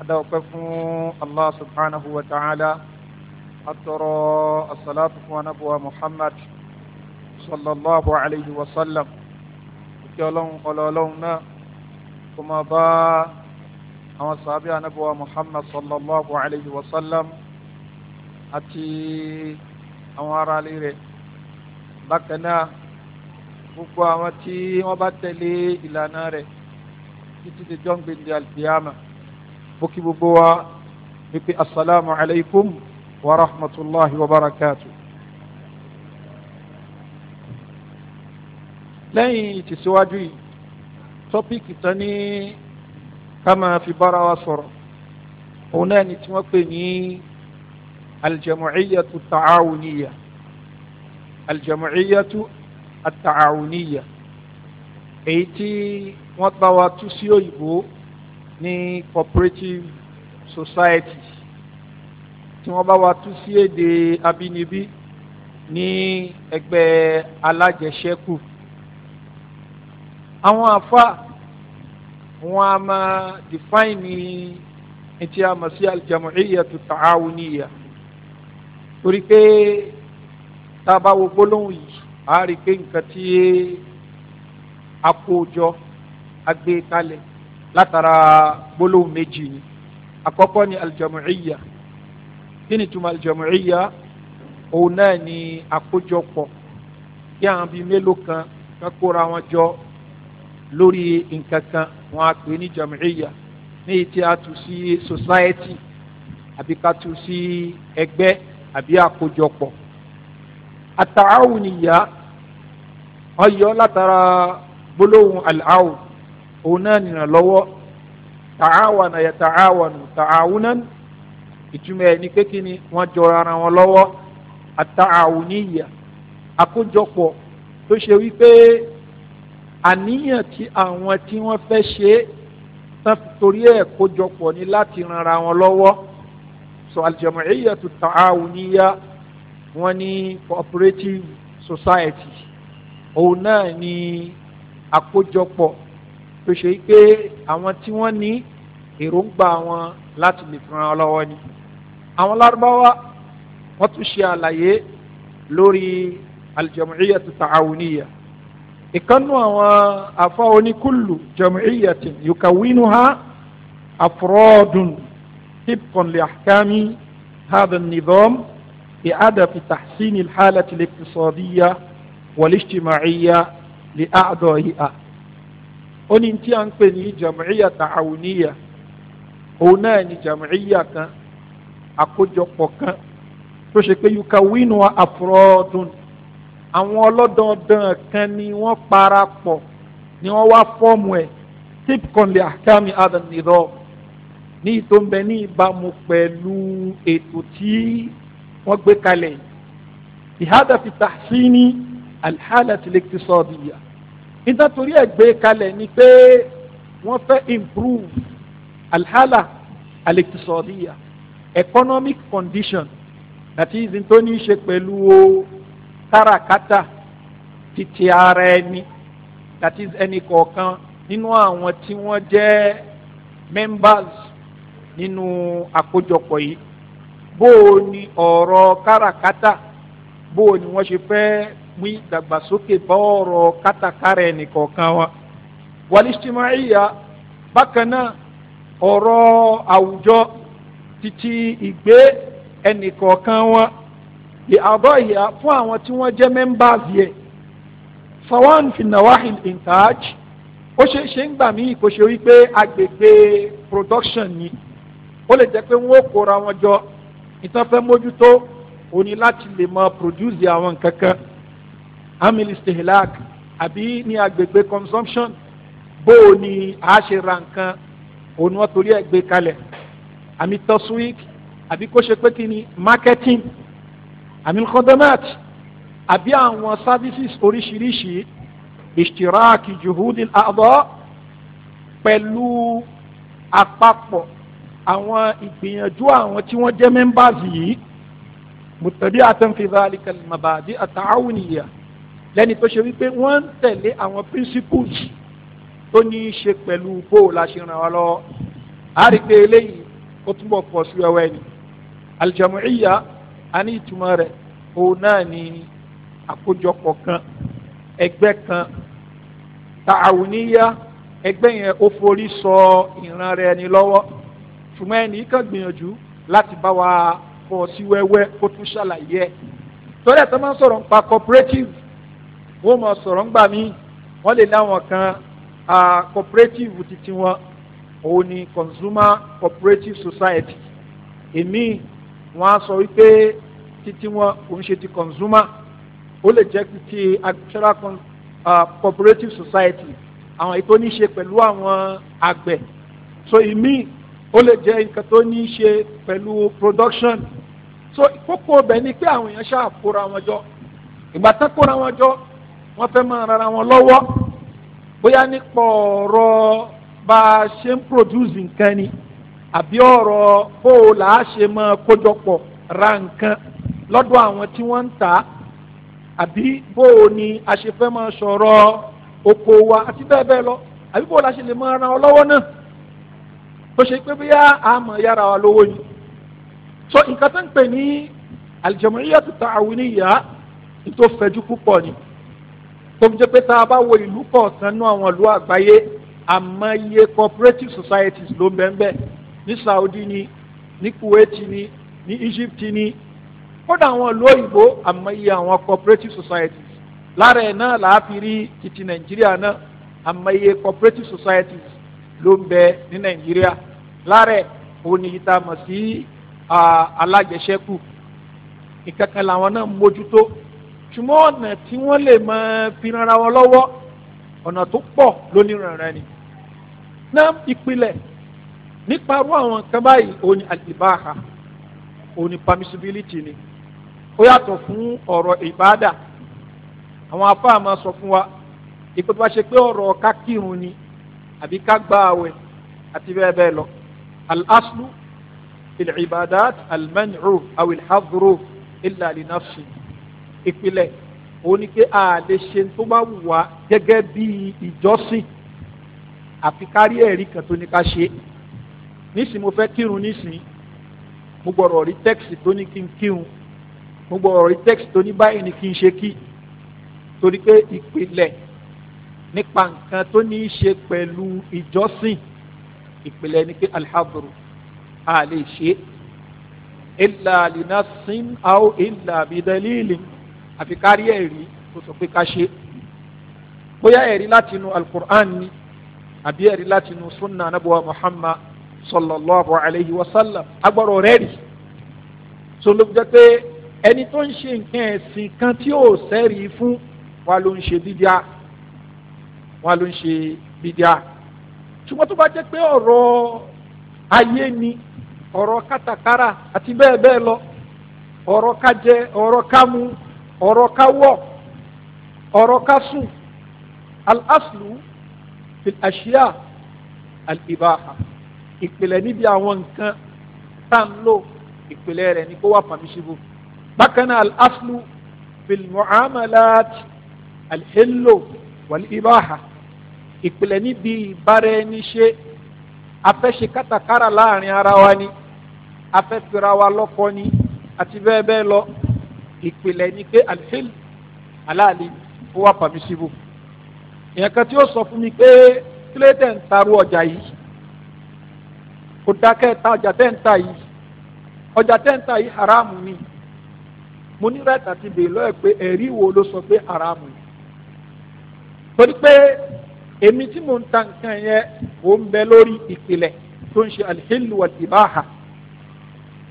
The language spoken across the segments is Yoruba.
adáwọ̀pẹ́ fún allah subhanahu wa ta'ala atọrọ asalaatu fún anabuwa muhammad sallallahu alayhi wa sallam ìkẹ́ ọlọ́run ọlọ́ọ̀lọ́run náà kó máa bá àwọn sàbí anabuwa muhammad sallallahu alayhi wa sallam àti àwọn ará ilé rẹ̀ gbogbo àwọn tí wọ́n bá tẹ̀lé ìlànà rẹ̀ títí di jọ́ngbìn di alfiyama mo kí gbogbo wa wípé asalaamu alaykum wa rahmatulahi wa barakatu. lẹ́yìn ìtẹ̀síwájú yìí tọ́píìkì tán ní ká máa fi bára wa sọ̀rọ̀ òun náà ni tí wọ́n pè ní aljamuciyyatu tacaawuniya aljamuciyyatu atacaawuniya èyí tí wọ́n bá wa tú sí òyìnbó ní cooperative society tí wọ́n bá wa tú sí èdè abínibí ní ẹgbẹ́ alájẹṣẹ́kù àwọn àfa wọn a máa define etí a mọ̀ sí aljam'iyatu ta'awuniya torí pé tá a bá wo gbólóhùn yìí a rí i pé nǹkan tí a kó jọ látara gbólóhùn méjì ni àkọ́kọ́ ni aljamuiya kí ni tuma aljamuiya òun náà ni àkójọpọ̀ kí àwọn bíi mélòó kan kan kóra wọn jọ lórí nǹkan kan wọn á pè ní jamuiya ní ìtí a tù sí society àbí ká tù sí ẹgbẹ́ àbí àkójọpọ̀ àtàwọn ènìyàn wọn látara gbólóhùn al òun náà nìyàn lọ́wọ́ tààwọn àyà tààwọn tààwọn náà ìtumọ̀ ẹ̀ ní pé kí ni wọ́n jọra ara wọn lọ́wọ́ àtààwọn níyà àkójọpọ̀ tó ṣe wípé àníyàn tí àwọn tí wọ́n fẹ́ ṣe é tán torí ẹ̀ kójọpọ̀ ní láti ran ara wọn lọ́wọ́ so aljamaiya tu ta'awuniya wọ́n ní cooperative society òun náà ní àkójọpọ̀ tó ṣe pé àwọn tí wọ́n ní èròǹgbà wọn láti lè fún wọn lọ́wọ́ ni àwọn lárúbáwá wọ́n tún ṣe àlàyé lórí aljam'iyya ta'awuniya ìkànnù àwọn afa oníkùlù jam'iyyatin yukawinuha afrodun tibqan li ahkami hadha an-nizam bi'adafi tahsin al-halati al-iqtisadiyya wal-ijtima'iyya li ó ní tí a ń pè ní jam'iyya ta'awuniya òun náà ni jam'iyya kan àkójọpọ̀ kan tó ṣe pé yuka wínú àfúrọ́dún àwọn ọlọ́dọọdàn kan ni wọ́n parapọ̀ ni wọ́n wá fọ́ọ̀mù ẹ̀ tipkon li ahkami adan nidọ́ ní ìtò ní ìbámu pẹ̀lú ètò tí wọ́n gbé kalẹ̀ ìhádàfi tahsini alhálà tìlẹ́kìtì sọ́ọ̀dìyà níta torí ẹ̀ gbé kalẹ̀ ni pé wọ́n fẹ́ improve alhala aliktisodiya economic condition that is n tó ní í ṣe pẹ̀lú o káràkátà títí ara ẹni that is ẹni kọ̀ọ̀kan nínú àwọn tí wọ́n jẹ́ members nínú àkójọpọ̀ yìí bó o ní ọ̀rọ̀ káràkátà bó o ní wọ́n ṣe fẹ́ mú ìdàgbàsókè bá ọ̀rọ̀ kátàkárà ẹnìkọ̀ọ̀kan wa wàlísítímáìyà bákan náà ọ̀rọ̀ àwùjọ títí ìgbé ẹnìkọ̀ọ̀kan wa ìhàbọ̀ ìhà fún àwọn tí wọ́n jẹ́ members yẹ sawan finawahil intaj ó ṣe ṣe ń gbà mí kó wípé agbègbè production ni ó lè jẹ́ pé wọ́n ó kóra wọn jọ ìtàn fẹ́ mójútó òní láti lè máa produce àwọn nǹkan kan amil istihlak àbí ní agbègbè consumption bó o ní a ṣe ra nǹkan òun wọn torí ẹ̀ gbé kalẹ̀ àmì tọ́síwìk àbí kó ṣe pé kí ni marketing àmì kọ́ndọ́mẹ́t àbí àwọn services oríṣiríṣi ìṣtìráàkì juhudil àbọ̀ pẹ̀lú àpapọ̀ àwọn ìgbìyànjú àwọn tí wọ́n jẹ́ members yìí mùtàdí àtẹnfìdá àlìkàlì màbàdí àtàwùnìyà lẹ́ni tó ṣe wípé wọ́n ń tẹ̀lé àwọn principles tó ní í ṣe pẹ̀lú bó o la ṣe ràn wá lọ́wọ́ a rí pé eléyìí ó túbọ̀ pọ̀ sí wẹ́wẹ́ ni aljamuiya a ní ìtumọ̀ rẹ̀ òun náà ni àkójọpọ̀ kan ẹgbẹ́ kan tààwùníyá ẹgbẹ́ yẹn ó forí sọ ìran rẹ̀ ni lọ́wọ́ ṣùgbọ́n ẹnì kan gbìyànjú láti bá wa pọ̀ sí wẹ́wẹ́ kó tún ṣàlàyé ẹ̀ tọ́lẹ̀ tó máa ń sọ̀rọ̀ nípa cooperative wọ́n mọ̀ sọ̀rọ̀ ńgbà mí wọ́n lè láwọn kan cooperative titi wọn òun ni consumer cooperative society èmi wọn á sọ wípé titi wọn òun ṣe ti consumer ó lè jẹ́ ti agricultural cooperative society àwọn èyí tó ní ṣe pẹ̀lú àwọn àgbẹ̀ so èmi ó lè jẹ́ nǹkan tó ní ṣe pẹ̀lú production so kókó ọbẹ̀ ni pé àwọn èèyàn ṣáà kóra wọn jọ ìgbà tán kóra wọn jọ wọ́n fẹ́ máa rara wọn lọ́wọ́ bóyá nípa ọ̀rọ̀ bá a ṣe ń produce nǹkan ni àbí ọ̀rọ̀ bó o là á ṣe máa kójọpọ̀ ra nǹkan lọ́dọ̀ àwọn tí wọ́n ń tà á àbí bó o ni a ṣe fẹ́ máa sọ̀rọ̀ oko wa àti bẹ́ẹ̀ bẹ́ẹ̀ lọ àbí bó o la ṣe lè máa ra wọn lọ́wọ́ náà bó ṣe pé bóyá a mọ̀ yára wa lówó ni so nǹkan tó ń pè ní al-jam'iyyatu ta'awuniyya tó fẹ̀jú púpọ̀ ni tó fi jẹ́ pé tá a bá wo ìlú kọ̀ọ̀kan nú àwọn ìlú àgbáyé àmọye cooperative societies ló ń bẹ́ẹ̀ bẹ́ẹ̀ ní Saudi ni ní Kuwait ni ní Egypt ni kódà àwọn ìlú òyìnbó àmọye àwọn cooperative societies lára ẹ̀ náà làá fi rí títí Nàìjíríà náà àmọye cooperative societies ló ń bẹ ní Nàìjíríà lára ẹ̀ òun ni ìta mọ̀ sí alájẹsẹ́kù ìkankan làwọn náà mójútó ṣùgbọ́n ọ̀nà tí wọ́n lè máa fi rara wọn lọ́wọ́ ọ̀nà tó pọ̀ lóníranran ni náà ìpìlẹ̀ nípa irú àwọn nǹkan báyìí òun ni àlìbáha òun ni permissibility ni ó yàtọ̀ fún ọ̀rọ̀ ìbáàdà àwọn afáà máa sọ fún wa ìpè bá ṣe pé ọ̀rọ̀ ká ni àbí ká gba àwẹ̀ àti bẹ́ẹ̀ bẹ́ẹ̀ lọ al-aslu fil ibadat al-man'u aw ìpìlẹ̀ òun ni pé a lè ṣe tó bá wù wá gẹ́gẹ́ bí ìjọsìn àfi kárí ẹ̀rí kan tó ní ká ṣe nísìn mo fẹ́ kírun nísìn mo gbọ́dọ̀ rí tẹ́kìsì tó ní kí n kírun mo gbọ́dọ̀ rí tẹ́kìsì tó ní báyìí ni kí n ṣe kí torí pé ìpìlẹ̀ nípa nǹkan tó ní í ṣe pẹ̀lú ìjọsìn ìpìlẹ̀ ni pé alḥadru a lè ṣe illa linasin aw illa bidalilin àfi kárí ẹ̀rí tó sọ pé ká ṣe bóyá ẹ̀rí láti inú alukur'an ni àbí ẹ̀rí láti inú sunna anabuwa muhammad sallallahu alayhi wa sallam agbọ́rọ̀ rẹ̀ rí so ló jẹ́ pé ẹni tó ń ṣe nǹkan ẹ̀sìn kan tí ó sẹ́rí fún wa ló ń ṣe bídíà wa ló ń ṣe bídíà ṣùgbọ́n tó bá jẹ́ pé ọ̀rọ̀ ayé ni ọ̀rọ̀ kátàkárà àti bẹ́ẹ̀ bẹ́ẹ̀ lọ ọ̀rọ̀ kájẹ ọ̀rọ̀ kámú ọ̀rọ̀ ká wọ̀ ọ̀rọ̀ ká sùn al-aslu fil ashiya al-ibaha ìpìlẹ̀ níbi àwọn nǹkan tá à ń lò ìpìlẹ̀ rẹ̀ ní kó wà permissible bákan náà al-aslu fil mu'amalat al-hillu wal-ibaha ìpìlẹ̀ níbi ìbára ẹni ṣe afẹ́ṣe kátàkárà láàrin ara wa ni afẹ́fira wa lọ́kọ ni àti bẹ́ẹ̀ bẹ́ẹ̀ lọ ìpìlẹ̀ ni pé alifil alali ó wà pàmísìbò èèyàn kan tí ó sọ fún mi pé kílé tẹ̀ ń taru ọjà yìí kò dákẹ́ ta ọjà tẹ̀ ń ta yìí ọjà tẹ̀ ń ta yìí haramu ni mo ní rẹ̀ tàbí bèèrè lọ́yẹ̀ pé ẹ̀rí wo ló sọ pé haramu ni torí pé èmi tí mo ń ta nǹkan yẹn ò ń bẹ lórí ìpìlẹ̀ tó ń ṣe alihillu wal ibaha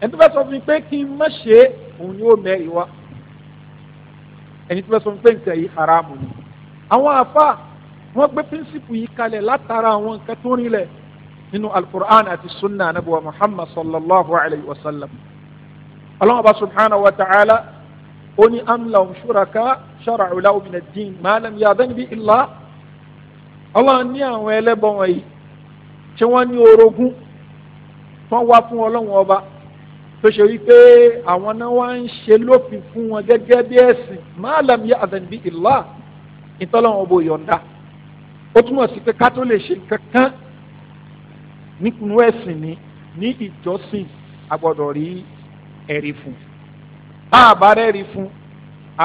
ẹni tó bá sọ fún mi pé kí n má ṣe òun ni ó mẹ́rin wá ẹni tí wọ́n sọ pé nǹkan yìí haramu ni àwọn afa wọ́n gbé píríncípù yìí kalẹ̀ látara àwọn nǹkan tó rinlẹ̀ nínú alukur'an àti sunna anabiwa muhammad sallallahu alayhi wa sallam ọlọ́run ọba subhanahu wa ta'ala ó ní am lahum shuraka shara'u lahum min ad-din ma bi illah ọlọ́run ní àwọn ẹlẹ́bọn wọ̀nyí tí wọ́n ní orogún wọ́n wá fún ọlọ́run ọba tó ṣe wípé àwọn náà wá ń ṣe lófin fún wọn gẹ́gẹ́ bí ẹ̀sìn máa làm yá àzànbí ìlà ìtọ́lọ́wọ́n bò yọ̀ǹda ó túmọ̀ sí pé ká lè ṣe kankan nínú ẹ̀sìn ni ní ìjọsìn a gbọ́dọ̀ rí ẹ̀rí fún tá a bá rẹ́rí fún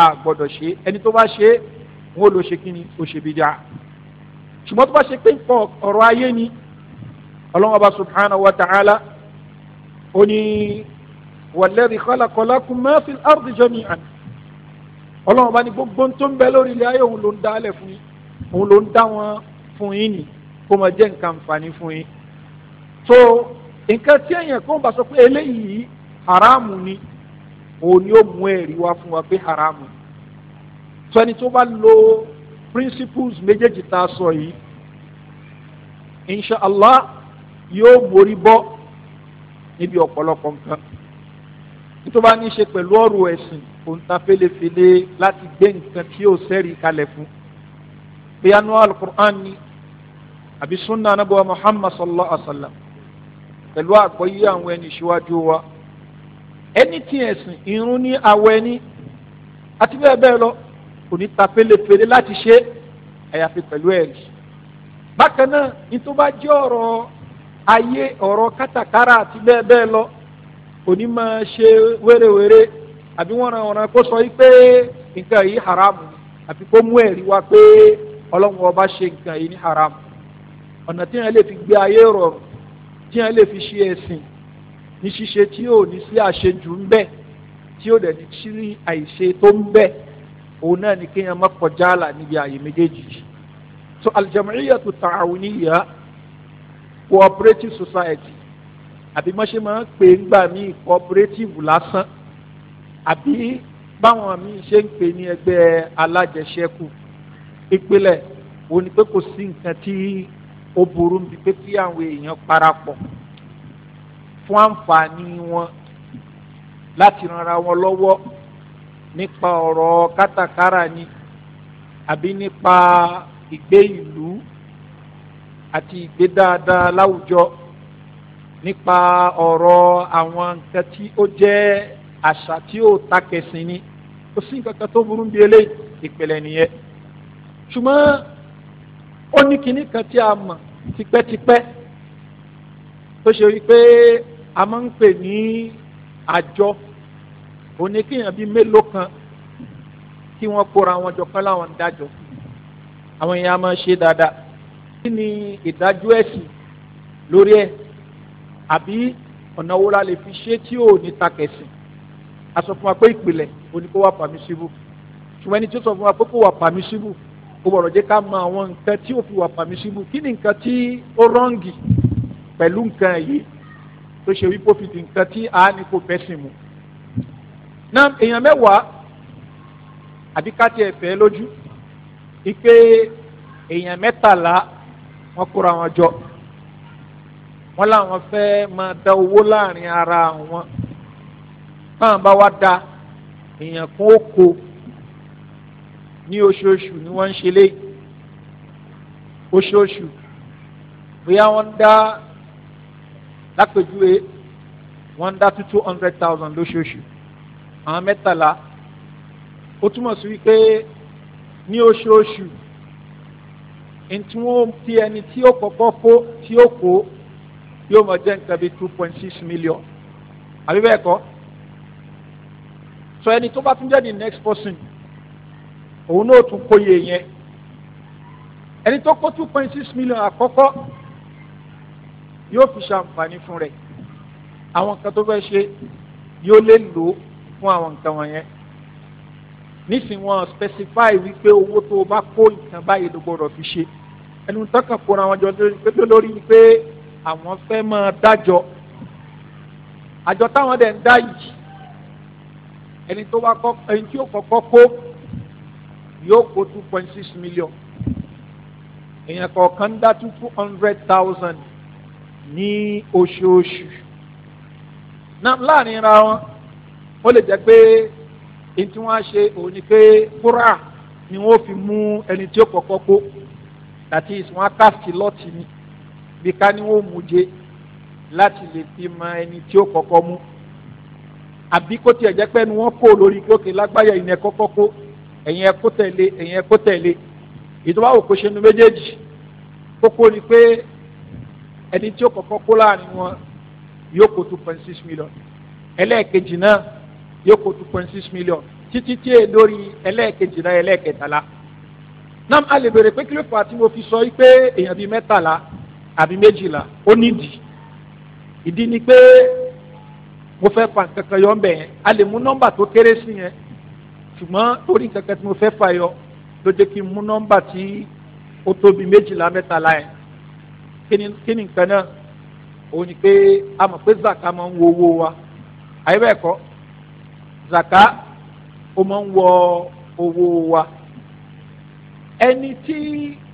a gbọ́dọ̀ ṣe ẹni tó bá ṣe wọn ò lọ ṣe kí ni ó ṣe bí dáa ṣùgbọ́n tó bá ṣe pé nǹkan ọ̀rọ̀ ayé ni ọlọ́wọ́n bá subhanahu wa ta'ala ó ní walladhi khalaqa lakum ma fil ardi jami'an ọlọ́run bá ní gbogbo tó ń bẹ lórí ilẹ̀ ayé òun ló ń dálẹ̀ fún yín òun ló ń dá wọn fún yín nì kó máa jẹ́ nǹkan àǹfààní fún yín. tó nǹkan tí èèyàn kan bá sọ pé eléyìí haramu ni òun ni ó mú ẹ̀rí wá fún wa pé haramu. tó ẹni tó bá lo principles méjèèjì tá a sọ yìí inshallah yóò borí bọ́ níbi ọ̀pọ̀lọpọ̀ nǹkan tó bá ní í ṣe pẹ̀lú ọ̀rọ̀ ẹ̀sìn òun ta fẹ́lẹ́fẹ́lẹ́ láti gbé nǹkan tí yóò sẹ́rí kalẹ̀ fún bóyá nínú alukur'an ni àbí sunna anabawa muhammad sallallahu alaihi wa sallam pẹ̀lú àgbọ́yé àwọn ẹni ìṣíwájú wa ẹni tí ẹ̀sìn irun ní awọ ẹni àti bẹ́ẹ̀ bẹ́ẹ̀ lọ kò ní ta fẹ́lẹ́fẹ́lẹ́ láti ṣe àyàfi pẹ̀lú ẹ̀rí bákan náà ní tó bá jẹ́ ọ̀rọ̀ ayé ọ̀rọ̀ kátàkárà àti bẹ́ẹ̀ bẹ́ẹ̀ lọ òní máa ṣe wérewère àbí wọ́n ran ọ̀ràn kó sọ pé nǹkan yìí haram àfi kó mú ẹ̀rí wá pé ọlọ́run ọba ṣe nǹkan yìí ní haram ọ̀nà tí yẹn lè fi gbé ayé rọrùn tí yẹn lè fi ṣe ẹ̀sìn ní ṣíṣe tí ò ní sí àṣejù ń bẹ tí ò dẹ̀ sí àìṣe tó ń bẹ òun náà ni kéèyàn má kọjá àlà níbi ààyè méjèèjì so aljamiyatu ta'awuniya cooperative society àbí mọ́ṣẹ́ máa ń pè ńgbà míì cooperative lásán àbí báwọn míì ṣe ń pè ní ẹgbẹ́ alájẹṣẹ́kù ìpìlẹ̀ wo ni pé kò sí nǹkan tí ó burú bíi pé kí àwọn èèyàn parapọ̀ fún àǹfààní wọn láti ranra wọn lọ́wọ́ nípa ọ̀rọ̀ kátàkárà ni àbí nípa ìgbé ìlú àti ìgbé dáadáa láwùjọ nípa ọ̀rọ̀ àwọn nǹkan tí ó jẹ́ àṣà tí ó takẹ̀sìn ni kò sí nǹkan kan tó burú bí eléyìí ìpìlẹ̀ nìyẹn ṣùgbọ́n ó ní kinní kan tí a mọ̀ tipẹ́tipẹ́ tó ṣe wípé a máa ń pè ní àjọ oníkéèyàn bíi mélòó kan kí wọ́n kóra wọn jọ kọ́ láwọn ń dájọ́ àwọn èèyàn máa ṣe dáadáa kí ni ìdájọ́ ẹ̀sìn lórí ẹ̀ àbí ọ̀nà wo la lè fi ṣe tí ò ní takẹ̀sìn a sọ fún wa pé ìpìlẹ̀ oníkó wà permissible ṣùgbọ́n ẹni tí ó sọ fún wa pé kó wà permissible kó bọ̀rọ̀ jẹ́ ká mọ àwọn nǹkan tí ò fi wà permissible kí ni nǹkan tí ó rọ́ǹgì pẹ̀lú nǹkan yìí tó ṣe wípé ó fi di nǹkan tí a ní kó bẹ́sìn mu náà èèyàn mẹ́wàá àbí ká tiẹ̀ fẹ́ lójú ìpè èèyàn mẹ́tàlá wọn kóra wọn jọ wọ́n láwọn fẹ́ máa da owó láàrin ara wọn táwọn bá wá da èèyàn kún ó kó ní oṣooṣù ni wọ́n ń ṣe lé oṣooṣù bóyá wọ́n ń dá lápèjúwe wọ́n ń dá two hundred thousand lóṣooṣù àwọn mẹ́tàlá ó túmọ̀ sí wípé ní oṣooṣù ntí wọ́n ti ẹni tí ó kọ́kọ́ kó tí ó kó yóò mọ jẹ́ nǹkan bíi two point six million àbí bẹ́ẹ̀ kọ́ sọ ẹni tó bá tún jẹ́ the next person òun náà tún kóye yẹn ẹni tó kó two point six million àkọ́kọ́ yóò fi ṣàǹfààní fún rẹ̀ àwọn nǹkan tó fẹ́ ṣe yóò lè lò ó fún àwọn nǹkan wọ̀nyẹn nísìnyí wọn specify wípé owó tó o bá kó nǹkan báyìí ló gbọdọ̀ fi ṣe ẹnu tọkàn kóra wọn jọ lórí pé àwọn fẹ́ máa dájọ́ àjọ táwọn dẹ̀ ń dá yìí ẹni tó wá kọ́ ẹni tí yóò kọ́kọ́ kó yóò kó two point six million èèyàn kọ̀ọ̀kan dá two hundred thousand ní oṣooṣù náà láàrin ra wọn ó lè jẹ́ pé èyí tí wọ́n á ṣe òun ni pé kúrà ni wọ́n fi mú ẹni tí ó kọ́kọ́ kó that is wọ́n á cast lọ́ọ̀tì ni bí ká ní wọ́n mú jẹ láti lè fi mọ ẹni tí ó kọ́kọ́ mú àbí kó tiẹ̀ jẹ́ pé ẹnu wọn kó lórí gòkè lágbáyà ẹ̀yìn ẹ̀kọ́ kọ́kọ́ ẹ̀yìn ẹ̀kọ́ tẹ̀lé ẹ̀yìn ẹ̀kọ́ tẹ̀lé ìdọ́wà òkú ṣe méjèèjì kókó ni pé ẹni tí ó kọ́kọ́ kó láàrin wọn yóò kó two point six million ẹlẹ́ẹ̀kejì náà yóò kó two point six million títí tí è lórí ẹlẹ́ẹ̀kejì náà ẹlẹ́ẹ̀kẹtàlá náà a lè béèrè pé kí ló fà á tí mo fi sọ yí pé èèyàn bíi mẹ́tàlá àbí méjìlá ó nídìí ìdí ni pé mo fẹ́ fa nǹkan kan yọ ọ́ bẹ̀yẹn a lè mú nọ́mbà tó kéré sí yẹn ṣùgbọ́n torí nǹkan kan tí mo fẹ́ fa yọ ló jẹ́ kí n mú nọ́mbà tí ó tóbi méjìlá mẹ́tàlá yẹn kí ni nǹkan náà òun ni pé a mọ̀ pé zaka máa ń wo owó wa àyè bẹ́ẹ̀ kọ́ zaka ó máa ń wọ owó wa ẹni tí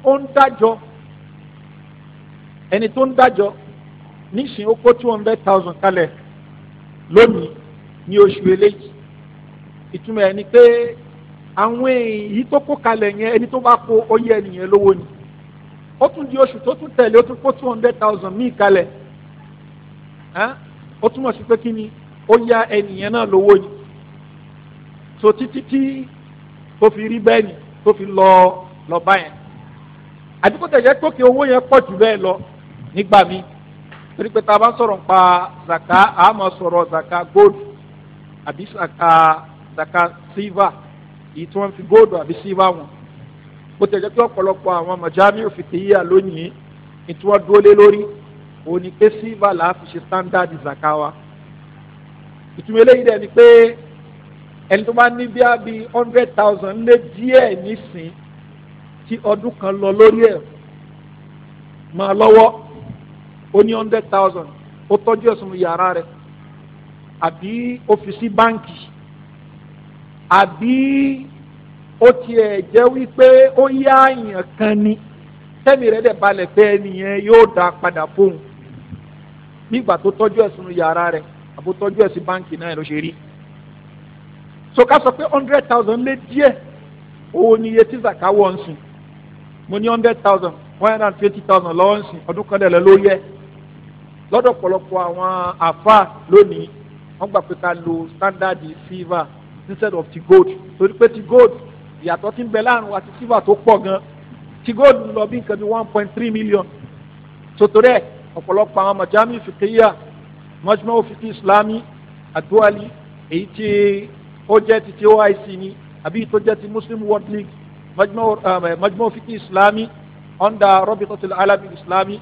ó ń dájọ́ ẹni tó ń dájọ́ nísìnyí ó kó two hundred thousand kalẹ̀ lónìí ní oṣù eléyìí ìtumọ̀ ẹ̀ ni pé àwọn èyí tó kó kalẹ̀ yẹn ẹni tó bá kó oyè ẹnìyẹn lówó ni ó tún di oṣù tó tún tẹ̀lé ó tún kó two hundred thousand míì kalẹ̀ ó túmọ̀ sí pé kí ni ó yá ẹnìyẹn náà lówó ni so títí tí tó fi rí bẹ́ẹ̀ ni tó fi lọ lọ bá yẹn àdìpọ̀ tẹ̀yẹ tó owó yẹn pọ̀ jù bẹ́ẹ̀ lọ nígbà mi torí pé tá a bá sọ̀rọ̀ nípa zaka a máa sọ̀rọ̀ zaka gold àbí zaka zaka silver èyí tí wọ́n fi gold àbí silver wọn bó tẹ̀jẹ́ pé ọ̀pọ̀lọpọ̀ àwọn mọ̀jámí òfìtìyà lónìí ní tí wọ́n dúró lé lórí òní pé silver là á fi ṣe standard zaka wa ìtumọ̀ eléyìí dẹ̀ ni pé ẹni tó bá ní bí a hundred thousand lé díẹ̀ nísìn tí ọdún kan lọ lórí ẹ̀ máa lọ́wọ́ ó ní hundred thousand ó tọ́jú ẹ̀sùn yàrá rẹ̀ àbí ó fi sí báǹkì àbí ó tiẹ̀ jẹ́ wípé ó yá àyàn kan ni tẹ́mi rẹ̀ dẹ̀ balẹ̀ pé ẹnìyẹn yóò dá padà fóun nígbà tó tọ́jú ẹ̀sùn yàrá rẹ̀ àbó tọ́jú ẹ̀sùn báǹkì náà ló ṣe rí so ká sọ pé hundred thousand lé díẹ̀ owó ni iye tí zaka wọ̀ ń sìn mo ní hundred thousand one hundred and twenty thousand lọ́wọ́ ń sìn ọdún kan dẹ̀ ló yẹ lọ́dọ̀ pọ̀lọpọ̀ àwọn àfa lónìí wọ́n gbà pé ká lo standard silver instead of ti gold torí pé ti gold ìyàtọ̀ ti ń bẹ láàrin wa ti silver tó pọ̀ gan ti gold ń lọ bí nǹkan bí one point three million sotori ẹ̀ ọ̀pọ̀lọpọ̀ àwọn majami fikiya mọ́júmọ́ òfìkì islami àdúwálì èyí tí ó jẹ́ ti ti ni àbí tó jẹ́ ti Muslim World League mọ́júmọ́ òfìkì eh, islami under Rabitatul Alamin islami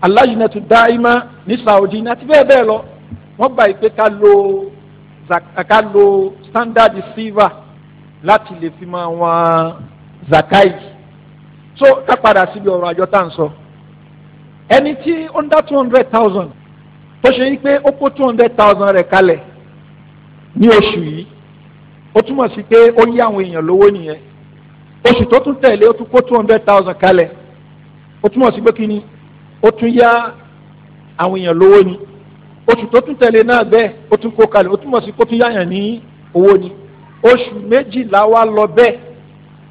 alájìnàtú dáìmá ní Saudi àti bẹ́ẹ̀ bẹ́ẹ̀ lọ wọ́n gbà pé ká lo eh, ká lo standard silver láti lè fi máa wọn zakai so ká padà síbi ọ̀rọ̀ àjọ tá à ń sọ ẹni tí under two hundred thousand tó ṣe yí pé ó kó two hundred thousand rẹ̀ kalẹ̀ ní oṣù yìí ó túmọ̀ sí pé ó yá àwọn èèyàn lówó nìyẹn oṣù tó tún tẹ̀lé ó tún kó two hundred thousand kalẹ̀ ó túmọ̀ sí pé kí ni ó tún yá àwọn èèyàn lówó ni oṣù tó tún tẹ̀lé náà bẹ́ẹ̀ ó tún kó kalẹ̀ ó túmọ̀ sí kó tún yáyàn ní owó ni oṣù méjìlá wa lọ bẹ́ẹ̀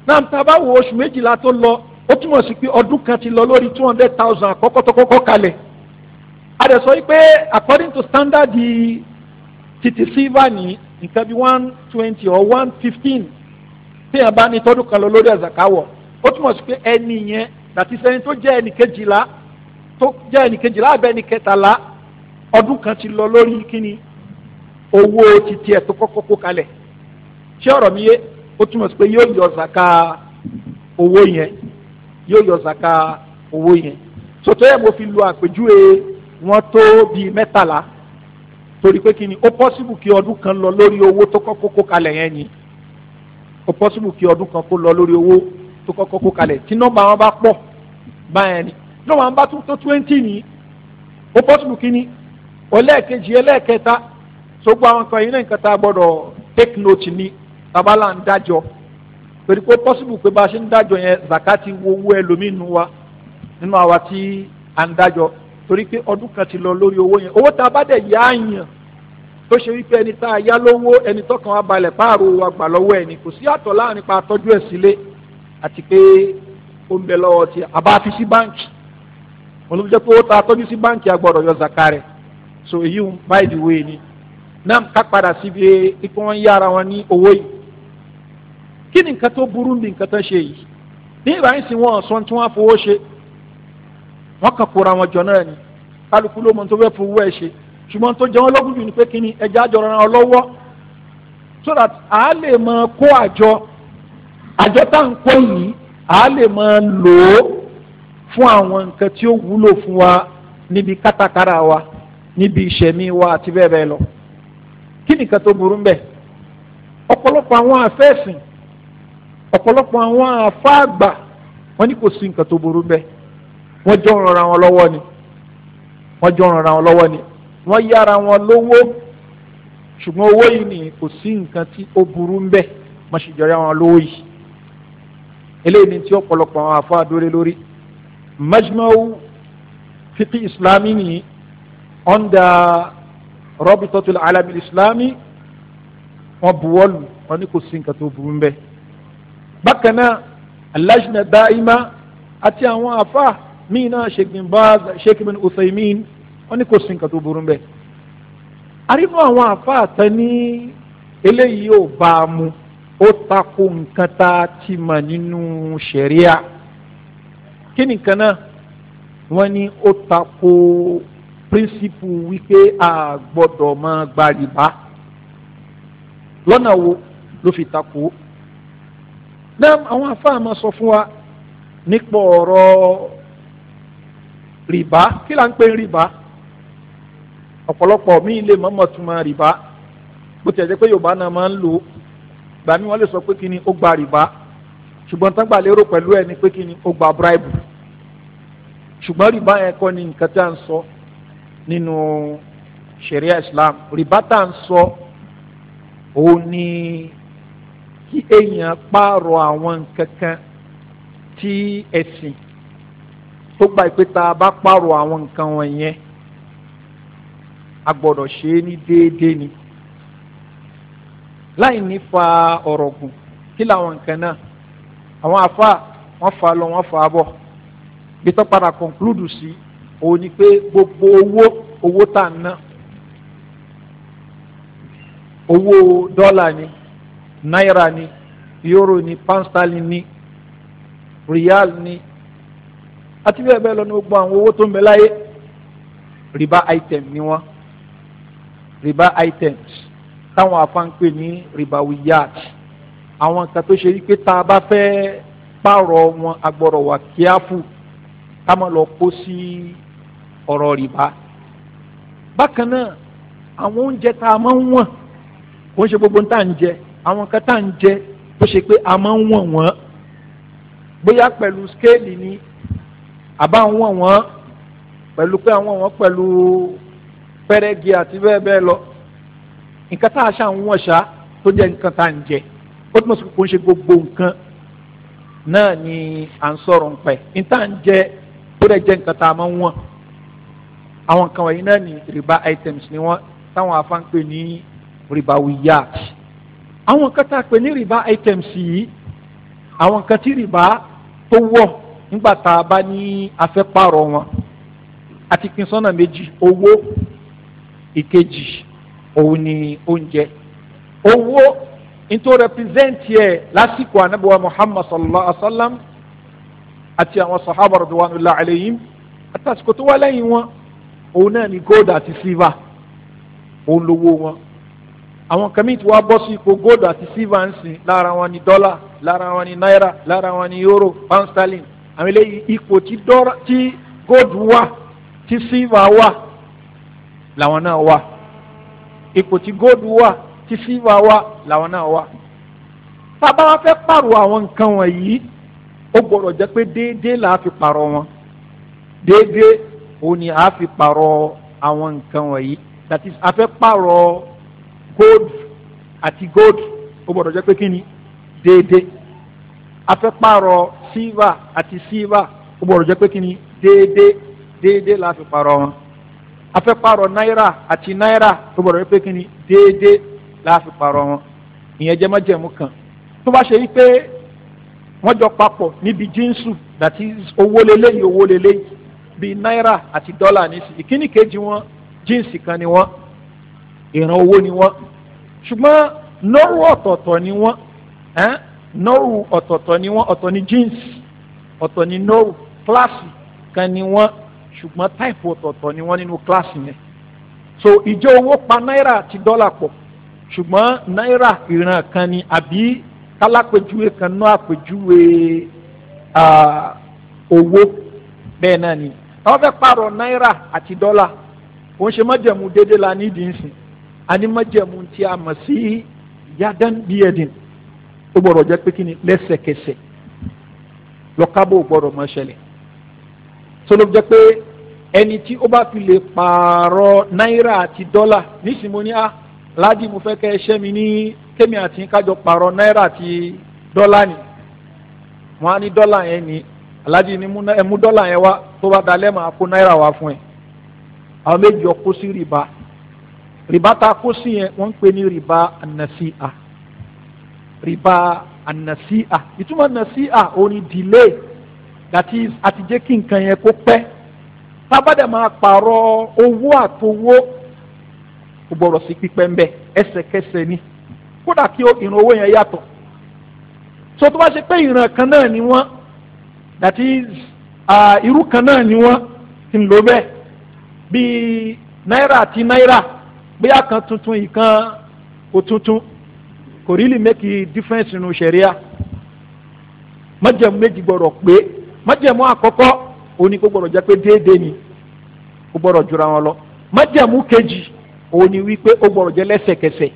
náà tá a bá wo oṣù méjìlá tó lọ ó túmọ̀ sí pé ọdún kan ti lọ lórí two hundred thousand àkọ́kọ́ tó kọ́kọ́ kalẹ̀ a dẹ̀ sọ pé according to standard titi silver ní nǹkan bí one twenty or one fifteen téèyàn bá ní tọ́dún kan lọ lórí ẹ̀zàkáwọ̀ ó túmọ̀ sí pé ẹni yẹn àti sẹ́ni tó jẹ́ ẹni kejìlá tó jẹ́ ẹnìkejìlá àbẹ́ ẹnìkẹtàlá ọdún kan ti lọ lórí kíni owó titi ẹ̀ tó kọ́kọ́ kó kalẹ̀ ṣé ọ̀rọ̀ mi yé ó túmọ̀ sí pé yóò yọ zaka owó yẹn yóò yọ zaka owó yẹn sọtọ́ yẹ mo fi lu àpèjúwe wọn tó di mẹ́tàlá torí pé kíni ó pọ́sibù kí ọdún kan lọ lórí owó tó kọ́kọ́ kó kalẹ̀ yẹn ni ó pọ́sibù kí ọdún kan kó lọ lórí owó tó kọ́kọ́ kó kalẹ̀ tí nọ́mbà wọn bá pọ̀ báyẹn ni lọ́wọ́ àwọn bá tó twenty ní ó pọ́sibù kínní ọlẹ́ẹ̀kejì ẹlẹ́ẹ̀kẹta tó gbọ́ àwọn kan yìí náà nǹkan tá a gbọ́dọ̀ take note ní tabala ń dájọ́ torí pé ó pọ́sibù pé bá a ṣe ń dájọ́ yẹn zakati wo owó ẹlòmíín nu wa nínú àwa tí a ń dájọ́ torí pé ọdún kan ti lọ lórí owó yẹn owó tá a bá dẹ̀ yá àyàn tó ṣe wípé ẹni tá a yá lówó ẹni tọkàn wa balẹ̀ páàrọ̀ wa gbà lọ́wọ́ ẹni kò sí àtọ̀ láàrin pa àtọ́jú ẹ̀ sílé àti pé ó ń bẹ lọ́wọ́ tí a bá sí báǹkì olùjẹ́ pé ó ta tọ́jú sí báǹkì agbọ́dọ̀ yọ zaka so èyí ń by the way ni náà ká padà síbi ipò wọn yára wọn ní owó yìí kí ni nǹkan tó burú bí nǹkan tó ṣe yìí ní ìgbà yìí sì wọ́n sọ tí wọ́n fowó ṣe wọ́n kàn kóra wọn jọ náà ni kálukú ló mọ tó fẹ́ fowó ẹ̀ ṣe ṣùgbọ́n tó jẹ́ wọn lọ́gùn jù ni pé kí ni ẹja jọra wọn lọ́wọ́ so that a lè máa kó àjọ àjọ tá à ń kó yìí a lè máa lò ó fún àwọn nǹkan tí ó wúlò fún wa níbi kátàkárà wa níbi ìṣẹ̀mí wa àti bẹ́ẹ̀ bẹ́ẹ̀ lọ kí nìkan tó burú ń bẹ̀ ọ̀pọ̀lọpọ̀ àwọn afẹ́ẹ̀sìn ọ̀pọ̀lọpọ̀ àwọn afáàgbà wọ́n ní kò sí nǹkan tó burú ń wọ́n jọ ràn wọn lọ́wọ́ ni wọ́n jọ ràn wọn lọ́wọ́ ni wọ́n yára wọn lówó ṣùgbọ́n owó yìí ni kò sí nǹkan tí ó burú ń bẹ̀ wọ́n wọn lówó yìí eléyìí ni tí ọ̀pọ̀lọpọ̀ àwọn afọ àdúró lórí majmau fiqi islami ni under rabitatul alami islami wọn buwọ́lù wọn ní kò sí nǹkan tó burú mbẹ bákan náà alajna daima àti àwọn afa míì náà sheikh bin baz sheikh bin uthaymin wọn ní kò sí nǹkan tó burú mbẹ arínú àwọn afa àtẹ eléyìí ò bá ó takò nǹkan tá nínú ṣẹ̀ríà kí ni nǹkan náà wọ́n ní ó tako píríncípù wípé a gbọ́dọ̀ máa gba rìbá lọ́nà wo ló fi tako náà àwọn afáà máa sọ fún wa nípa ọ̀rọ̀ rìbá kí là ń pè rìbá ọ̀pọ̀lọpọ̀ míì lè mọ̀mọ́ túmọ̀ rìbá bó tiẹ̀ jẹ́ pé Yorùbá náà máa ń lò gbàmí wọ́n lè sọ pé kí ó gba rìbá ṣùgbọ́n tán gbà lérò pẹ̀lú ẹni pé kí ni ó gba bribe ṣùgbọ́n rìbá yẹn kọ́ ni nǹkan tá à ń sọ nínú sharia islam rìbá tá à ń sọ òun ni kí èèyàn pààrọ̀ àwọn nǹkan kan tí ẹ̀sìn tó gba ìpè tá bá pààrọ̀ àwọn nǹkan wọ̀nyẹn a gbọ́dọ̀ ṣe é ní déédéé ni láì ní fa ọ̀rọ̀ gùn kí làwọn nǹkan náà àwọn afa wọn fa lọ wọn fa bọ bí tó padà conclude sí òun ni pé gbogbo owó owó tá a ná owó dọ́là ni náírà ni euro ni pound ni rial ni àti bẹ́ẹ̀ bẹ́ẹ̀ lọ ní gbogbo àwọn owó tó ń bẹ láyé riba item ni wọ́n riba items táwọn afa ń pè ní ribawiyat àwọn nǹkan tó ṣe wípé tá a bá fẹ́ pààrọ̀ wọn agbọ̀rọ̀ wà kíáfù ká má lọ kó sí ọ̀rọ̀ rìbá bákan náà àwọn oúnjẹ tá a máa ń wọ̀n kò ń ṣe gbogbo tá à ń jẹ àwọn nǹkan tá à ń jẹ tó ṣe pé a máa ń wọ̀n wọ́n bóyá pẹ̀lú skéèlì ni àbá ń wọ̀n wọ́n pẹ̀lú pé àwọn wọ̀n pẹ̀lú pẹ́rẹ́gì àti bẹ́ẹ̀ bẹ́ẹ̀ lọ nǹkan tá a ṣà wọ̀n ṣá tó jẹ́ nǹkan tá à ń jẹ ó túmọ̀ sí kò ń ṣe gbogbo nǹkan náà ni à ń sọ̀rọ̀ ń pẹ́ níta ń jẹ ó dẹ̀ jẹ́ nǹkan tá a máa ń wọ̀n àwọn nǹkan wọ̀nyí náà ni riba items ni wọ́n táwọn afáǹ pè ní riba wiyat àwọn nǹkan tá a pè ní riba items yìí àwọn nǹkan tí riba tó wọ̀ nígbà tá a bá ní afẹ́pàrọ̀ wọn àti pín sọ́nà méjì owó ìkejì òun ni oúnjẹ owó nítorí represent yẹ lásìkò anabiwa muhammad sallallahu alaihi wa sallam àti àwọn sahaba radwanullahi alayhim àtàsìkò tó wá lẹ́yìn wọn òun náà ni gold àti silver òun lówó wọn àwọn kàmí tí wàá bọ́ sí ipò gold àti silver ń sìn lára wọn ni dollar lára wọn ni naira lára wọn ni euro pound sterling àwọn eléyìí ipò tí gold wà tí silver wà làwọn náà wà ipò tí gold wà tí wa wà làwọn náà wà tábà wá fẹ́ pààrọ̀ àwọn nǹkan wọ̀nyí ó gbọ́dọ̀ jẹ́ pé déédéé là á fi pààrọ̀ wọn déédéé òun ni à á fi pààrọ̀ àwọn nǹkan wọ̀nyí that is a fẹ́ pààrọ̀ gold àti gold ó gbọ́dọ̀ jẹ́ pé kí ni déédéé a fẹ́ pààrọ̀ silver àti silver ó gbọ́dọ̀ jẹ́ pé kí ni déédéé déédéé là á fi pààrọ̀ wọn a fẹ́ pààrọ̀ náírà àti náírà ó gbọ́dọ̀ jẹ́ pé kí ni déédéé láàfin parọ́ wọn ìyẹn jẹ́ májẹ̀mú kan tó bá ṣe yí pé wọ́n jọ papọ̀ níbi jínsù that is owó leléyìí owó leléyìí bíi náírà àti dọ́là nísì ìkíní kejì wọn jínsì kan ni wọ́n ìran owó ni wọ́n ṣùgbọ́n nọ́rù ọ̀tọ̀ọ̀tọ̀ ni wọ́n nọ́rù ọ̀tọ̀ọ̀tọ̀ ni wọ́n ọ̀tọ̀ ni jínsì ọ̀tọ̀ ni nọ́rù kíláàsì kan ni wọ́n ṣùgbọ́n táìpù ọ̀tọ̀ọ̀tọ̀ ni wọ́n nínú kíláàsì yẹn so ìjọ owó pa náírà àti dọ́là pọ̀ ṣùgbọ́n náírà ìran kan ni àbí kálápẹ̀júwe kan náà àpèjúwe owó bẹ́ẹ̀ náà ni àwọn fẹ́ pààrọ̀ náírà àti dọ́là òun ṣe mọ́jẹ̀mú déédéé la nídìí nsìn àní mọ́jẹ̀mú tí a mọ̀ sí yadan bíyẹ̀dìn ó gbọ́dọ̀ jẹ́ pé kí ni lẹ́sẹ̀kẹsẹ̀ lọ́kábò gbọ́dọ̀ mọ́ ṣẹlẹ̀ tó ló jẹ́ pé ẹni tí ó bá fi lè pààrọ̀ náírà àti dọ́là nísìnyí mo ní a. Ah, aláàjì mo fẹ́ kẹ́ ẹ ṣẹ́ mi ní kémi àti kájọ pààrọ̀ náírà àti dọ́là ni wọ́n á ní dọ́là yẹn ni aláàjì ni ẹ mú dọ́là yẹn wá tó bá dalẹ̀ máa kó náírà wá fún ẹ àwọn méjì ọ sí rìbá rìbá tá a kó sí yẹn wọ́n ń pè ní rìbá ànàsíà rìbá ànàsíà ìtumọ̀ ànàsíà ò ní delay that is àtijẹ́ kí nǹkan yẹn kó pẹ́ tábàdà máa pààrọ̀ owó àtowó kò gbọ́dọ̀ sí pípẹ́ ń bẹ̀ ẹsẹ̀kẹsẹ̀ ni kódà kí ìran owó yẹn yàtọ̀ so tó bá ṣe pé ìran kan náà ni wọ́n that is irú kan náà ni wọ́n ti ń lò bẹ́ẹ̀ bíi náírà àti náírà bóyá kan tuntun ìkan kò tuntun kò really make a difference nínú ṣẹ̀ríà májẹ̀mú méjì gbọ́dọ̀ pé májẹ̀mú àkọ́kọ́ òní kò gbọ́dọ̀ jẹ́ pé déédéé ni kò gbọ́dọ̀ jura wọn lọ májẹ̀mú kejì òun ni wípé ó gbọ́dọ̀ jẹ́ lẹ́sẹ̀kẹsẹ̀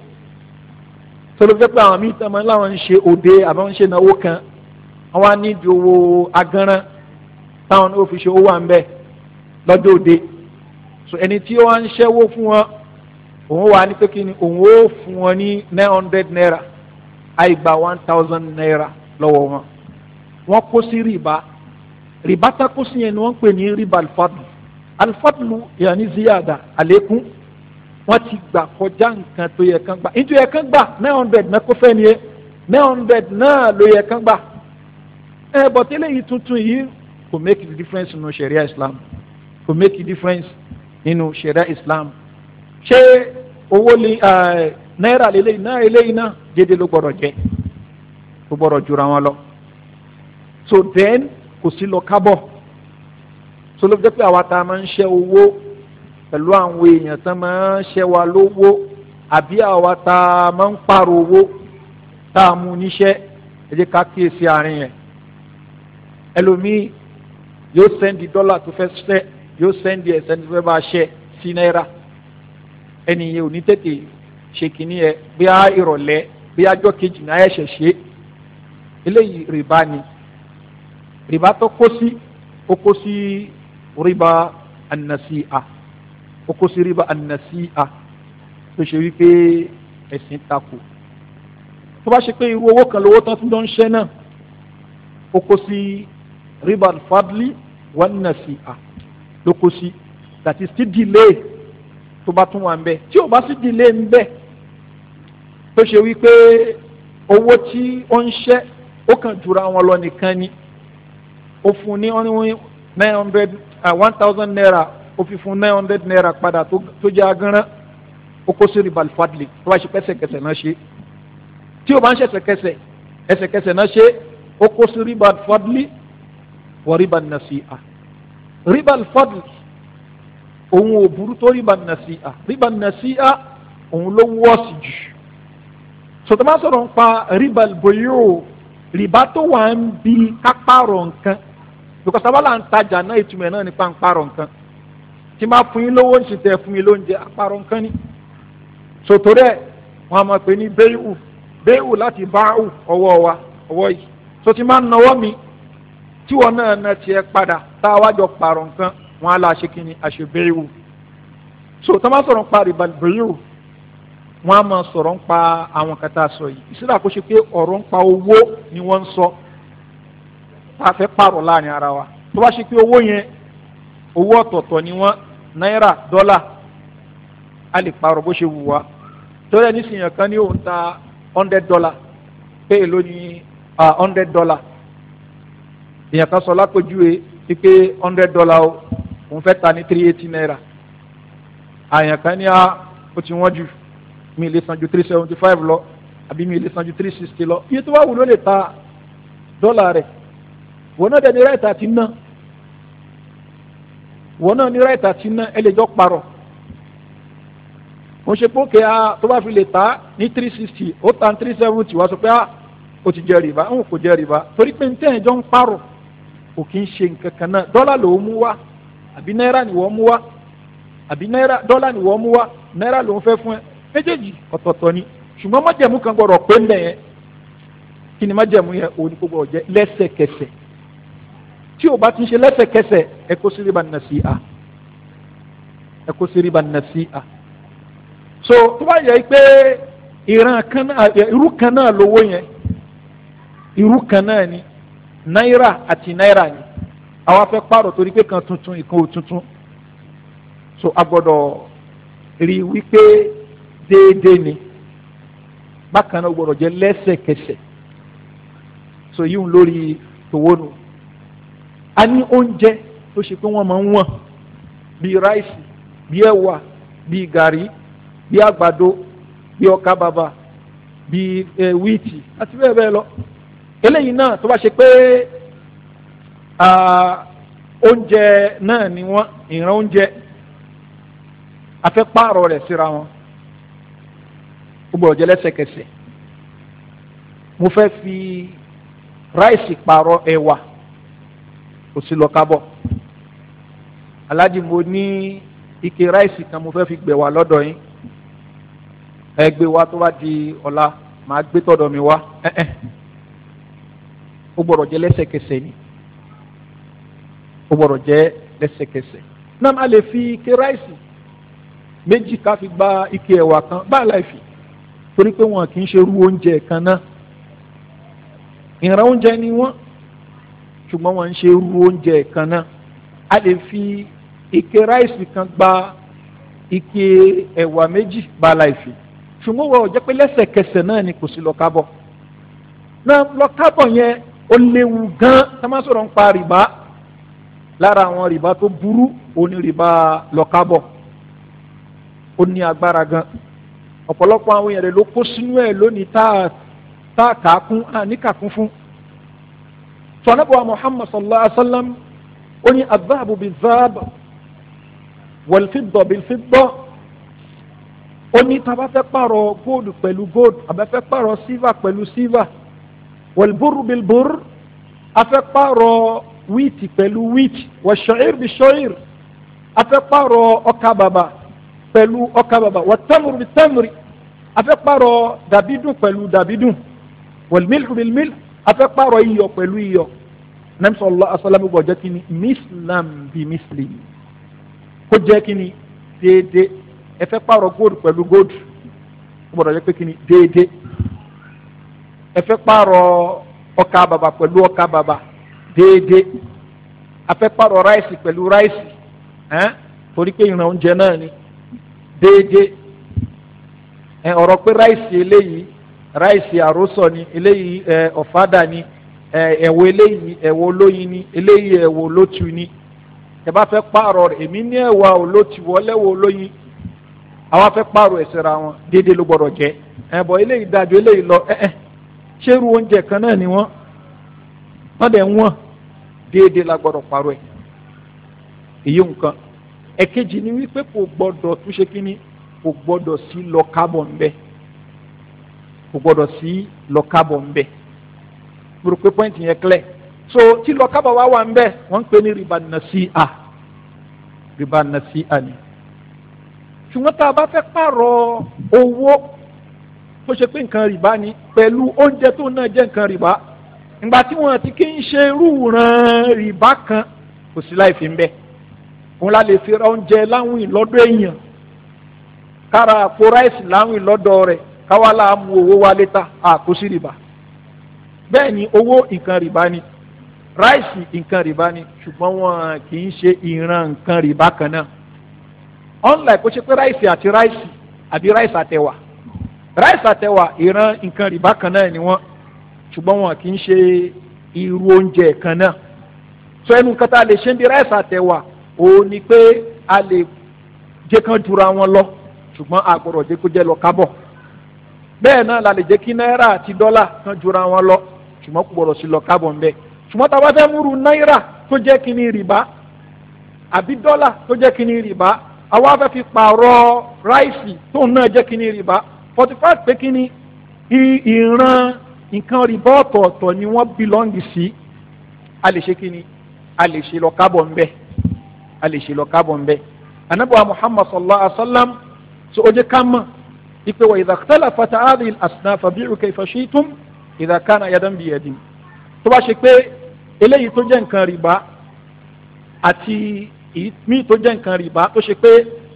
tọ́lọ́fẹ́ pé àwọn míì tán máa ń láwọn ń ṣe òde àbáwọn ń ṣe náwó kan àwọn á nídìí owó agánrán táwọn náà fi ṣe owó à ń bẹ̀ lọ́jọ́ òde so ẹni tí wọ́n á ń ṣẹ́wó fún wọn òun wà ní pé ni òun ó fún wọn ní nine hundred naira àìgbà one thousand naira lọ́wọ́ wọn wọ́n kó sí rìbá rìbá tá kó sí yẹn ni wọ́n ń pè ní rìbá alfadlu alfadlu yàní ziyada àlékún wọ́n ti gbà kọjá nǹkan tó yẹ kán gbà nítorí yẹ kán gbà nine hundred náà kó fẹ́ ni yẹ nine hundred náà ló yẹ kán gbà ẹ bọ̀ tẹ́lẹ̀ yìí tuntun yìí kò make the difference nínú sharia islam kò make the difference nínú sharia islam ṣé owó lè náírà lélẹ́yìn náà eléyìí náà déédéé ló gbọ́dọ̀ jẹ́ ló gbọ́dọ̀ jura wọn lọ so then kò sí lọ kábọ̀ so ló fi jẹ́ pé àwa tá a máa ń ṣe owó pẹ̀lú àwọn èèyàn tán máa ń ṣẹ́ wa lówó àbí àwa tá a máa ń pààrọ̀ owó tá a mú níṣẹ́ ẹ jẹ́ ká kíyèsí àárín yẹn ẹlòmíì yóò sẹ́ndì dọ́là tó fẹ́ ṣẹ́ yóò sẹ́ndì ẹ̀ sẹ́ndì tó fẹ́ bá ṣẹ́ sí náírà ẹni ò ní tètè ṣe kìíní yẹn bí a ìrọ̀lẹ́ bí a kejì náà ẹ̀ ṣe eléyìí rìbá ni rìbá tó kó sí ó kó sí rìbá an-nasi'a ó kó sí rìbá ànàsíà tó ṣe wípé ẹ̀sìn takò tó bá ṣe pé irú owó kan lówó tán tún lọ ń ṣẹ́ náà ó sí rìbá fadli wà ànàsíà ló sí that is still delay tó bá tún wà ń bẹ tí ò bá sí delay ń bẹ tó ṣe wípé owó tí ó ń ṣẹ́ ó kàn jura wọn lọ nìkan ni ó fún ní nine hundred ah, one thousand naira ó fi fún nine hundred naira padà tó jẹ́ agánrán ó kó sí ribal fadli tó bá ṣe pẹ́sẹ̀kẹsẹ̀ náà ṣe tí o bá ń ṣẹ̀ṣẹ̀kẹsẹ̀ ẹsẹ̀kẹsẹ̀ náà ṣe ó kó sí ribal fadli wọ ribal nasi'a ribal fadli òun ò burú tó ribal nasi'a ribal nasi'a òun ló wọ́ọ̀sì jù sọtọ́ máa sọ̀rọ̀ nípa ribal boyo rìbá tó wà ń bi kápárọ̀ nǹkan bíkọ́sì ń tajà náà ìtumọ̀ náà nípa ń parọ̀ nǹkan tí máa fún yín lówó ńṣe tẹ fún mi lóúnjẹ àparọ nǹkan ni sòtòrẹ ẹ wọn a máa pè ní béèwù béèwù láti báàwù ọwọ́ wa ọwọ́ yìí tó ti máa ń nawọ́ mi tí wọn náà na tiẹ̀ padà tá a wájọ pààrọ̀ nǹkan wọn á la ṣe kí ni àṣẹ béèwù so tó máa sọ̀rọ̀ nípa rìbá béèwù wọn a máa sọ̀rọ̀ nípa àwọn kan sọ yìí ìṣúra kó ṣe pé ọ̀rọ̀ nípa owó ni wọ́n ń sọ tá a fẹ́ pààrọ̀ láàrin ara wa tó bá ṣe pé owó yẹn owó ọ̀tọ̀ọ̀tọ̀ ni wọ́n náírà dọ́là a lè parọ́ bó ṣe wù wá torí ẹni sìyàn kan ní òun ta hundred dollar pé èlò hundred dollar èèyàn kan sọ lápèjúwe wípé hundred dollar o òun fẹ́ ta ní three eighty naira àyàn kan ní a ó ti wọ́n jù mi lè san ju three seventy five lọ àbí mi lè san ju three sixty lọ iye tó bá wù ló lè ta dọ́là rẹ̀ wọn náà dẹni rẹ́ẹ̀tà ti ná wọn náà ní ráìtà tí ná ẹ lè jọ parọ́ mo ṣe pókè a tó bá fi lè ta ní three sixty ó ta ní three seventy wá sọ pé a ah, ó ti jẹ rìbá ń kò jẹ rìbá torí pé ní tẹ́yìn jọ ń parọ́ kò kí ń ṣe nǹkan kan náà dọ́là ló mú wá àbí náírà ni wọ́n mú wá àbí náírà dọ́là ni wọ́n mú wá náírà ló ń fẹ́ fún ẹ méjèèjì ọ̀tọ̀ọ̀tọ̀ ni ṣùgbọ́n májẹ̀mú kan gbọ́dọ̀ pé ń bẹ̀ yẹn kí ni májẹ̀mú yẹn òun ni kò gbọ́dọ̀ jẹ lẹ́sẹ̀kẹsẹ̀ tí o bá ti ṣe lẹ́sẹ̀kẹsẹ̀ ẹ kó síríba nasi'a ẹ kó síríba nasi'a so tó bá yẹ pé ìran kan náà irú kan náà lówó yẹn irú kan náà ni náírà àti náírà ni àwa fẹ́ pààrọ̀ torí pé kan tuntun ìkan ò tuntun so a gbọ́dọ̀ rí wípé déédéé ni bákan náà gbọ́dọ̀ jẹ́ lẹ́sẹ̀kẹsẹ̀ so yíyún lórí tòwónù a ní oúnjẹ tó ṣe pé wọ́n máa ń wọ̀n bíi ráìsì bíi ẹ̀wà bíi gàrí bíi àgbàdo bíi ọkà bàbà bíi ẹ wíìtì àti bẹ́ẹ̀ bẹ́ẹ̀ lọ eléyìí náà tó bá ṣe pé oúnjẹ náà ni wọ́n ìran oúnjẹ a rẹ̀ síra wọn ó gbọ́dọ̀ jẹ́ lẹ́sẹ̀kẹsẹ̀ mo fẹ́ fi ráìsì pààrọ̀ ẹ̀wà. E kò sí lọ kábọ̀ aláàjì mo ní ike ráìsì kan mo fẹ́ fi gbé wá lọ́dọ̀ yín ẹ gbé tó bá di ọ̀la màá gbé tọ̀dọ̀ mi wá ẹ̀ẹ́n ó gbọ́dọ̀ jẹ́ lẹ́sẹ̀kẹsẹ̀ ni ó gbọ́dọ̀ jẹ́ lẹ́sẹ̀kẹsẹ̀ náà má lè fi ike ráìsì méjì ká fi gba ike ẹ̀wà kan báà láì torí pé wọn kì í ṣe irú oúnjẹ kan náà ìran oúnjẹ ni wọ́n ṣùgbọ́n wọ́n ń ṣe irú oúnjẹ kan náà a lè fi ike ráìsì kan gba ike ẹ̀wà méjì bala ìfì ṣùgbọ́n wọ́n jẹ́ pé lẹ́sẹ̀kẹsẹ̀ náà ni kò sí lọ́kábọ̀ náà lọ́kábọ̀ yẹn ó léwu gan-an tá a máa sọ̀rọ̀ ń pa rìbá lára àwọn rìbá tó burú òun rìbá lọ́kábọ̀ ó ní agbára gan ọ̀pọ̀lọpọ̀ àwọn èèyàn rẹ̀ ló kó sínú ẹ̀ lónìí tá a kà á kún àníkà kún fún sọ̀nàbọ̀ muhammad sallallahu alayhi wa sallam ó ní azahabu bi zahab wàlfidọ̀ bi fidọ̀ ó ní taba fẹ́ pààrọ̀ góòdù pẹ̀lú góòdù àbẹ fẹ́ pààrọ̀ sílvà pẹ̀lú sílvà wàlbúrú bi búrú afẹ́ pààrọ̀ wíìtì pẹ̀lú wíìtì wàṣọ̀ìr bi ṣọ̀ìr afẹ́ pààrọ̀ ọkà bàbà pẹ̀lú ọkà bi tẹ́mùrì afẹ́ pààrọ̀ dàbídùn pẹ̀lú dàbídùn wàlmílù bi mílù afẹ́ pààrọ̀ iyọ̀ pẹ̀lú iyọ̀ nàbí sọlọ asọlámi bọ̀ jẹ́ kínní mislam bí mislim kó jẹ́ kínní déédéé ẹ fẹ́ pààrọ̀ gold pẹ̀lú gold ó gbọ́dọ̀ jẹ́ pé kínní déédéé ẹ fẹ́ pààrọ̀ ọkà bàbà pẹ̀lú ọkà bàbà déédéé a fẹ́ pààrọ̀ ráìsì pẹ̀lú ráìsì ẹ́n torí pé ìran oúnjẹ náà ni déédéé ẹ̀ ọ̀rọ̀ pé ráìsì eléyìí ráìsì àrósọ ni eléyìí ẹ ọ̀fadà ni ẹ ẹ̀wọ̀ eléyìí ẹ̀wọ̀ olóyin ni eléyìí ẹ̀wọ̀ olótu ni ẹ bá fẹ́ pààrọ̀ rẹ̀ èmi ní ẹ̀wọ̀ olótu ọlẹ́wọ̀ olóyin àwa fẹ́ pààrọ̀ ẹ̀sẹ̀ ra wọn déédéé ló gbọ́dọ̀ jẹ́ ẹ bọ̀ eléyìí dájú eléyìí lọ ẹ ẹ ṣérú oúnjẹ kan náà ni wọ́n wọ́n dẹ̀ wọ́n déédéé la gbọ́dọ̀ pààrọ̀ ẹ̀ èyí nǹkan ẹ̀kejì ni wípé kò gbọ́dọ̀ túnṣe kínní kò gbọ́dọ̀ sí lọ kábọ̀ ńbẹ́ kò gbọdọ̀ sí lọ́kàbọ̀ ń bẹ̀ gbọdọ̀ pé pọ́ìntì yẹn clear so tí lọ́kàbọ̀ wá wà ń bẹ̀ wọ́n ń pè ní rìbá nàṣíà rìbá nàṣíà ni ṣùgbọ́n tá a bá fẹ́ pààrọ̀ owó tó ṣe pé nǹkan rìbá ni pẹ̀lú oúnjẹ tó náà jẹ́ nǹkan rìbá ìgbà tí wọ́n ti kí ń ṣe irú ràn rìbá kan kò sí láì fi ń bẹ́ẹ̀ òun la lè fi ra oúnjẹ láwìn lọ́dọ̀ èèyàn kára àpò ráìsì láwìn lọ́dọ̀ rẹ̀ káwá láà mú owó wá létà àkóso rìbá bẹ́ẹ̀ ni owó nǹkan rìbá ni ráìsì nǹkan rìbá ni ṣùgbọ́n wọn kì í ṣe ìran nǹkan rìbá kan náà unlike kó ṣe pé ráìsì àti ráìsì àbí ráìsì àtẹwà ráìsì àtẹwà ìran nǹkan rìbá kan náà ni wọ́n ṣùgbọ́n wọn kì í ṣe irú oúnjẹ kan náà sọ ẹnu kan tá a lè ṣe ń bí ráìsì àtẹwà òun ni pé a lè jẹ́ kán jura wọn lọ ṣùgbọ́n a gbọ́dọ̀ kó jẹ́ lọ kábọ̀ bẹ́ẹ̀ náà la lè jẹ́ kí náírà àti dọ́là kan jura wọn lọ ṣùgbọ́n kò gbọ́dọ̀ sí lọ kábọ̀ ń bẹ̀ ṣùgbọ́n tá a bá fẹ́ múru náírà tó jẹ́ kí ni rìbá àbí dọ́là tó jẹ́ kí ni rìbá àwa fẹ́ fi pààrọ̀ ráìsì tóun náà jẹ́ kí ni rìbá forty five pé kí ni ìran nǹkan rìbá ọ̀tọ̀ọ̀tọ̀ ni wọ́n bílọ́ǹgì sí a lè ṣe kí ni a lè ṣe lọ kábọ̀ ń bẹ̀ a lè ṣe lọ kábọ̀ ń bẹ̀ anabuwa muhammad sallallahu alaihi wa sallam so ó jẹ́ ká mọ̀ ipe wa idha ikhtalafat hadhihi al-asnaf fabi'u kayfa shi'tum idha kana yadan bi yadin tó bá ṣe pé eléyìí tó jẹ́ nǹkan rìbá àti míì tó jẹ́ nǹkan rìbá tó ṣe pé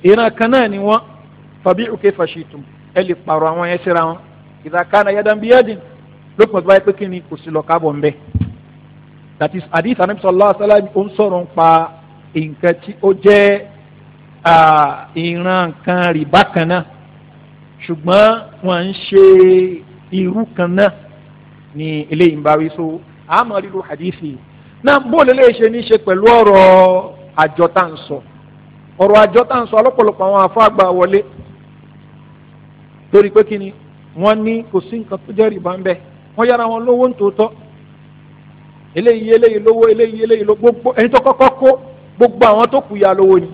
ìran kan náà ni wọ́n fabi'u kayfa shi'tum ẹ lè pààrọ̀ àwọn yẹn síra wọn idha kana yadan bi yadin lópin tó bá yẹ pé kí ni kò sí lọ káàbọ̀ that is hadith anabi sallallahu alayhi wa sallam ó ń sọ̀rọ̀ nípa nǹkan tí ó jẹ́ ìran kan rìbá kan náà ṣùgbọ́n wọ́n ń ṣe irú kan náà ní eléyìí ń bá wí so àmọ́ lílo hadithi náà bó lè ṣe ní ṣe pẹ̀lú ọ̀rọ̀ àjọ ọ̀rọ̀ àjọ ọlọ́pọ̀lọpọ̀ àwọn àfọ́ àgbà wọlé torí pé kí ni wọ́n ní kò sí nǹkan tó jẹ́ rìbá ń bẹ wọ́n yára wọn lówó ń tòótọ́ eléyìí eléyìí lówó eléyìí eléyìí lówó gbogbo ẹni tó kọ́kọ́ kó gbogbo àwọn tó kù ya lówó ni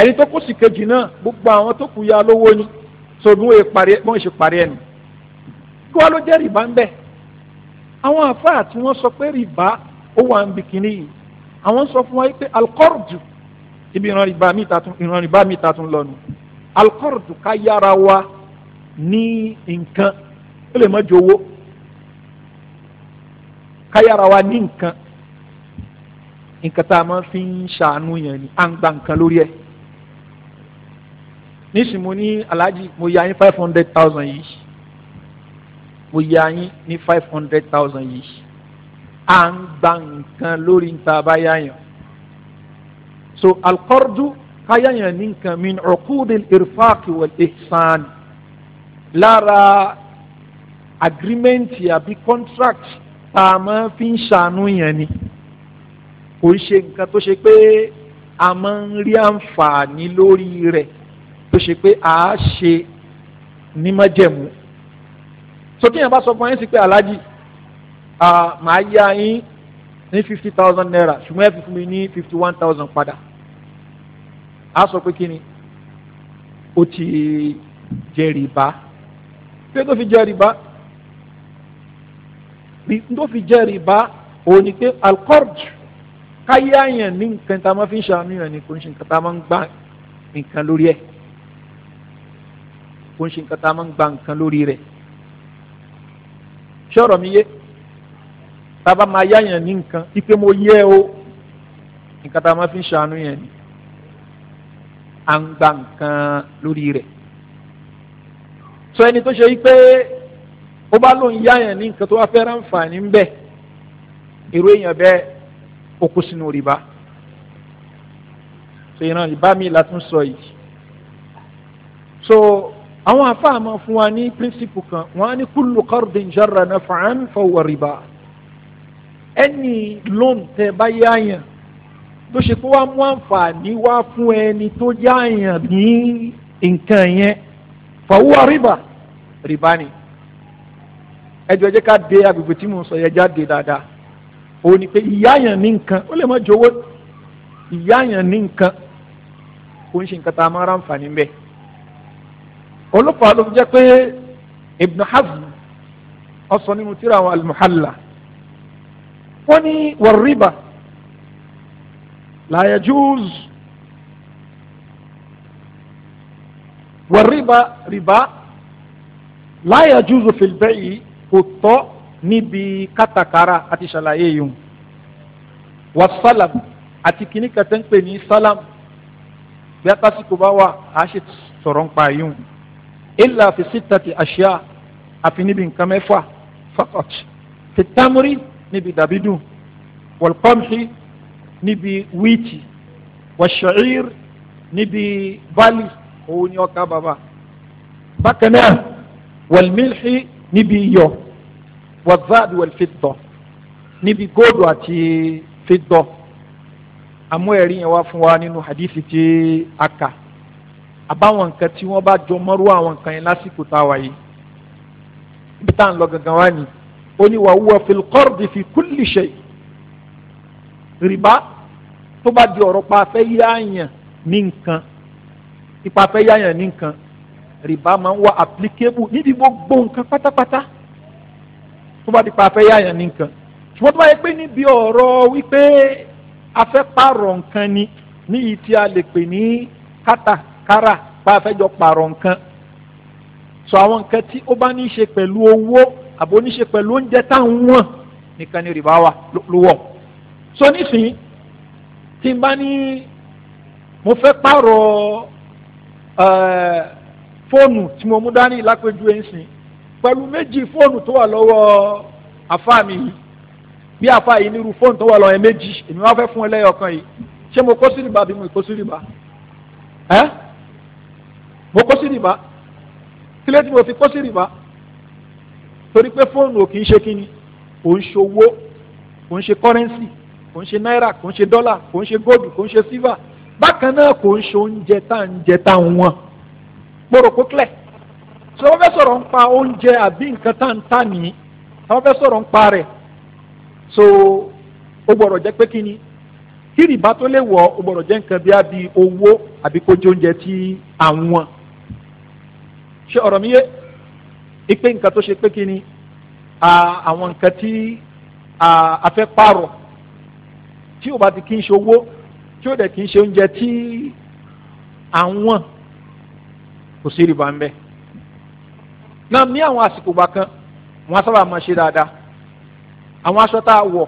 ẹni tó kù sì kejì náà gbogbo àwọn tó kù ya lówó ni so bí wọ́n parí wọ́n ṣe parí ẹnu kí wọ́n ló jẹ́ rìbá ń bẹ̀ àwọn àfáà tí wọ́n sọ pé rìbá ó wà ń bìkínní yìí àwọn sọ fún wa pé alukọ́rùdù ibi ìran rìbá mi ta tún ìran rìbá mi ta tún lọ́nu alukọ́rùdù ká yára wa ní nǹkan ó lè má jẹ owó ká yára wa ní nǹkan nǹkan tá a máa fi ń ṣàánú yẹn ni à ń gba nǹkan lórí ẹ̀ nísìn mo ní aláàjì mo yá yín five hundred thousand yìí mo yá yín ní five hundred thousand yìí à ń gba nǹkan lórí níta bá yáyàn so alqardu káyáyàn ní nǹkan min uqudil irfaqi wal ihsan lára agirimẹ́ǹtì àbí contract tá a máa fi ń ṣàánú yẹn ni kò ń ṣe nǹkan tó ṣe pé a máa ń rí àǹfààní lórí rẹ̀ tó ṣe pé a ṣe ní májẹ̀mú so tíyẹn bá sọ fún yín sí pé aláàjì màá yá yín ní fifty thousand naira ṣùgbọ́n ẹ fi fún mi ní fifty one thousand padà a sọ pé kí ni ó ti jẹ rìbá pé tó fi jẹ rìbá tó fi jẹ rìbá òun ni pé alqard káyé àyàn ní nǹkan tá a máa fi ń ṣàmìyàn ní kò ń ṣe nǹkan tá a máa ń gbà nǹkan lórí ẹ̀ kò ń ṣe nǹkan tá a máa ń gba nǹkan lórí rẹ̀ ṣọ́rọ̀ mi yé tábà máa yáyàn ní nǹkan ipe mo yẹ o nǹkan tá a máa fi ń ṣàánú yẹn ni à ń gba nǹkan lórí rẹ̀ sọ ẹni tó ṣe yí pé ó bá lóun yáyàn ní nǹkan tó wá fẹ́ ráǹfààní ń bẹ irú èèyàn bẹ́ẹ̀ ó kó sínú rìbá so ìran rìbá mi la tún sọ yìí so àwọn àfáà máa fún wa ní píríncípù kan wọn á ní kúlù kọ́rọ̀dìn jarra naf'an fahuwa riba ẹni lóun tẹ bá yá yàn ló ṣe pé wá mú àǹfààní wá fún ẹni tó yá yàn ní nǹkan yẹn fahuwa riba riba ni ẹjọ jẹ́ ká de agbègbè tí mo sọ yẹn jáde dáadáa òun ni pé ìyá yàn ní nǹkan ó lè má jowó ìyá yàn ní nǹkan kò ṣe nǹkan tá a máa ra àǹfààní bẹ́ẹ̀ olùfà ló fi jẹ́ pé Ibn Hazm ọ̀sọ̀ nínú tíra àwọn al-Muhalla wọ́n ní wàrúbà la yajuz wàrúbà rìbá la yajuzu fil bay'i kò tọ́ níbi kátàkárà àti ṣàlàyé yìí wà sálàm àti kìnnìkan tẹ́ ń pè ní sálàm bí a tásìkò bá wà á ṣe sọ̀rọ̀ ń pa yìí illa fi sittati aṣíà àfi níbi nǹkan mẹ́fà faqat fi tamuri níbi dàbídùn wọlpọmṣi níbi wíìtì wọṣọ̀ír níbi bali òun ni ọkà bàbà bákan náà wọlmílì níbi iyọ̀ wọzáàdì wọlfitọ níbi góòdù àti fitọ àmú ẹ̀rí yẹn wá fún wa nínú hadithi tí a kà àbáwọn nǹkan tí wọ́n bá jọ mọ́rú àwọn nǹkan yẹn lásìkò tá a wà yìí ibi tá à ń lọ gangan wá ni ó ní wàhùwà fìlkọ́rọ̀dì fi kúlì ṣe rìbá tó bá di ọ̀rọ̀ pa afẹ́ yáàyàn ní nǹkan ipa afẹ́ yáàyàn ní nǹkan rìbá máa ń wá applicable níbi gbogbo nǹkan pátápátá tó bá di pa afẹ́ yáàyàn ní nǹkan ṣùgbọ́n tó bá yẹ pé níbi ọ̀rọ̀ wípé afẹ́ pààrọ̀ nǹkan ni ní ìtí a lè pè ní kátà Kara, bá a fẹ́ jọ pààrọ̀ nǹkan sọ àwọn nǹkan tí ó bá ní í ṣe pẹ̀lú owó àbò ní í ṣe pẹ̀lú oúnjẹ táwọn wọ̀n nìkan ni rìbá wa ló wọ̀ so nísìnyí tí n bá ní mo fẹ́ pààrọ̀ fóònù tí mo mú dání lápẹjù ẹ̀sìn pẹ̀lú méjì fóònù tó wà lọ́wọ́ àfa mi yìí bí àfa yìí nírú fóònù tó wà lọ́wọ́ ẹ̀ méjì èmi wá fẹ́ fún ẹ lẹ́yọ̀kan yìí ṣé mo kó sí rìbá bí mo kó sí rìbá ẹ́. Eh? mo kó sí rìbá kílé tí mo fi kó sí rìbá torí pé fóònù ò kì í ṣe kíni kò ń ṣòwò kò ń ṣe kọ́rẹ́nsì kò ń ṣe náírà kò ń ṣe dọ́là kò ń ṣe góòdù kò ń ṣe sílvà bákan náà kò ń ṣe oúnjẹ tá à ń jẹ tá à ń wọ̀n pòròpótlẹ̀ tí wọ́n fẹ́ sọ̀rọ̀ ń pa oúnjẹ àbí nǹkan tá à ń tà nìyí tí wọ́n fẹ́ sọ̀rọ̀ ń pa rẹ̀ so ó gbọ́dọ̀ jẹ́ pé kíni kí rìbá tó lè wọ̀ ó gbọ́dọ̀ jẹ́ nǹkan bí i owó àbí kó jẹ oúnjẹ tí àwọn ṣé ọ̀rọ̀ mi yé ipe nǹkan tó ṣe pé kí ni àwọn nǹkan tí a fẹ́ pààrọ̀ tí o bá ti kí n ṣe owó tí o dẹ̀ kí n ṣe oúnjẹ tí àwọn kò sí rìbá ń bẹ náà ní àwọn àsìkò gbà kan wọn sábà máa ṣe dáadáa àwọn aṣọ tá a wọ̀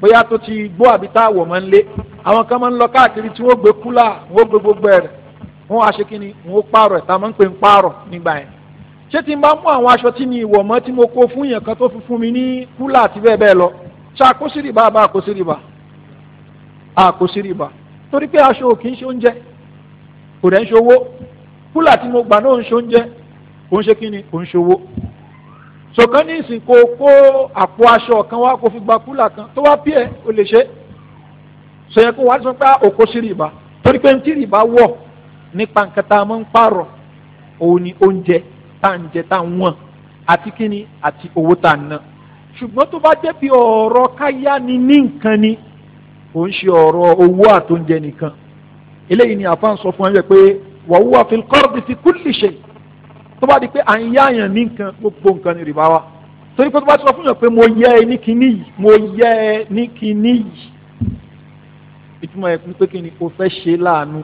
bóyá tó ti gbó àbí tá a wọ̀ máa ń lé àwọn kan máa ń lọ káàkiri tí wọ́n gbé kúlà wọ́n gbé gbogbo ẹ̀rẹ̀ wọn wá ṣe kí ni wọn ó pààrọ̀ ẹ̀ tá a máa ń pè ń pààrọ̀ nígbà yẹn ṣé tí n bá mú àwọn aṣọ tí mi ìwọ̀ mọ́ tí mo kó fún yẹn kan tó fi fún mi ní kúlà àti bẹ́ẹ̀ bẹ́ẹ̀ lọ ṣá kó sí rìbá àbá torí pé aṣọ ò kì ṣe oúnjẹ kò dẹ̀ ń ṣowó kúlà tí mo gbà náà ń ṣe oúnjẹ kò ń ṣe kí ni kò ń ṣowó ṣọ̀kan ní ìsìn kó kó àpò aṣọ kan wá kó fi gba kúlà kan tó wá pí ẹ o lè ṣe ṣèyẹn kó wá sọ pé òkó torí pé ntí wọ̀ nípa nǹkan tá a máa ń pààrọ̀ òun ni oúnjẹ tá à ń jẹ tá à ń wọ̀n àti kíni àti owó tá à ń ná ṣùgbọ́n tó bá jẹ́ bí ọ̀rọ̀ káyá ni ní nǹkan ni kò ń ṣe ọ̀rọ̀ owó àtóúnjẹ nìkan eléyìí ni àfa ń sọ fún ẹ pé wàhùwà fil qardi fi kulli shay tó bá di pé à ń yáàyàn ní nǹkan gbogbo nǹkan ni rìbá wa torí pé tó bá sọ fún yàn pé mo yẹ ẹ ní kinní yìí mo yẹ ẹ ní kinní yìí ìtumọ̀ ẹ̀ pé kí ni o fẹ́ ṣe láàánú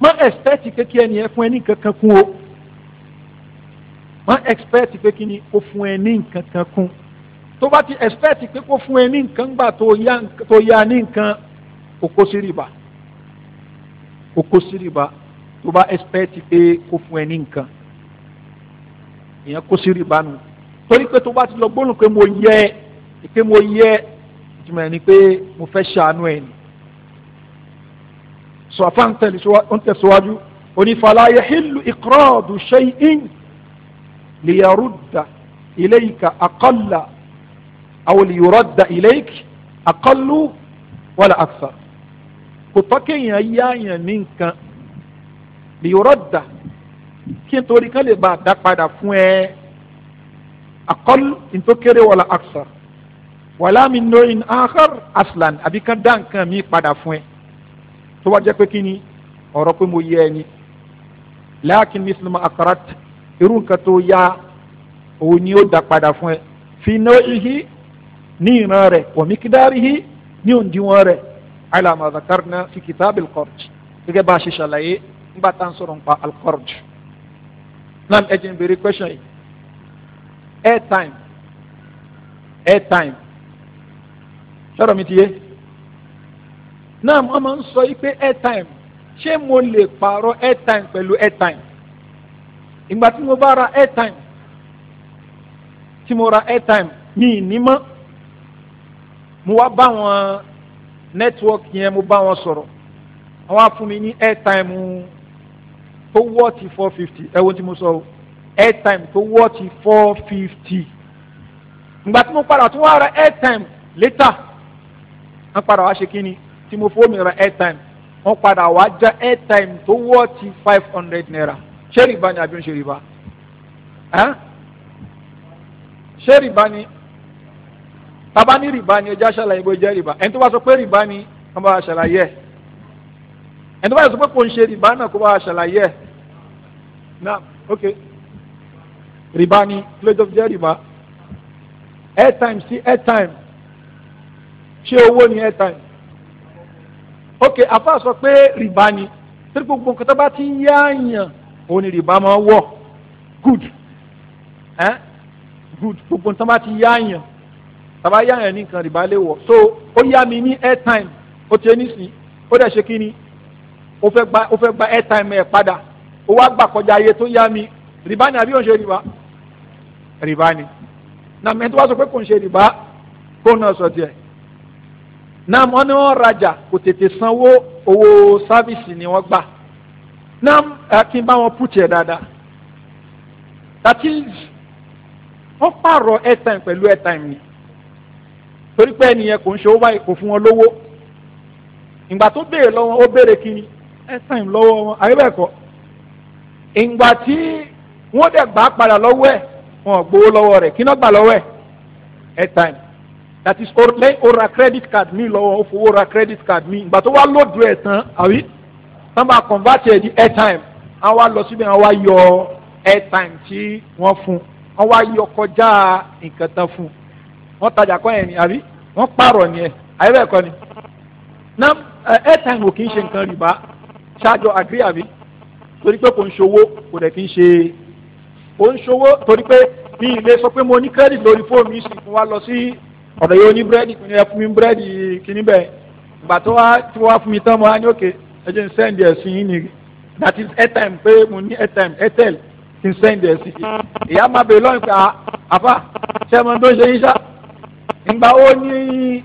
má ẹ̀spẹ́tì kékeré ẹni ẹ fún ẹ ní kankan kún o má ẹ̀spẹ́tì pé ni ó fún ẹ ní kankan kún tó bá ti ẹ̀spẹ́tì pé kó fún ẹ ní nǹkan gbà tó ya ní nǹkan òkó sí rìbá òkó sí rìbá tó bá ẹ̀spẹ́tì pé kó fún ẹ ní nǹkan ìyẹn kó sí nù torí pé tó bá ti lọ gbólùn pé mo yẹ pé mo yẹ ìtumọ̀ ẹni pé mo fẹ́ ṣàánú ẹ ni sọ afá ń tẹ̀síwájú onífàlà yahilu iqradu shay'in liyarudda ilayka aqalla aw liyuradda ilayka aqallu wala akthar kò tọ́ kéèyàn yáàyàn ní nǹkan liyuradda kí n torí kán lè bá a dá padà fún ẹ aqall ntòkèrè wala akthar wala min naw'in akhar aslan àbí nǹkan mi padà fún ẹ tó wá jẹ́ pé kí ni ọ̀rọ̀ pé mo yẹ ẹni láàkín mísìlì mọ́ akarat irú nǹkan tó yá òun ni ó dá padà fún ẹ fi náwó ní ìran rẹ̀ wọ̀míkídárìhí ní òǹdíwọ̀n rẹ̀ alama zakarna fi kitab alqarj gẹ́gẹ́ bá a ṣe ṣàlàyé nígbà tá à ń sọ̀rọ̀ nípa alqarj náà ẹ jẹ́ n béèrè question yìí airtime airtime sọ̀rọ̀ mi ti yé náà wọ́n máa ń sọ yìí pé airtime ṣé mo lè pààrọ̀ airtime pẹ̀lú airtime ìgbà tí mo bá ra airtime tí mo ra airtime mi ì ní mọ́ mo wá bá wọn network yẹn mo bá wọn sọ̀rọ̀ àwọn á ní airtime tó wọ́ọ̀tì four fifty ẹ tí mo sọ airtime tó wọ́ọ̀tì four fifty ìgbà tí mo padà tún wá ra airtime later wọ́n padà wá ṣe kí ni tí mo fowó mi ra airtime wọ́n padà wá já airtime tó wọ́ ti five hundred naira ṣé rìbá ni àbí ń ṣe rìbá ni taba ní rìbá ni ẹja ṣàlàyé bó jẹ́ rìbá ẹni tó bá sọ pé rìbá ni wọ́n bá ṣàlàyé ẹ̀ ẹni tó bá sọ pé kò ń ṣe rìbá náà kó bá ṣàlàyé ẹ̀ na ok rìbá ni plate of jẹ́ rìbá airtime sí airtime ṣé owó ni airtime ok afa sọ pé rìbá ni torí gbogbo nǹkan tó bá ti ń yáàyàn òun ni rìbá máa wọ̀ good ẹ good gbogbo nǹkan tó bá ti yáàyàn tàbá yáàyàn ní nǹkan rìbá lè wọ̀ so ó yá mi ní airtime ó ti ní sìn ó dẹ̀ ṣe kí ni ó fẹ́ gba ó fẹ́ gba airtime ẹ̀ padà ó wá gbà kọjá iye tó yá mi rìbá ni àbí òun ṣe rìbá rìbá ni na mẹ́tọ́ wá sọ pé kò ń ṣe rìbá kó náà sọ tiẹ̀ nam wọn ni wọn rajà kò tètè sanwó owó sáfìsì ni wọn gbà nam kí n bá wọn pùtì ẹ dáadáa that is wọn pààrọ̀ airtime pẹ̀lú airtime ni torí pé ẹnìyẹn kò ń ṣe owó kò fún wọn lówó ìgbà tó béèrè lọ́wọ́ ó béèrè kí ni airtime lọ́wọ́ wọn àyẹ̀bẹ̀kọ ìgbà tí wọ́n dẹ̀ gbà padà lọ́wọ́ ẹ̀ wọn gbowó lọ́wọ́ rẹ̀ kí náà gbà lọ́wọ́ ẹ̀ airtime that is ó ra credit card mi lọ́wọ́ ó fowó ra credit card mi ìgbà tó wá lóòdù ẹ̀ tán àbí wọ́n bá convert ẹ̀ di airtime wọ́n wá lọ síbẹ̀ wọ́n wá yọ airtime tí wọ́n fún wọ́n wá yọ kọjá nǹkan tán fún wọ́n tajà kọ́ ẹ̀ ní àbí wọ́n pààrọ̀ ni ẹ̀ àyè bẹ́ẹ̀ kọ́ ni na airtime ò kì í ṣe nǹkan rìbá ṣáájọ agree àbí torí pé kò ń ṣòwò kò dẹ̀ kì í ṣe kò ń ṣòwò torí pé mi ì lè sọ pé mo ní credit lórí fóònù mi sì fún wa lọ sí ọ̀dọ̀ yóò ní búrẹ́dì kò ní ẹ fún mi búrẹ́dì kìíní bẹ́ẹ̀ ìgbà tó wá tí wọ́n fún mi tán mo á ní òkè ẹ jẹ́ n sẹ́ndì yín ni that is airtime pé mo ní airtime airtel kí n sẹ́ndì ẹ̀ sí yín ìyá máa bèèrè lọ́yìn pé ah, àfà ṣé mo tó ṣe yín ṣá ìgbà ó ní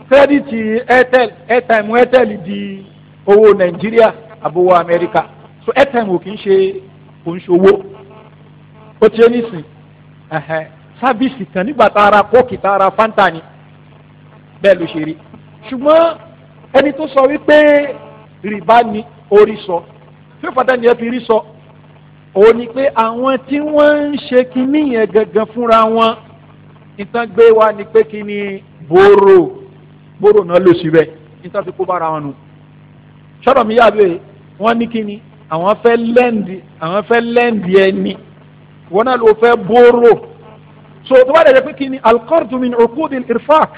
kírẹ́dìtì airtel airtime airtel di owó nàìjíríà àbówó amẹ́ríkà so airtime ò kì í ṣe kò ń ṣòwò ó ti ẹ́ nísìn sábìsì kan nígbà tá a ra kóòkì tá a ra fanta ni bẹ́ẹ̀ ló ṣe rí ṣùgbọ́n ẹni tó sọ wípé rìbá ni orí sọ tí ó fàtà nìyẹn fi rí sọ òun ni pé àwọn tí wọ́n ń ṣe kinní yẹn gangan fúnra wọn ìtàn gbé wa ni pé kí ni bóró bóró náà lò síbẹ̀ ìtàn fi kó bára wọn nù ṣọ́dọ̀ mi yàgbé wọ́n ní kí ni àwọn fẹ́ lẹ́ǹdì àwọn fẹ́ lẹ́ǹdì ẹni wọn náà ló fẹ́ bóró so tó bá dẹ̀ jẹ́ pé kí ni alqardu min uqudil irfaq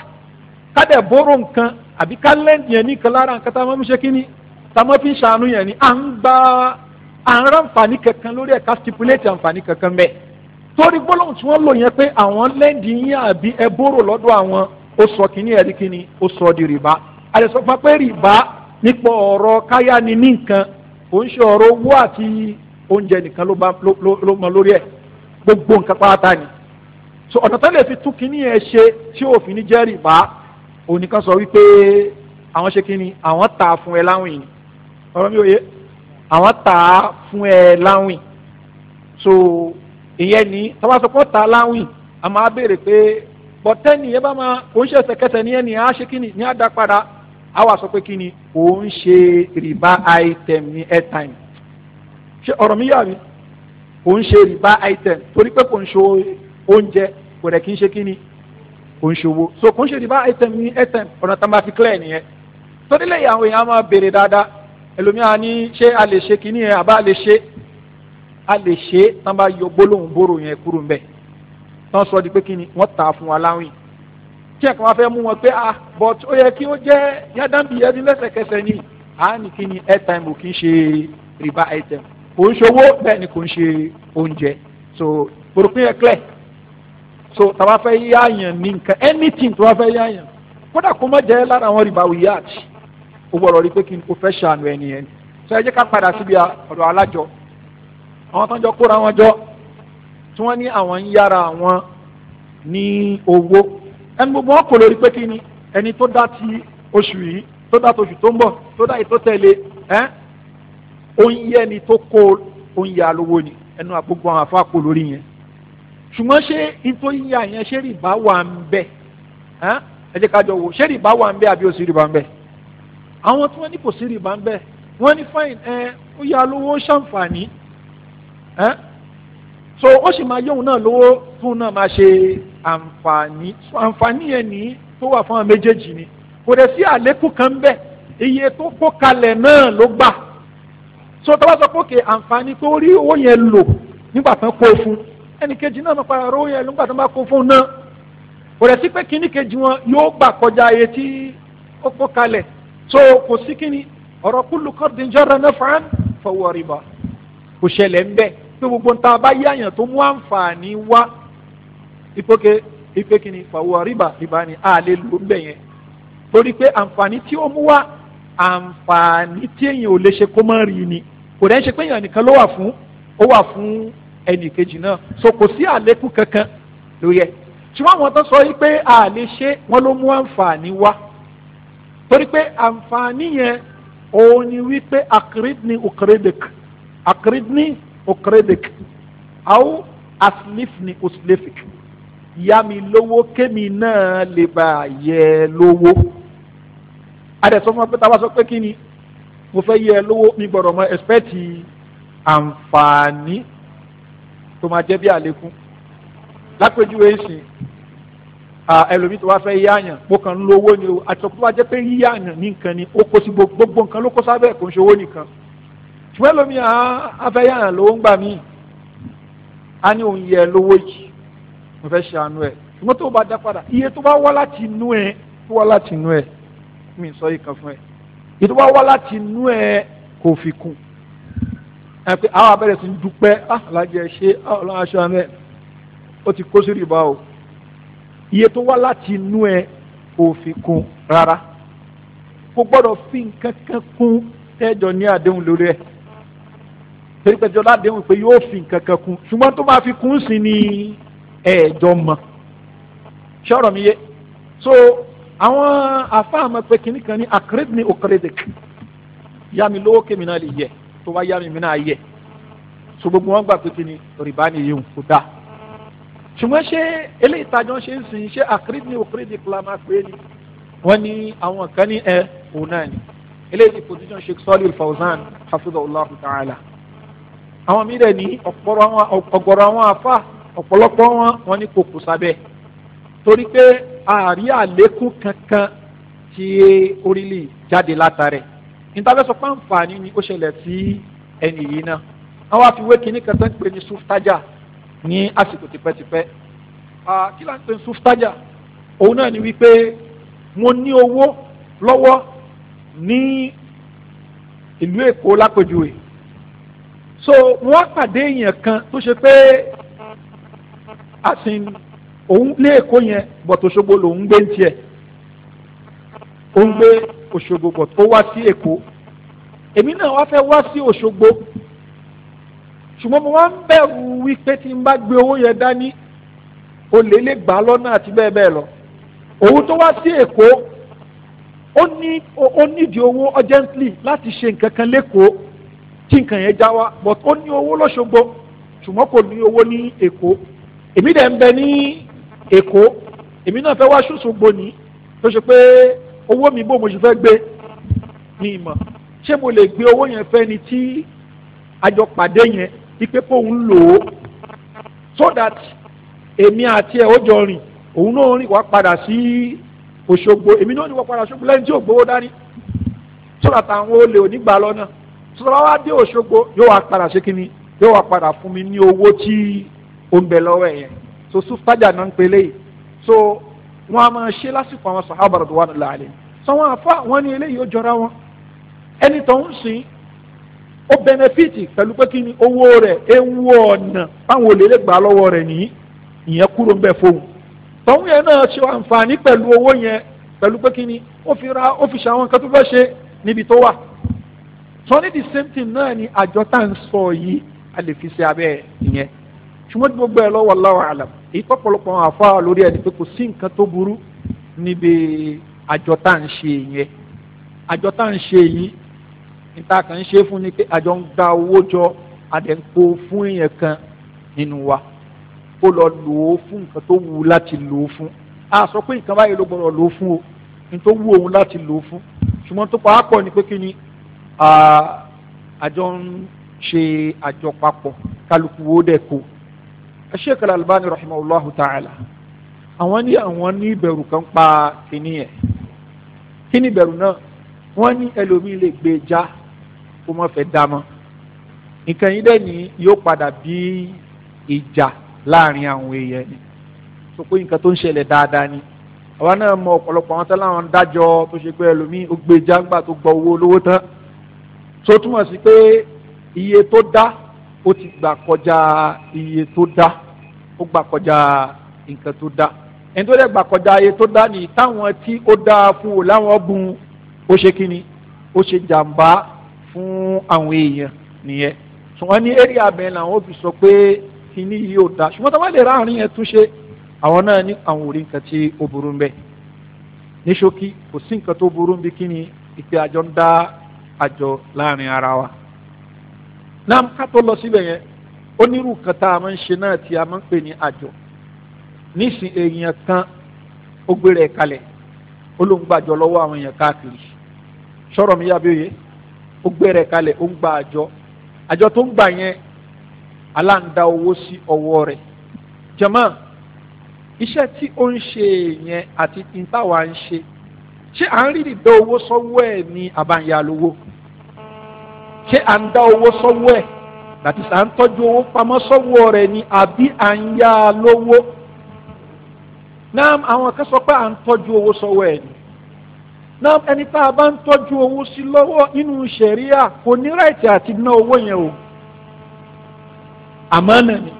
kádẹ̀ bóró nǹkan àbí ká yẹn ní kan lára nǹkan tá a máa ń ṣe kí ni tá a máa fi ń ṣàánú yẹn ni à ń gba à ń ránfààní kankan lórí ẹ̀ka stipulate àǹfààní kankan bẹ́ẹ̀ torí gbólóhùn tí wọ́n lò yẹn pé àwọn lẹ́ǹdì yín àbí ẹ bóró lọ́dọ̀ àwọn ó sọ kíní ẹ̀ rí kíní ó sọ di rìbá àdẹ̀sọ́ fún wa pé rìbá nípa ọ̀rọ̀ káyá ni ní nǹkan kò ń ṣe ọ̀rọ̀ owó àti oúnjẹ nìkan ló mọ lórí ẹ̀ gbogbo nǹkan pátá ni so ọ̀nà tó lè fi tún kíní yẹn ṣe tí òfin ní jẹ́ rìbá oníkan sọ wípé àwọn ṣe kí ni àwọn tà á fún ẹ láwìn ni ọ̀rọ̀ mi ò yé àwọn tà fún ẹ láwìn so ìyẹn ni tọ́wọ́ sọ pé ó tà á láwìn a máa béèrè pé bọ́tẹ́nì yẹn bá máa kò ń ṣe ẹsẹ̀kẹsẹ̀ ní ẹni ṣe kí ni ní àdá padà á wà sọ pé kí ni kò ń ṣe rìbá item ní airtime ṣe ọ̀rọ̀ mi yà mí kò ń ṣe rìbá item torí pé kò ń ṣe oúnjẹ kò rẹ̀ kì í ṣe kí ni kò ń ṣòwò so kò ń ṣe rìbá ẹtẹm ní ẹtẹm ọ̀nà tá a máa fi clear nìyẹn torílẹ̀ yìí àwọn èèyàn máa béèrè dáadáa ẹlòmíràn ní ṣé a lè ṣe kínní yẹn àbá a lè ṣe a lè ṣe tá a bá yọ gbólóhùn bóró yẹn kúrò ń bẹ̀ tá a sọ di pé kínní wọ́n tà fún wa láwìn kí ẹ̀kan wá fẹ́ mú wọn pé ah but ó yẹ kí ó jẹ́ yádàbí ẹni lẹ́sẹ̀kẹsẹ̀ ni à ní kínní ẹtẹm ò kí ń ṣe rìbá ẹtẹm kò ń ṣòwò bẹ́ẹ̀ ni kò ń ṣe oúnjẹ so pòròpín ẹ clear so tàbá fẹ́ yáàyàn ní nǹkan anything tó bá fẹ́ yáàyàn kódà kó má jẹ́ lára àwọn rìbá wíyá àti ó gbọ́dọ̀ rí pé kí n kò fẹ́ ṣàánú ẹni yẹn sọ ẹ jẹ́ ká padà síbi ọ̀dọ̀ alájọ àwọn tó ń jọ kóra wọn jọ tí wọ́n ní àwọn ń yára àwọn ní owó ẹni gbogbo wọn kò lórí pé kí ni ẹni tó dá ti oṣù yìí tó dá oṣù tó ń bọ̀ tó dá ètò tẹ̀lé ẹ́ ó ń yẹ ẹni tó kó ó ń yá lówó ni ẹnu àgbogbo àwọn àfa kò lórí yẹn ṣùgbọ́n ṣé ifo yíya yẹn ṣé rìbá wà ń bẹ ẹ jẹ́ ká jọ wò ṣé rìbá wà ń bẹ àbí òsì rìbá ń bẹ àwọn tí wọ́n ní kò sí rìbá ń bẹ wọ́n ní fine ẹ ó yá lówó ṣàǹfààní ẹ so ó sì máa yóhun náà lówó fún náà máa ṣe àǹfààní àǹfààní yẹn ní tó wà fún àwọn méjèèjì ni kò dẹ̀ sí àlékún kan ń bẹ iye tó kó kalẹ̀ náà ló gbà so tọ́wọ́ sọ pé òkè àǹfààní tó rí owó yẹn lò nígbà tán kó fún ẹnì kejì náà máa padà rówó yẹn nígbà tó bá kó fún náà kò sí pé kíní kejì wọn yóò gbà kọjá ayé tí ó kó kalẹ̀ so kò sí kíní ọ̀rọ̀ kúlù kọ́dín jọ́ra náà fàn fọwọ́ rìbá kò ṣẹlẹ̀ ń bẹ̀ pé gbogbo nta bá yí àyàn tó mú àǹfààní wá ìpókè ìpè kíní fọwọ́ rìbá rìbá ni a lè lò ń bẹ̀ yẹn torí pé àǹfààní tí ó mú wá àǹfààní tí èèyàn ò lè ṣe kó má rí ni kò rẹ̀ ń ṣe pé èèyàn nìkan ló wà fún ó wà fún ẹnì kejì náà so kò sí àlékún kankan lórí ẹ ṣùgbọ́n àwọn tó sọ yìí pé a lè ṣe wọ́n ló mú àǹfààní wá torí pé àǹfààní yẹn òun ni wípé akridni ukredik akridni ukredik au aslifni uslifik yá mi lówó kémi náà lè bá yẹ lówó adẹ̀sọ́ fún wa pé táwa sọ pé kí ni mo fẹ́ yẹ lówó mi gbọ́dọ̀ mọ ẹ̀spẹ́tì àǹfààní tó máa jẹ́ bí àlékún lápèjúwe ìsìn ẹlòmíì tó wá fẹ́ yáàyàn mo kàn ń lo owó ni o àtọ̀kùn tó wá jẹ́ pé yíyáàyàn ní nǹkan ni ó kó sí gbogbo nǹkan ló kó sábẹ́ kò ń ṣe owó nìkan ṣùgbọ́n ẹlòmíì afẹ́ yáàyàn ló ń gbà míì a ní òun yẹ lówó yìí mo fẹ́ ṣe àánú ẹ̀ ṣùgbọ́n tó bá dá padà iye tó bá wá láti inú ẹ̀ tó wá láti inú ẹ̀ mi sọ yìí kan fún ẹ̀ iye tó bá wá láti inú ẹ̀ kò fi kún ẹ pé àwọn abẹ́rẹ́ ti ń dúpẹ́ ah, alájẹ ṣe ah, ọlọ́run aṣọ amẹ́ ó ti kó sí rìbá o iye tó wá láti inú ẹ kò fi kún rárá kò gbọ́dọ̀ fi nǹkan kan kún tẹ́jọ ní àdéhùn lórí ẹ̀ torí pẹ̀jọ ládéhùn pé yóò fi nǹkan kan kún ṣùgbọ́n tó máa fi kún sí ni ẹ̀ẹ́dọ́ mọ̀ ṣọ́rọ̀ mi yé so àwọn àfáàmọ̀ pé kìnnìkan ní akérèdìní òkèrèdìkì yá mi lówó kémi náà lè yẹ tó wá yá mi mi náà yẹ so gbogbo wọn gbà pé kí ni rìbá ni yìí ń kó dá ṣùgbọ́n ṣé eléyìí tajọ́ ṣe ń sìn ṣé àkírídì ní òkírídì kìlá máa pé ni wọ́n ní àwọn kan ní ẹ òun náà ni eléyìí position Sheikh Salih Al-Fawzan hafizahullah ta'ala àwọn míì dẹ̀ ní ọ̀gọ̀rọ̀ àwọn afa ọ̀pọ̀lọpọ̀ wọn wọn ní kò kù sábẹ́ torí pé àárí àlékún kankan tí orílẹ̀ jáde látàrẹ̀ ìtafẹ́sọ pàǹfààní ni ó ṣẹlẹ̀ sí ẹnì yìí náà àwọn àfiwé kìíní kan tó ń pè ní suftaja ní àsìkò tipẹ́tipẹ́ kí là ń pè ní suftaja òun náà ni wípé mo ní owó lọ́wọ́ ní ìlú èkó lápèjúwe so wọ́n pàdé èèyàn kan tó ṣe pé àsìn òun lé èkó yẹn bọ̀tòṣogbo lòún gbé ń tiẹ̀ òun gbé. Òṣogbo but ó wá sí Èkó èmi náà wá fẹ́ wá sí Òṣogbo ṣùgbọ́n mo wá ń bẹ̀rù wípé tí n bá gbé owó yẹn dání olè lè gbà á lọ́nà àti bẹ́ẹ̀ bẹ́ẹ̀ lọ òun tó wá sí Èkó ó ní ó nídìí owó urgently láti ṣe nǹkan kan lẹ́kọ̀ọ́ tí nǹkan yẹn já wa but ó ní owó lọ́ṣogbo ṣùgbọ́n kò ní owó ní Èkó èmi dẹ̀ ń bẹ ní Èkó èmi náà fẹ́ wá ṣòṣogbo ní tó ṣe pé owó mi bó mo ṣe fẹ́ gbé ní ìmọ̀ ṣé mo lè gbé owó yẹn fẹ́ni tí àjọ pàdé yẹn ipe kó ń lò ó so that èmi àti ẹ̀ ó jọ rìn òun náà rìn wá padà sí Òṣogbo èmi náà rìn wá padà Òṣogbo lẹ́yìn tí ò gbowó dání so that àwọn olè ò ní gbà lọ́nà so that wá dé Òṣogbo yóò wá padà ṣe kíni yóò wá padà fún mi ní owó tí ó ń bẹ lọ́wọ́ ẹ̀ yẹn so sùfàjà náà ń pelé yìí so wọn a máa ṣe lásìkò àwọn sàhábà radwanullahi alaihim sọwọn àfa wọn ní eléyìí ó jọra wọn ẹni tó ń sìn ó bẹnẹfìtì pẹ̀lú pé kí ni owó rẹ̀ ewu ọ̀nà báwọn olè lè gbà lọ́wọ́ rẹ̀ nìyí ìyẹn kúrò ń bẹ̀ fóun tọ́hún yẹn náà ṣe àǹfààní pẹ̀lú owó yẹn pẹ̀lú pé kí ni ó fi ra ó fi ṣàwọn nǹkan tó fẹ́ ṣe níbi tó wà sọ the same thing náà ni àjọ tá à ń sọ yìí a lè fi ṣe abẹ́ ẹ̀ ṣùgbọ́n gbogbo ẹ̀ wà aláwọ̀ àlàm èyí pọ̀pọ̀lọpọ̀ àwọn àfáà lórí ẹni pé kò sí nǹkan tó burú níbi àjọ tá à ṣe yẹn àjọ tá ṣe yìí níta ṣe fún ni pé àjọ ń gba owó jọ àdẹ̀ǹpo fún èèyàn kan nínú lọ lò ó fún nǹkan tó láti lò ó fún a sọ pé nǹkan báyìí lò ó fún o ní tó wù láti lò ó fún ṣùgbọ́n tó ni pé kí ni àjọ ń ṣe àjọ papọ̀ kálukú dẹ̀ kó Sheikh Al-Albani rahimahullahu ta'ala àwọn ní àwọn ní ìbẹ̀rù kan pa kíní yẹn kíní ìbẹ̀rù náà wọ́n ní ẹlòmíì lè gbé já kó má fẹ́ dá mọ́ nǹkan yìí dẹ̀ ní yóò padà bí ìjà láàrin àwọn èèyàn ni sọ pé nǹkan tó ń ṣẹlẹ̀ dáadáa ni àwa náà mọ ọ̀pọ̀lọpọ̀ àwọn tẹ́lẹ̀ àwọn dájọ́ tó ṣe pé ẹlòmíì ó gbé já ńgbà tó gbọ́ owó olówó tán tó túmọ̀ sí pé iye tó dá ó ti gbà kọjá iye tó dá ó gbà kọjá nǹkan tó dá ẹni tó dẹ̀ gbà kọjá iye tó dá ni táwọn tí ó dá fún o láwọn bùn ó ṣe kíni ó ṣe jàǹbá fún àwọn èèyàn nìyẹn ṣùgbọ́n ní eré abẹ́ làwọn òbí sọ pé kíní yìí ò dá ṣùgbọ́n táwọn lè ráàrin yẹn túnṣe àwọn náà ní àwọn orí nǹkan tí ó burú ń bẹ ní ṣókí kò sí nǹkan tó burú ń bí kíni ìpè àjọ ń dá àjọ láàrin ara wa náà ká tó lọ síbẹ̀ yẹn onírú kan tá a máa ń ṣe náà tí a máa ń pè ní àjọ nísìn èèyàn kan ó gbé rẹ̀ kalẹ̀ ó ló ń gbàjọ lọ́wọ́ àwọn èèyàn káàkiri sọ̀rọ̀ mi yàbí òye ó gbé rẹ̀ kalẹ̀ ó ń gba àjọ àjọ tó ń gbà yẹn aláǹda owó sí ọwọ́ rẹ̀ jama iṣẹ́ tí ó ń ṣe yẹn àti ìtawà ń ṣe ṣé à ń rí ìdá owó sọ́wọ́ ẹ̀ ní àbáyálówó ke anda owó sọ́wọ́ ẹ̀ that is owó ni àbí à ń yá a lówó náà àwọn kan sọ pé à ń tọ́jú owó sọ́wọ́ ni náà ẹni tá a bá ń owó sí nínú ni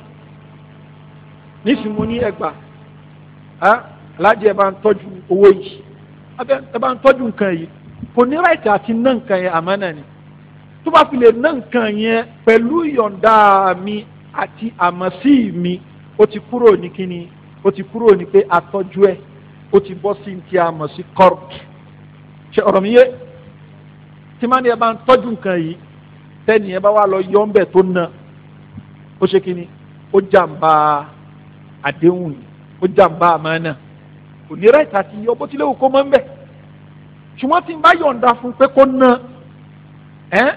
nísìnyí mo ní ẹgbà aláàjì ẹ bá ń owó yìí ẹ bá ń nǹkan yìí kò ní ráìtì àti ni tó bá fi lè ná nǹkan yẹn pẹ̀lú ìyọ̀ǹda mi àti àmọ̀sí mi ó ti kúrò ní kíni ó ti kúrò ní pé àtọ́jú ẹ̀ ó ti bọ́ sí ti àmọ̀ sí kọ́rọ̀t ṣe ọ̀rọ̀ mi yé tí má ní ẹ bá ń tọ́jú nǹkan yìí tẹ́ni ẹ bá wà lọ yọ ọ́nbẹ̀ tó na ó ṣe kíni ó jàǹbá àdéhùn yìí ó jàǹbá àmánà kò ní rẹ́ẹ̀tì àti iye ọbọ̀ tí léwu kó mọ́ ń bẹ̀ ṣùgbọ́n tí n bá yọ̀ǹda fún pé kó na ẹ́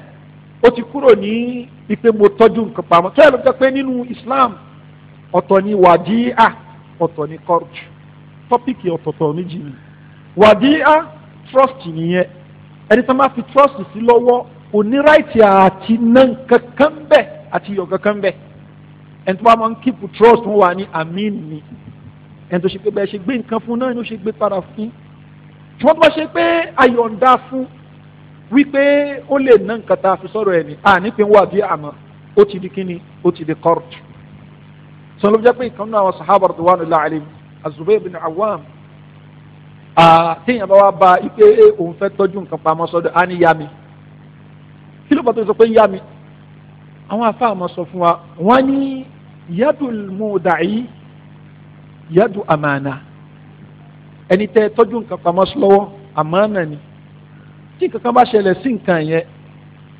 ó ti kúrò ní ipe mo tọ́jú nǹkan pamọ́ tó yẹ ló pé nínú Islam ọ̀tọ̀ ni wàdíà ọ̀tọ̀ ni kọ́rùjù tọ́pìkì ọ̀tọ̀ọ̀tọ̀ méjì ni wàdíà trust nìyẹn ẹni tó máa fi trust sí lọ́wọ́ oníráìtì àti nankan kan bẹ̀ àti yọ̀kan kan bẹ̀ ẹni tó bá máa ń keep trust wọn wà ní amin ni ẹni tó ṣe pé bẹ́ẹ̀ ṣe gbé nǹkan fún náà ni ó ṣe gbé padà fún ṣùgbọ́n tó bá ṣe pé ayọ̀ǹda fún wípé ó lè ná nǹkan tá a fi sọ̀rọ̀ ẹ̀ ní à nípìn wà bí àmọ́ ó ti di kíni ó ti di kọ́rọ̀t sọ ló fi jẹ́ pé ìkan náà àwọn sahaba radwanullahi alayhim az-Zubayr bin Awwam téèyàn bá wá ba ipe òun fẹ́ tọ́jú nǹkan pamọ́ sọ́dọ̀ á ní yá mi kí ló bá tó sọ pé ń yá mi àwọn afá àmọ́ sọ fún wa wọ́n ní yadul muda'i yadu amana ẹni tẹ́ tọ́jú nǹkan pamọ́ sí amana ni tí kankan bá ṣẹlẹ̀ sí nǹkan yẹn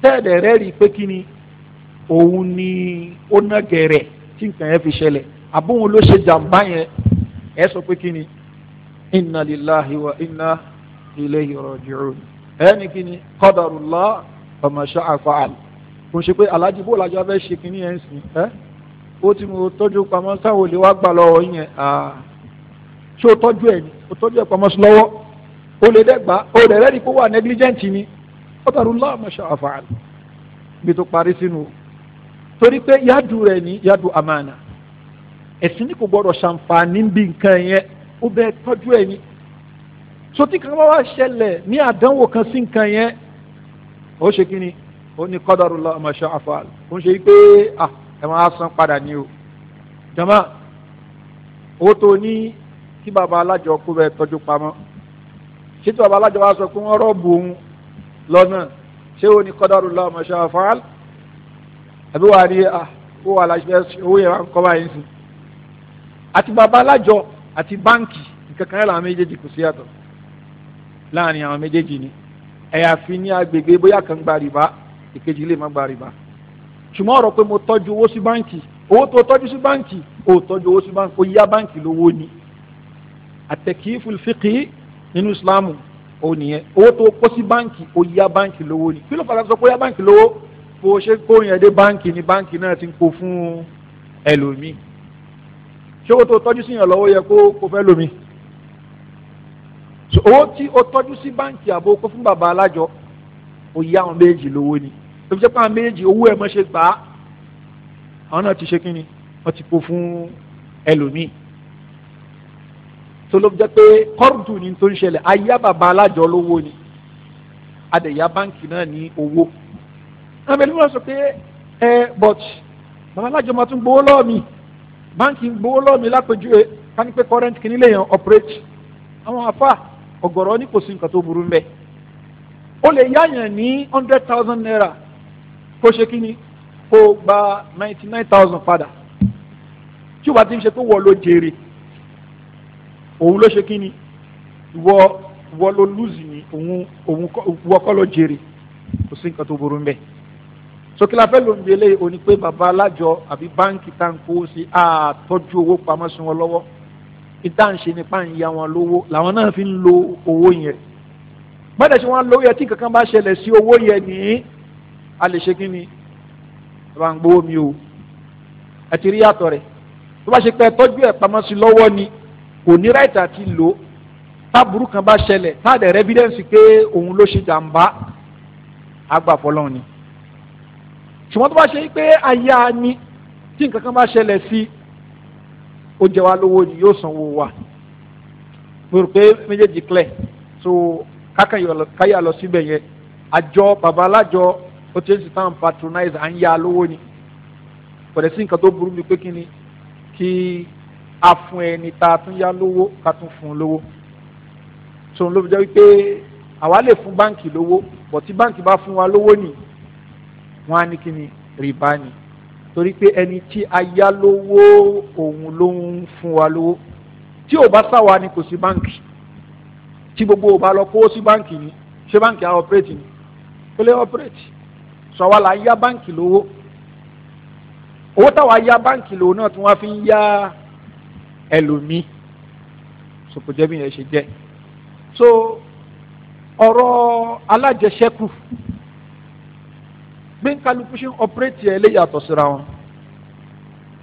tẹ́ẹ̀dẹ̀ rẹ́ rí i pé kí ni òun ni ó ná gẹ̀rẹ̀ tí nǹkan yẹn fi ṣẹlẹ̀ àbóhun ló ṣe jàǹbá yẹn ẹ sọ pé kí ni inna lillahi wa inna ilayhi raji'un ẹ ní kí ni qadarullah wa ma sha'a fa'al kò ṣe pé aláàjì bó làjọ abẹ́ ṣe kí ni ẹ̀ sìn ẹ́ ó ti mú tọ́jú pamọ́ sáwọn olè wá gbà lọ́wọ́ yẹn ṣé ó tọ́jú ẹ̀ ó tọ́jú ẹ̀ pamọ́ sí lọ́wọ́ o lè dẹ́gbàá o lè rẹ́ẹ̀dì kó wà negligent ni qadarullah ma sha'a fa'al bí tó parí sínú torí pé yadu rẹ̀ ni yadu amana ẹ̀sìn ní kò gbọ́dọ̀ ṣàǹfààní bí nǹkan yẹn ó bẹ tọ́jú ẹ̀ ni sotí kan wá ṣẹlẹ̀ ní àdánwò kan sí nǹkan yẹn ó ṣe kí ni ó ní qadarullah ma sha'a ó ń ṣe pé ah ẹ máa san padà ni o jama owó tó ní kí baba alájọ kó bẹ tọ́jú pamọ́ títí bàbá alájọ wa sọ pé wọ́n rọ́ọ̀bù òun lọ́nà ṣé o ní kọ́dọ̀rù lọ́wọ́ mọ̀ ṣáà fáàlì àbí wàá rí owó ah, aláṣẹ owó yẹn kọ́ báyìí sí àti bàbá alájọ àti báǹkì nǹkan kan láwọn méjèèjì kò sí yàtọ̀ láàrin àwọn méjèèjì ni ẹ̀yàfi ní agbègbè bóyá kan gba rìbá ìkejì lè má gba rìbá ṣùgbọ́n ọ̀rọ̀ pé mo tọ́jú owó sí báǹkì owó tó tọ́jú sí báǹkì ó tọ́jú owó sí báǹkì ó yá báǹkì lówó ni àtẹ̀kí fulfiqi nínú islam ó nìyẹn owó tó kó sí báǹkì ó yá báǹkì lówó ni kí ló fàlà sọ pé yá báǹkì lówó bó ṣe kó yẹn dé báǹkì ni báǹkì náà ti ń kó fún ẹlòmíì ṣé owó tó tọ́jú sí yàn lọ́wọ́ yẹ kó kó fẹ́ lómi owó tí ó tọ́jú sí báǹkì àbò kó fún bàbá alájọ ó yá àwọn méjì lówó ni ebi jẹ́ pé àwọn méjì owó ẹ̀ mọ́ ṣe gbà á àwọn náà ti ṣe kí ni wọ́n ti kó fún ẹlòmíì tó ló jẹ́ pé kọ́rùtù ni tó ń ṣẹlẹ̀ ayá bàbá alájọ lówó ni adẹ̀yà báǹkì náà ní owó àwọn ẹni wọ́n sọ pé ẹ but bàbá alájọ máa tún gbowó lọ́ọ̀ mi báǹkì gbowó lọ́ọ̀ mi lápèjúwe ká ní pé current kìíní lè yàn operate àwọn afa ọ̀gọ̀rọ̀ ní kò sí nǹkan tó burú ń bẹ̀ lè yáyàn ní hundred thousand naira kó ṣe kí ni kó gba ninety nine thousand padà tí o bá ti ń ṣe pé wọ́n ló jèrè òun ló ṣe kí ni wọ wọ ló lùzì ni òun òun wọ kọ́ ló jèrè kò sí nǹkan tó burú mbẹ sókè la fẹ́ ló ń gbélé òní pé baba alájọ àbí báńkì tá n kó sí àtọ́jú owó pamọ́ sí wọn lọ́wọ́ ìta ń ṣe nípa ń ya wọn lówó làwọn náà fi ń lo owó yẹn gbọ́dọ̀ ṣe wọ́n lówó yẹn tí kankan bá ṣẹlẹ̀ sí owó yẹn ní a lè ṣe kí ni bàbá ń gbowó mi o ẹ ti rí yàtọ̀ rẹ̀ tó bá ṣe pé tọ́jú ẹ̀ pamọ́ sí lọ́wọ́ ni kò ní right àti lò táburú kan bá ṣẹlẹ̀ táàdẹ̀ rẹ evidence pé òun ló ṣe jàǹbá agbàfọlọ́run ni ṣùgbọ́n tó bá ṣe pé aya ni tí nǹkan kan bá ṣẹlẹ̀ sí ó jẹ wá lówó ni yóò sanwó wa mo rò pé méjèèjì clear so káyà lọ síbẹ̀ yẹn àjọ bàbá alájọ ó ti ń sì tán patronize à ń ya lówó ni kò dẹ̀ sí nǹkan tó burú mi pé kí ni kí a fún ẹni tá a tún yá lówó ká tún fún un lówó tòun ló fi jẹ́ wípé àwa lè fún báǹkì lówó bọ̀ tí báǹkì bá fún wa lówó nì wọ́n á ní kí ni rìbá ni torí pé ẹni tí a yá lówó òun ló ń fún wa lówó tí ò bá sáwa ni kò sí báǹkì tí gbogbo ò bá lọ kówó sí báǹkì ni ṣé báǹkì á ọ̀pẹ́rẹ́tì ni ó lè ọ̀pẹ́rẹ́tì sọ là ń yá báǹkì lówó owó táwa yá báǹkì lówó náà tí wọ́n fi ń yá. Ya ẹlòmíì sòkòjẹ́ bí yẹn ṣe jẹ́ so ọ̀rọ̀ alájẹsẹ́kù gbẹ̀ǹkálukú ṣe ń ọ̀pẹ́rẹ́tì ẹ̀ lè yàtọ̀ síra wọn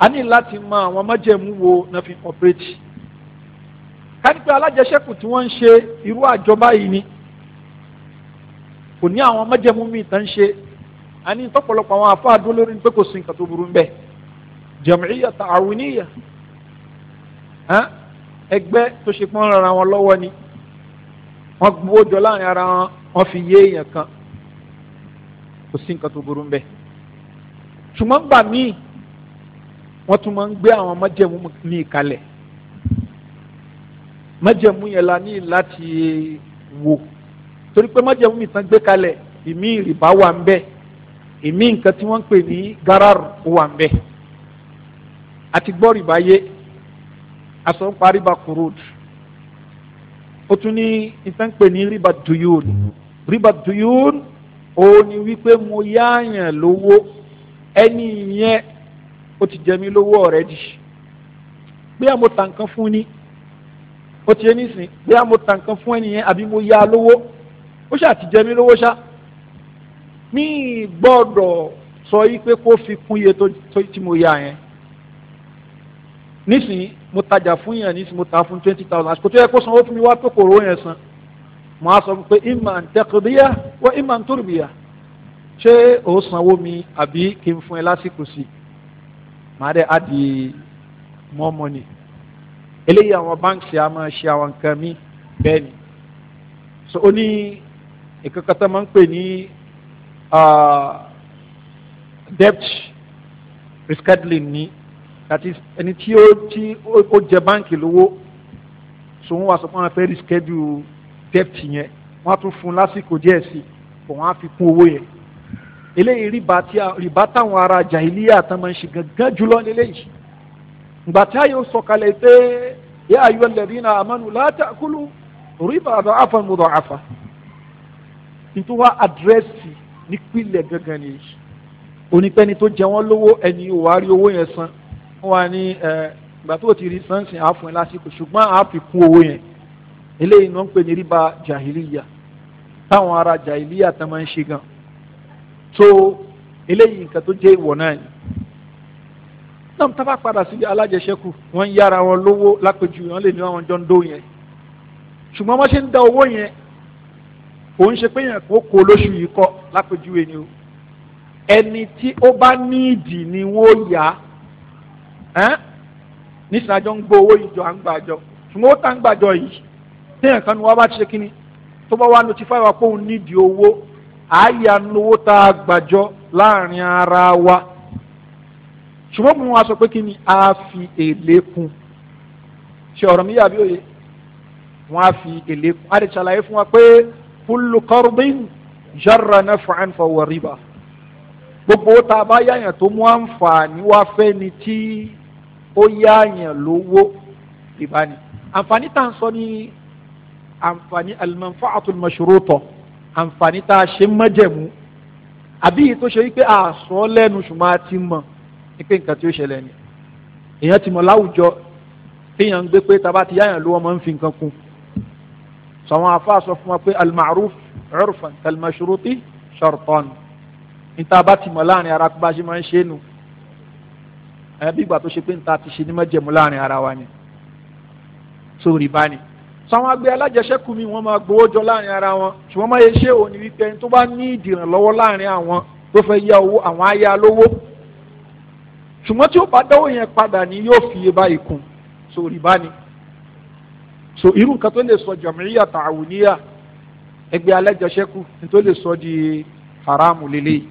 a ní láti mọ àwọn májẹ̀mú wo náà fi ń ọ̀pẹ́rẹ́tì kánípẹ́ alájẹsẹ́kù tí wọ́n ń ṣe irú àjọba yìí ni kò ní àwọn májẹ̀mú míì tán ṣe a ní àwọn afáàdúró lórí pé kò sí nǹkan tó burú ń bẹ̀ jẹ̀mìíyà tààwìníyà ẹgbẹ́ tó ṣe pọ́n rara wọn lọ́wọ́ ni wọ́n gbowó jọ láàrin ara wọn wọ́n fi yé èèyàn kan kò sí nǹkan tó burú ń bẹ̀. ṣùgbọ́n gbà míì wọ́n tún máa ń gbé àwọn májẹ̀mú ní ìkalẹ̀ májẹ̀mú yẹn la ní láti wò torí pé májẹ̀mú mi tán gbé kalẹ̀ ìmí ìrìbá wà ń ìmí nǹkan tí wọ́n ń pè ní gáràrù wà ń àti gbọ́ rìbá yé aṣọ ń pa riba kurud ó tún ní ìtànpẹ̀ ní riba duyun riba duyun òun ni wípé mo yáàyàn lówó ẹni yẹn ó ti jẹ mí lówó already bí a mo ta nǹkan fún ni ó ti yẹ nísìn bí a mo ta nǹkan fún ẹni yẹn àbí mo yá lówó ó ṣáà ti jẹ mí lówó ṣá mi gbọ́dọ̀ sọ yí pé kó fi kún iye tó tí mo yá yẹn nísìnyí mo tajà fún yàn nísìnyí mo ta fún twenty thousand àsìkò tó yẹ kó sanwó fún mi wá tó kò ró yẹn san mo á sọ pé ìmà ń tẹkọ̀díyà wọ́n ìmà ń tòrìbìyà ṣé o sanwó mi àbí kí n fún ẹ lásìkò sí màá dẹ á di more money eléyìí àwọn báńkì a máa ṣe àwọn nǹkan mi bẹ́ẹ̀ ni so ó ní ìkankan tó máa ń pè ní ah, debt rescheduling ni that is ẹni tí ó tí ó jẹ báǹkì lówó so wọ́n wá sọ pé wọ́n fẹ́ reschedule debt yẹn wọ́n á tún fún un lásìkò díẹ̀ sí i kò wọ́n á fi kún owó yẹn eléyìí rìbá tí rìbá táwọn ará jàhílíyà tán máa ń ṣe gangan jùlọ lélẹ́yìí ìgbà tí ayé sọ̀kalẹ̀ pé yá ayọ̀ lẹ́rìí náà àmọ́nù látàkùlù rìbá àbọ̀ àfọ̀nmùdọ̀ àfà nítorí wá àdírẹ́sì nípìnlẹ̀ gangan nìyí onípẹ́ni tó jẹ wọ́n lówó ẹni ò wá rí owó yẹn san fún wa ní ẹ ìgbà tó ti rí sánsìn àfún ẹ lásìkò ṣùgbọ́n àfikún owó yẹn eléyìí ni wọ́n ń pè ní rìbá jahiliya táwọn ará jahiliya tán máa ń ṣe gan so eléyìí nǹkan tó jẹ́ ìwọ̀ náà ni náà tá bá padà síbi alájẹsẹ́kù wọ́n ń yára wọn lówó lápẹjù wọn lè ní àwọn jọ ń dó yẹn ṣùgbọ́n wọ́n ṣe ń da owó yẹn kò ń ṣe pé yẹn kó kó lóṣù yìí kọ́ lápẹjù yẹn ni o ẹni tí ó bá ní ìdì ni wọ́n yá ẹ́n nísìnyí àjọ ń gbọ́ owó ìjọ à ń gbà àjọ ṣùgbọ́n ó tà ń gbàjọ yìí téèyàn kan ni wọ́n bá ti ṣe kínní tó bá wá notify wa pé òun nídìí owó àáyá lówó tá a gbàjọ láàrin ara wa ṣùgbọ́n mo sọ pé kínní a fi èlé kún ṣe ọ̀rọ̀ mi yàbí òye wọ́n á fi èlé kún á lè ṣàlàyé fún wa pé kullu qardin jarra naf'an fa huwa riba gbogbo tá a bá yáyàn tó mú àǹfààní wá fẹ́ ni tí ó yáàyàn lówó rìbá ni àǹfààní tá à ń sọ ní àǹfààní al-manfa'atul mashruta àǹfààní tá a ṣe mọ́jẹ̀mú àbí yìí tó ṣe wípé àṣọ lẹ́nu ṣùgbọ́n a ti mọ̀ ní pé nǹkan tí ó ṣẹlẹ̀ ni èèyàn ti mọ̀ láwùjọ téèyàn ń gbé pé taba ti yáyàn lówó máa ń fi nǹkan kún sọ̀wọ́n afá sọ fún wa pé al-ma'ruf 'urfan kal-mashruti shartan ní tá a bá ti mọ̀ láàrin ara pé bá ṣe máa ń ṣe é nu bí ìgbà tó ṣe pé níta ti ṣe ní májẹ̀mú láàrin ara wa ni so rìbá ni sáwọn agbẹ́ alájẹsẹ́kù mi wọ́n máa gbowó jọ láàrin ara wọn ṣùgbọ́n máa yẹ ṣé òní wípé ẹni tó bá ní ìdìrànlọ́wọ́ láàrin àwọn tó fẹ́ yá owó àwọn á yá lówó tí ó bá dáwọ́ yẹn padà ni yóò fi iye báyìí kún so rìbá ni so irú nǹkan tó lè sọ jàmíyà tààwùníyà ẹgbẹ́ alájẹsẹ́kù tó lè sọ di haramu lélẹ́yìí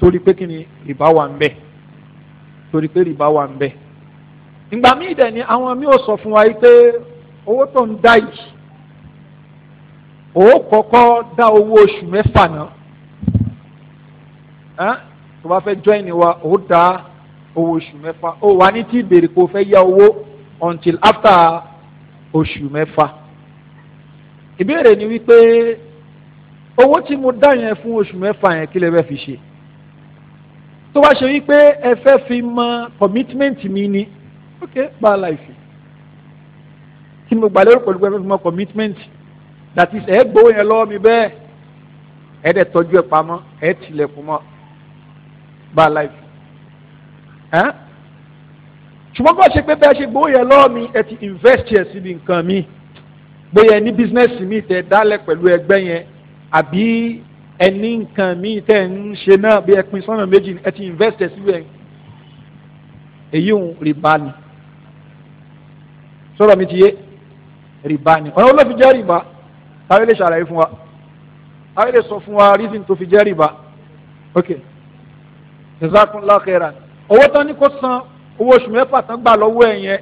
torí pé kí ni rìbá wà ń bẹ́ẹ̀ torí pé rìbá wà ń bẹ ìgbà míì dẹ̀ ni àwọn míì ò sọ fún wa yìí pé owó tó ń dá yìí ó kọ́kọ́ dá owó oṣù mẹ́fà náà tó bá fẹ́ join wa ó dá owó oṣù mẹ́fà ó wà ní tí ìbéèrè kó fẹ́ yá owó until after oṣù mẹ́fà ìbéèrè ni wípé owó tí mo dá yẹn fún oṣù mẹ́fà yẹn kí lè bẹ́ẹ̀ fi ṣe tó wá ṣe wípé ẹ fẹ́ fi mọ commitment mi ni ok bá láìsí tí mo gbà lérò pẹ̀lú pé ẹ fẹ́ fi mọ commitment that is ẹ gbowó yẹn lọ́wọ́ mi bẹ́ẹ̀ ẹ dẹ̀ tọ́jú ẹ pamọ́ ẹ tilẹ̀kùn mọ́ bá láìsí ẹ́ ṣùgbọ́n kó ṣe pé bẹ́ẹ̀ ṣe gbowó yẹn lọ́wọ́ mi ẹ ti invest yẹn síbi nǹkan mi bóyá ẹ ní business mi tẹ̀ dálẹ̀ pẹ̀lú ẹgbẹ́ yẹn àbí ẹni nǹkan míì tẹ̀ ń ṣe náà bí ẹ sọ́nà méjì ẹ ti invest ẹ síbẹ̀ èyí ń rìbá ni sọ̀rọ̀ mi ti yé rìbá ni ọ̀nà olófi jẹ́ rìbá táwọn ilé ṣàlàyé fún wa táwọn ilé sọ fún wa reason tó fi jẹ́ rìbá ok jazakumullahu khairan owó tán ní kó san owó oṣù mẹ́fà tán gbà lọ́wọ́ ẹ̀ yẹn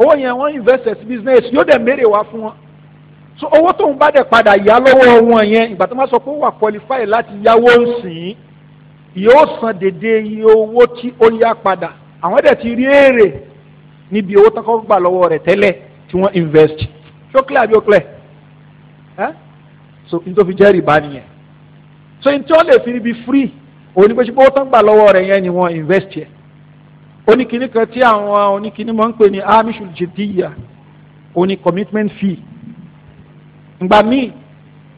owó yẹn wọ́n invest ẹ̀ sí business yóò dẹ̀ mérè wá fún wọn so owó tóun bá dẹ̀ padà yá lọ́wọ́ wọn yẹn ìgbà tó má sọ pé ó wà qualify láti yáwó ń sìn yóò san dédé iye owó tí ó yá padà àwọn dẹ̀ ti rí èrè níbi owó tó kọ́ gbà lọ́wọ́ rẹ̀ tẹ́lẹ̀ tí wọ́n invest ṣó clear àbí ó ẹ́ so n tó fi jẹ́ rìbá nìyẹn so n tí wọ́n lè fi níbi free òní pé ṣùgbọ́n owó tó ń gbà lọ́wọ́ rẹ̀ yẹn ni wọ́n invest yẹ oníkìní kan tí àwọn oníkìní máa ń pè ní amishul jediya oní commitment fee ngbà míì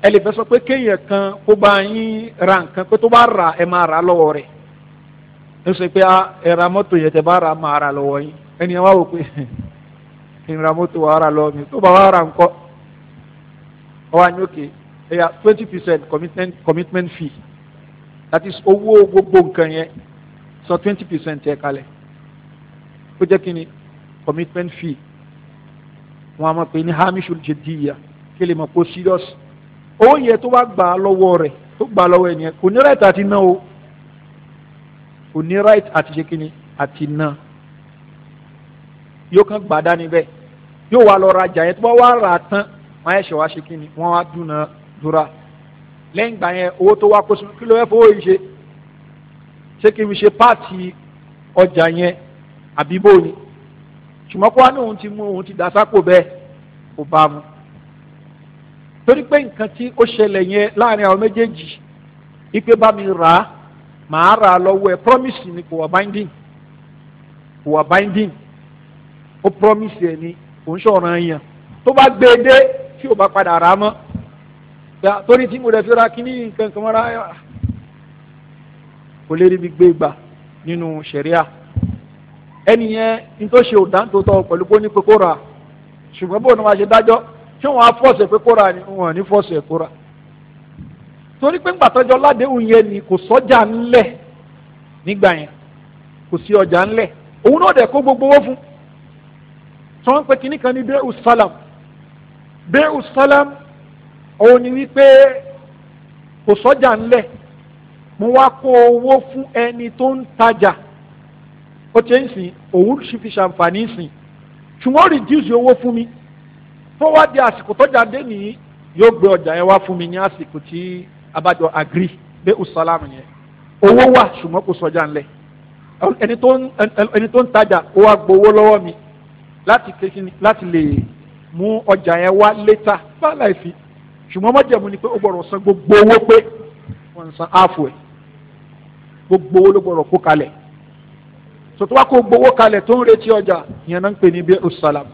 ẹ lè fẹ́ sọ pé kéèyàn kan kó bá yín ra nǹkan pé tó bá rà ẹ máa rà lọ́wọ́ rẹ̀ ẹ sọ pé ah, ẹ ra mọ́tò yẹn tẹ bá rà máa rà lọ́wọ́ yín ẹni wá wò pé ẹ hmm, ra mọ́tò wà rà lọ́wọ́ mi tó bá wà rà ńkọ́ ọ wá ní òkè ẹ yà twenty percent commitment commitment fee that is owó gbogbo nǹkan yẹn sọ twenty percent yẹ kalẹ̀ ó jẹ́ kí ni commitment fee wọn a máa pè ní hamishu jediya kí lè mọ̀ pé serious owó yẹn tó bá gbà á lọ́wọ́ rẹ̀ tó gbà á lọ́wọ́ ẹnìyẹn kò ní right àti ná o kò ní right àti ṣe kíni àti ná yóò kàn gbà dání bẹ́ẹ̀ yóò wá lọ rajà yẹn tó bá wá rà tán wọ́n á ṣe wá ṣe kíni wọ́n á dúnadúrà lẹ́yìn gbà yẹn owó tó wá kó sínú kí ló fẹ́ fowó yìí ṣe ṣé kí n fi ṣe páàtì ọjà yẹn àbí bóyá ṣùgbọ́n kó wá ní òun ti mú òun ti dà sápò bẹ́ẹ̀ kò bá mu torí pé nǹkan tí ó ṣẹlẹ̀ yẹn láàrin àwọn méjèèjì ipe bá mi rà á màá rà á lọ́wọ́ ẹ promise ni kò wà binding kò wà binding ó promise ẹ ni kò ń ṣọ̀ràn yẹn tó bá gbé e dé tí ò bá padà rà á mọ́ torí tí mo rẹ̀ fi ra kíní nǹkan kan mọ́ra ah, kò lè rí bí gbé e gbà nínú ṣẹ̀ríà ẹnìyẹn ní tó ṣe òdáńtò pẹ̀lú pé ní kókó rà ṣùgbọ́n bóun ni wàá ṣe dájọ́ ṣé wọn á fọ́ọ̀sì pé kóra ni wọn ò ní fọ́ọ̀sì kóra torí pé gbàtọ́jọ́ ládéhùn yẹn ni kò sọ́jà ńlẹ̀ nígbà yẹn kò sí ọjà ńlẹ̀ òun náà dẹ̀ kó gbogbo owó fún tí wọ́n ń pe kinní kan ní bẹ́ẹ̀ usalam bẹ́ẹ̀ usalam òun ni wípé kò sọ́jà ńlẹ̀ mo wá kó owó fún ẹni tó ń tajà ó ti ń sìn òun sì fi ṣàǹfààní sìn ṣùgbọ́n reduce owó fún mi tó wá di àsìkò tọ́jà dé nìyí yóò gbé ọjà yẹn wá fún mi ní àsìkò tí abájọ agri bẹ́ẹ̀ usalamu yẹn owó wà ṣùgbọ́n kò sọjà ńlẹ̀ ẹni tó ń tajà ó wá gbowó lọ́wọ́ mi láti lè mú ọjà yẹn wá létà báàlà ìfì ṣùgbọ́n ni pé ó gbọ́dọ̀ gbogbo owó pé wọ́n gbogbo owó ló gbọ́dọ̀ kó kalẹ̀ wá kó kalẹ̀ tó ọjà yẹn náà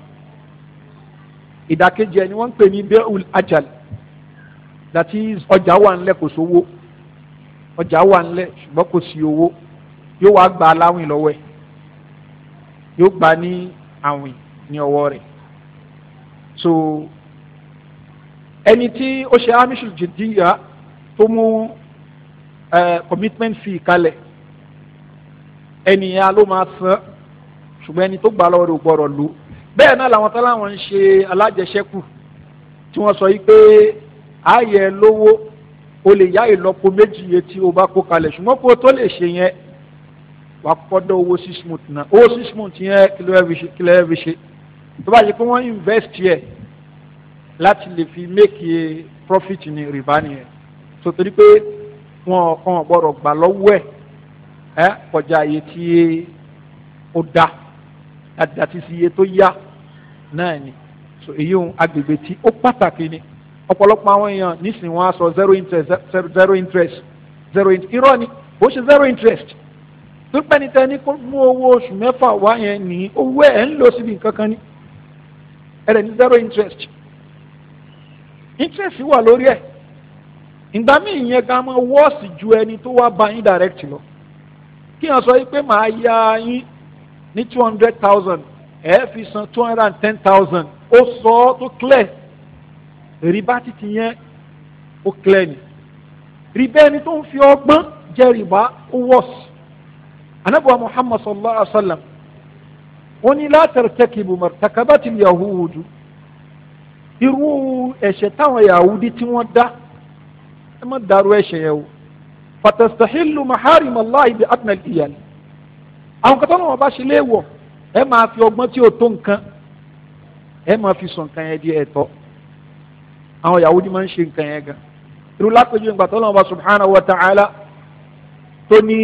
ìdàkejì ẹ̀ ni wọ́n ń pè ní bẹ́ẹ̀ul ajal that is ọjà wà ńlẹ̀ kò sówó ọjà wà ńlẹ̀ ṣùgbọ́n kò sí owó yóò wá gba aláwìn lọ́wọ́ ẹ̀ yóò gba ní àwìn ní ọwọ́ rẹ̀ so ẹni tí ó ṣe amishul jìdíyà tó mú commitment fee kalẹ̀ ẹnìyàn ló máa san ṣùgbọ́n ẹni tó gbà lọ́wọ́ rẹ̀ ò gbọ́dọ̀ lò bẹ́ẹ̀ náà làwọn tó láwọn ń ṣe alájẹṣẹ́kù tí wọ́n sọ yìí pé ààyè lówó o lè yá ìlọ́po méjì yẹn tí o bá kó kalẹ̀ ṣùgbọ́n kó o tó lè ṣe yẹn wà á kọ́dọ̀ owó six months náà owó six months yẹn kí ló fi ṣe tó bá yẹ pé wọ́n invest yẹ láti lè fi make profit ní rìbá nìyẹn tó torí pé wọn kàn gbọ́dọ̀ gbà lọ́wọ́ ẹ̀ kọjá iye tí ó dá àti àti iye tó yá náà ni so èyí ohun agbègbè tí ó pàtàkì ni ọ̀pọ̀lọpọ̀ àwọn èèyàn nísìnyí wọ́n á sọ zero interest zero interest zero interest irọ́ ni bó ṣe zero interest tó pẹ́ni tẹ́ni kó mú owó oṣù mẹ́fà wá yẹn ní owó ẹ̀ ń lò síbi nǹkan kan ní ẹ̀rẹ̀ ní zero interest interest wà lórí ẹ̀ ìgbà míì yẹn gan máa wọ́ọ̀sì ju ẹni tó wá bá yín direct lọ kí wọ́n sọ pé màá ya yín ní two hundred thousand ẹ fi san two hundred and ten thousand ó sọ ọ́ tó clear rìbá títí yẹn ó clear ni rìbá ẹni tó ń fi ọgbọ́n jẹ́ rìbá ó wọ́ọ̀sì anabuwa muhammad sallallahu alaihi wa sallam wọ́n ní la tartakibu martakabati yahudu irú ẹ̀ṣẹ̀ táwọn yahudi tí wọ́n dá ẹ má dàrú ẹ̀ṣẹ̀ yẹn o fatastahilu maharima allahi bi adnal iyal àwọn kan tó bá ṣe léèwọ̀ ẹ máa fi ọgbọ́n tí ò tó nǹkan ẹ máa fi sọ nǹkan yẹn di ẹ̀tọ́ àwọn Yahudi máa ń ṣe nǹkan yẹn gan irú lápẹjù ìgbà lọ́wọ́ subhanahu wa ta'ala tó ní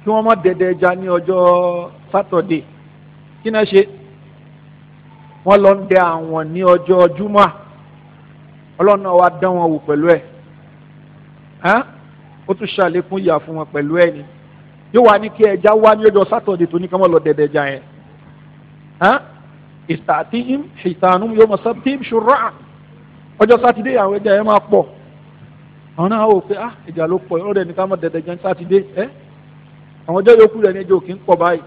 kí wọ́n má dẹ̀dẹ̀ ẹja ní ọjọ́ sátọ̀dé kí náà ṣe wọ́n lọ ń dẹ àwọn ní ọjọ́ júmọ́ ọlọ́run náà dán wọn wò pẹ̀lú ẹ̀ ó tún ṣàlékún ìyà fún wọn pẹ̀lú ẹ̀ ni yóò wá ní kí ẹja wá ní ọjọ́ sátọ̀dẹ̀ tó ní kí wọ́n lọ dẹ̀dẹ̀ já yẹn ìsàtìhìm ṣìtànù yóò mọ̀ sátìhìm ṣùrọ̀ ọjọ́ sátidé àwọn ẹja yẹn máa pọ̀ àwọn náà wò pé ìjà ah, ló pọ̀ ọ̀rẹ́ ní ká mọ̀ dẹ̀dẹ̀ já sátidé ẹ́ àwọn ọjọ́ yòókù rẹ̀ ní ẹjọ́ òkè ń pọ̀ báyìí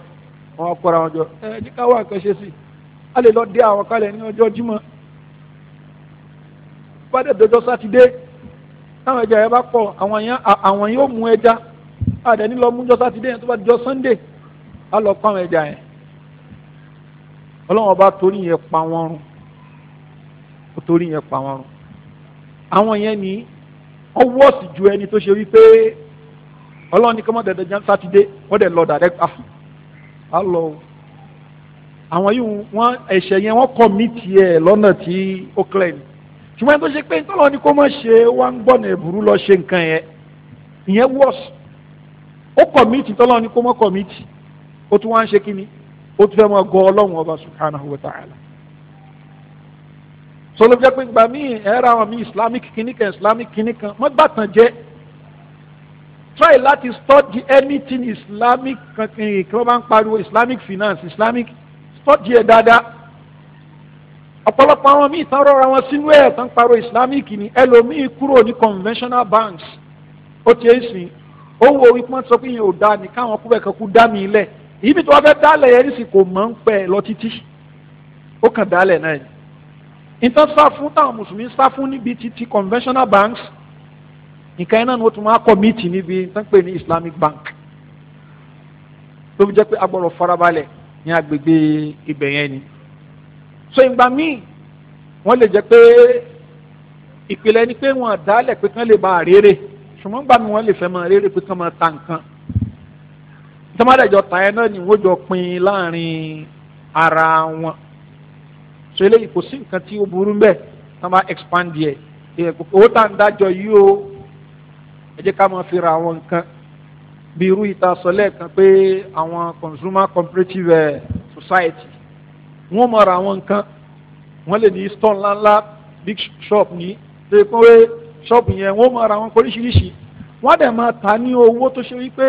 àwọn akọ̀rọ̀ àwọn ọjọ́ ẹ jí ká wà kẹ́ṣe àdẹ̀ni lọ mú jọ sátidé yẹn tó bá jọ sunday á lọ pa àwọn ẹja yẹn ọlọ́wọ́n bá torí yẹn pa wọ́n run ó torí yẹn pa wọ́n run àwọn yẹn ni ọwọ́ sì ju ẹni tó ṣe wípé ọlọ́run ní kí wọ́n dẹ̀dẹ̀ jẹun sátidé wọ́n dẹ̀ lọ direct ah á lọ àwọn yìí wọ́n ẹ̀ṣẹ̀ yẹn wọ́n kọ́ mi tiẹ̀ lọ́nà tí ó clear ni ṣùgbọ́n ẹni tó ṣe pé ntọ́lọ́ ni kó má ṣe wá ń gbọ́nà ẹ̀bùrú lọ ṣe nǹkan yẹn ìyẹn worse ó kọ̀mìtì tọ́lọ́ ni kó mọ́ kọ̀mìtì ó tún wá ń ṣe kí ni ó tún fẹ́ mọ́ gọ ọlọ́run ọba subhanahu wa ta'ala. sọlọ jẹ́ pé gbà mí ẹ̀rọ àwọn mi islamic kìnnìkan islamic kìnnìkan mọ́ gbàtàn jẹ́ try láti study anything islamic kankan kí wọ́n bá ń pariwo islamic finance islamic study ẹ̀ dáadáa ọ̀pọ̀lọpọ̀ àwọn míì tán rọra wọn sínú ẹ̀ tán pariwo islamic ni ẹlòmíì kúrò ní conventional banks ó ti ń sìn ó wo wípé wọ́n sọ pé yẹn ò dá mi káwọn kú bẹ́ẹ̀ kan kú dá mi lẹ̀ èyí mi tó wá fẹ́ dálẹ̀ yẹn nísìnyí kò mọ̀ ń pẹ́ lọ títí ó kàn dálẹ̀ náà ni nǹkan sá fún táwọn mùsùlùmí sá fún níbi títí conventional banks nǹkan iná ni wọ́n tún máa kọ́ míìtì níbi nǹkan pè ní Islamic Bank tó fi jẹ́ pé agbọ́dọ̀ farabalẹ̀ ní agbègbè ibẹ̀ yẹn ni so ìgbà míì wọ́n lè jẹ́ pé ìpìlẹ̀ ni pé wọ́n dálẹ̀ pé kán lè ba àrèrè ṣùgbọ́n gbà mí wọ́n lè fẹ́ máa rere pé kí wọ́n máa ta nǹkan tọ́mọ́dẹ̀jọ ta ẹ náà ni wọ́n jọ pin láàrin ara wọn so eléyìí kò sí nǹkan tí ó burú ń bẹ̀ tọ́ bá expand yẹ owó tá à ń dájọ yìí o ẹ jẹ́ ká máa fi ra àwọn nǹkan bí irú ìta sọ lẹ́ẹ̀kan pé àwọn consumer cooperative eh, society wọ́n mọ̀ ra àwọn nǹkan wọ́n lè ní store ńláńlá big shop ní ṣe ṣọ́ọ̀bù yẹn wọ́n máa ra wọn oríṣiríṣi wọ́n dẹ̀ máa ta ní owó tó ṣe wípé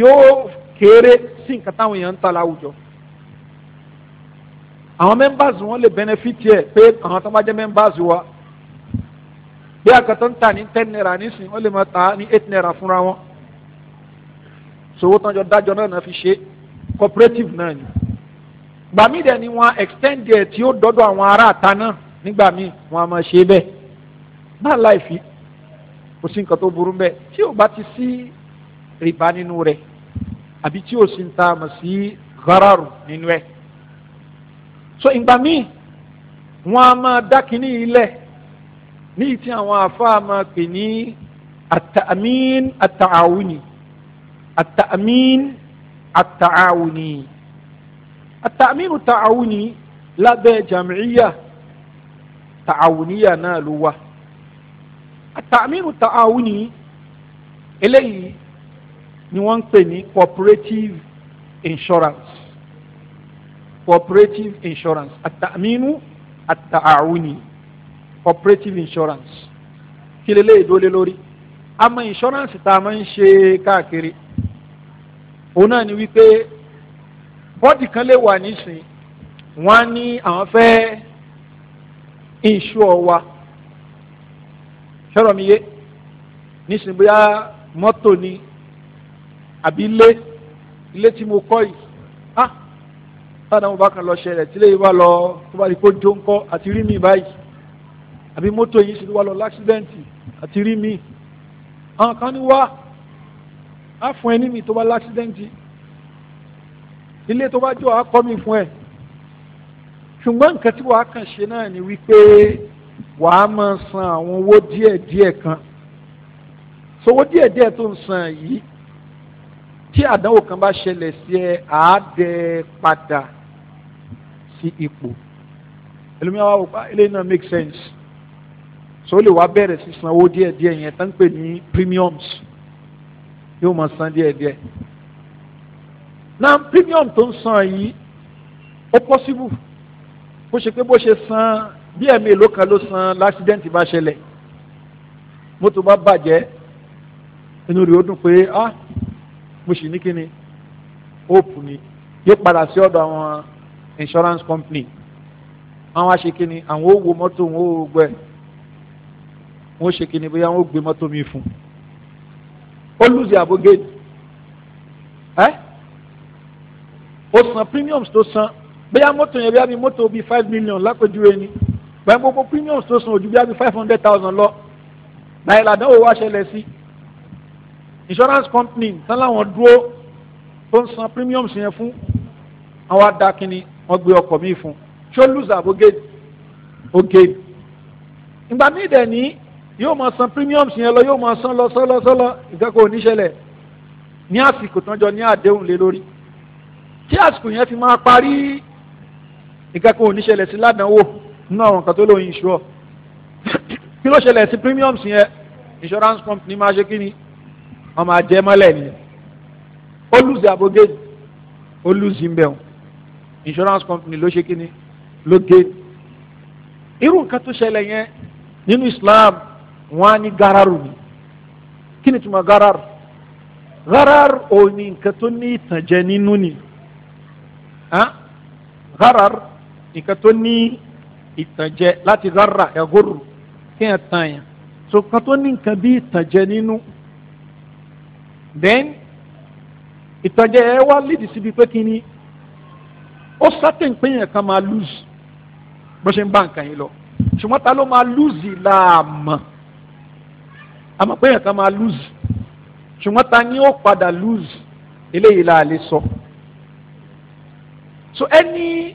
yóò kéré sí nǹkan táwọn èèyàn ń ta láwùjọ àwọn members wọn lè benefit yẹ pé àwọn tó bá jẹ́ members wa bí àkàtọ́ ń ta ní ten naira nísìnyí wọ́n lè máa ta ní eight naira fúnra wọn sowó tán jọ dájọ́ náà náà fi ṣe cooperative náà ni gbàmídẹ̀ ni wọ́n extend ẹ̀ tí ó dọ́dọ̀ àwọn ará àta náà nígbà míì wọ́n á máa ṣe bẹ́ẹ̀ náà láìfi kò sí nǹkan tó burú mbẹ tí o bá ti sí rìbá nínú rẹ̀ àbí tí o sì ń ta àmọ̀ sí gararu nínú ẹ̀ so ìgbà míì wọn a máa dákínní ilẹ̀ ní ìtí àwọn àfáà máa pè ní àtàmín àtàwùnì àtàmín àtàwùnì àtàmín àtàwùnì lábẹ́ jàmíyà tàwùníyà náà ló wà àtàmínú tààwùnì eléyìí ni wọ́n ń pè ní cooperative insurance cooperative insurance àtàmínú àtààwùnì cooperative insurance kí leléyìí dólé lórí àmọ́ insurance tá a máa ń ṣe káàkiri òun náà ni wípé bọ́dì kan lè wà nísìn wọ́n á ní àwọn fẹ́ insure wa fẹ́rọ̀ mi yé nísìnyí bóyá mọ́tò ni àbí ilé ilé tí mo kọ́ yìí ah táwọn ọmọ bá kan lọ ṣẹlẹ̀ tí léyìí bá lọ tó bá rí kó jó ń kọ́ àti rí mi báyìí àbí mọ́tò yìí sì wá lọ láksidẹ́ǹtì àti rí mi àwọn kan ní wá á fún ẹ ní mi tó bá láksidẹ́ǹtì ilé tó bá jọ á kọ́ mi fún ẹ ṣùgbọ́n nǹkan tí wàá kàn ṣe náà ni wípé wàá máa san àwọn owó díẹ̀díẹ̀ kan sowó díẹ̀díẹ̀ tó ń san yìí tí àdánwò kan bá ṣẹlẹ̀ sí ẹ àádẹ́ padà sí ipò ẹlòmíràn wà wò pa ah, eléyìí náà make sense so ó lè wá bẹ̀rẹ̀ sí san owó díẹ̀díẹ̀ yẹn tá ń pè ní premiums yóò máa san díẹ̀díẹ̀ náà premium tó ń san yìí ó possible bó ṣe pé bó ṣe san bí ẹ̀mí èlò kan ló san lásìdẹ́ǹtì bá ṣẹlẹ̀ mọ́tò bá bàjẹ́ inú rẹ̀ ó dùn pé ah mo sì ní kíni hope ni yóò padà sí ọ̀dọ̀ àwọn insurance company àwọn á ṣe kíni àwọn ó wo mọ́tò wọn ó gbẹ wọn ó ṣe kíni bóyá wọn ó gbé mọ́tò mi fún ó lùzì àbógéèdì ẹ́ ó san premiums tó san bóyá mọ́tò yẹn bóyá mi five million lápèjúwe ni gbẹ̀n gbogbo premiums tó san ojú bí i five hundred thousand lọ láyé làdánwò wá ṣẹlẹ̀ sí insurance company tán láwọn dúró tó ń san premiums yẹn fún àwọn adakini wọn gbé ọkọ̀ míì fún ṣó lùzà bó gé ó gé ìgbà míì dẹ̀ ní yóò máa san premiums yẹn lọ yóò máa san lọ sọ́lọ́ sọ́lọ́ nǹkan kò ní ṣẹlẹ̀ ní àsìkò tán jọ ní àdéhùn lé lórí tí àsìkò yẹn fi máa parí nǹkan kò ní ṣẹlẹ̀ sí ládàáwò nínú àwọn nǹkan tó lóyún ìṣúọ kí ló ṣẹlẹ̀ sí premiums yẹn insurance company máa ṣe kí ni wọ́n máa jẹ́ mọ́lẹ̀ ni ó lùzì àbógéjì ó lùzì ń insurance company ló ṣe kí ni ló gé irú nǹkan tó ṣẹlẹ̀ yẹn nínú Islam wọ́n á ní gararu ni kí ni tuma gararu gararu ò ní nǹkan tó ní ìtànjẹ nínú ni gararu nǹkan tó ní ìtànjẹ láti rárá ẹgọrù kí ẹ tàn yàn so kan tó ní nǹkan bí ìtànjẹ nínú then ìtànjẹ ẹ wá lédi síbi pé kí ni ó sátẹ̀ pé yẹn kan máa lose bó ṣe ń bá nǹkan yìí lọ ṣùgbọ́n ta ló máa lose láàmà àmọ́ pé yẹn kan máa lose ṣùgbọ́n ta ni ó padà lose eléyìí là sọ so any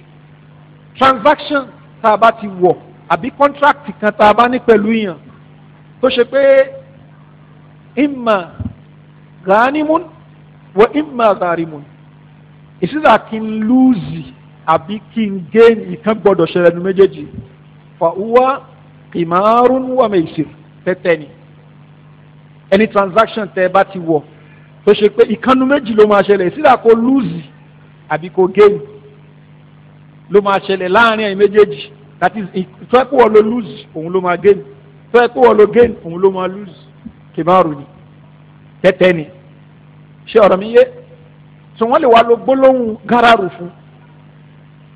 transaction tá a bá ti wọ̀ àbí kọ́ńtrákìtì kan tá a bá ní pẹ̀lú yàn tó ṣe pé imma ghanimun wa imma zarimun ìsísà kí n lúùzì àbí kí n géènì ìkan gbọ́dọ̀ ṣẹlẹ̀ nu méjèèjì fa huwa qimarun wa maysir tẹ́tẹ́ ni ẹni transaction tẹ́ ẹ bá ti wọ̀ tó ṣe pé ìkànnú méjì ló máa ṣẹlẹ̀ ìsísà kó lúùzì àbí kó géènì ló máa ṣẹlẹ̀ láàrin ẹ̀yin méjèèjì that is ìfẹ́ kó wọ́n lo lose òun ló máa gain ìfẹ́ kó wọ́n lo gain òun ló máa lose kìmáàrú ni tẹ́tẹ́ ni ṣé ọ̀rọ̀ mi yé tí wọ́n lè wá lo gbólóhùn gáràrù fún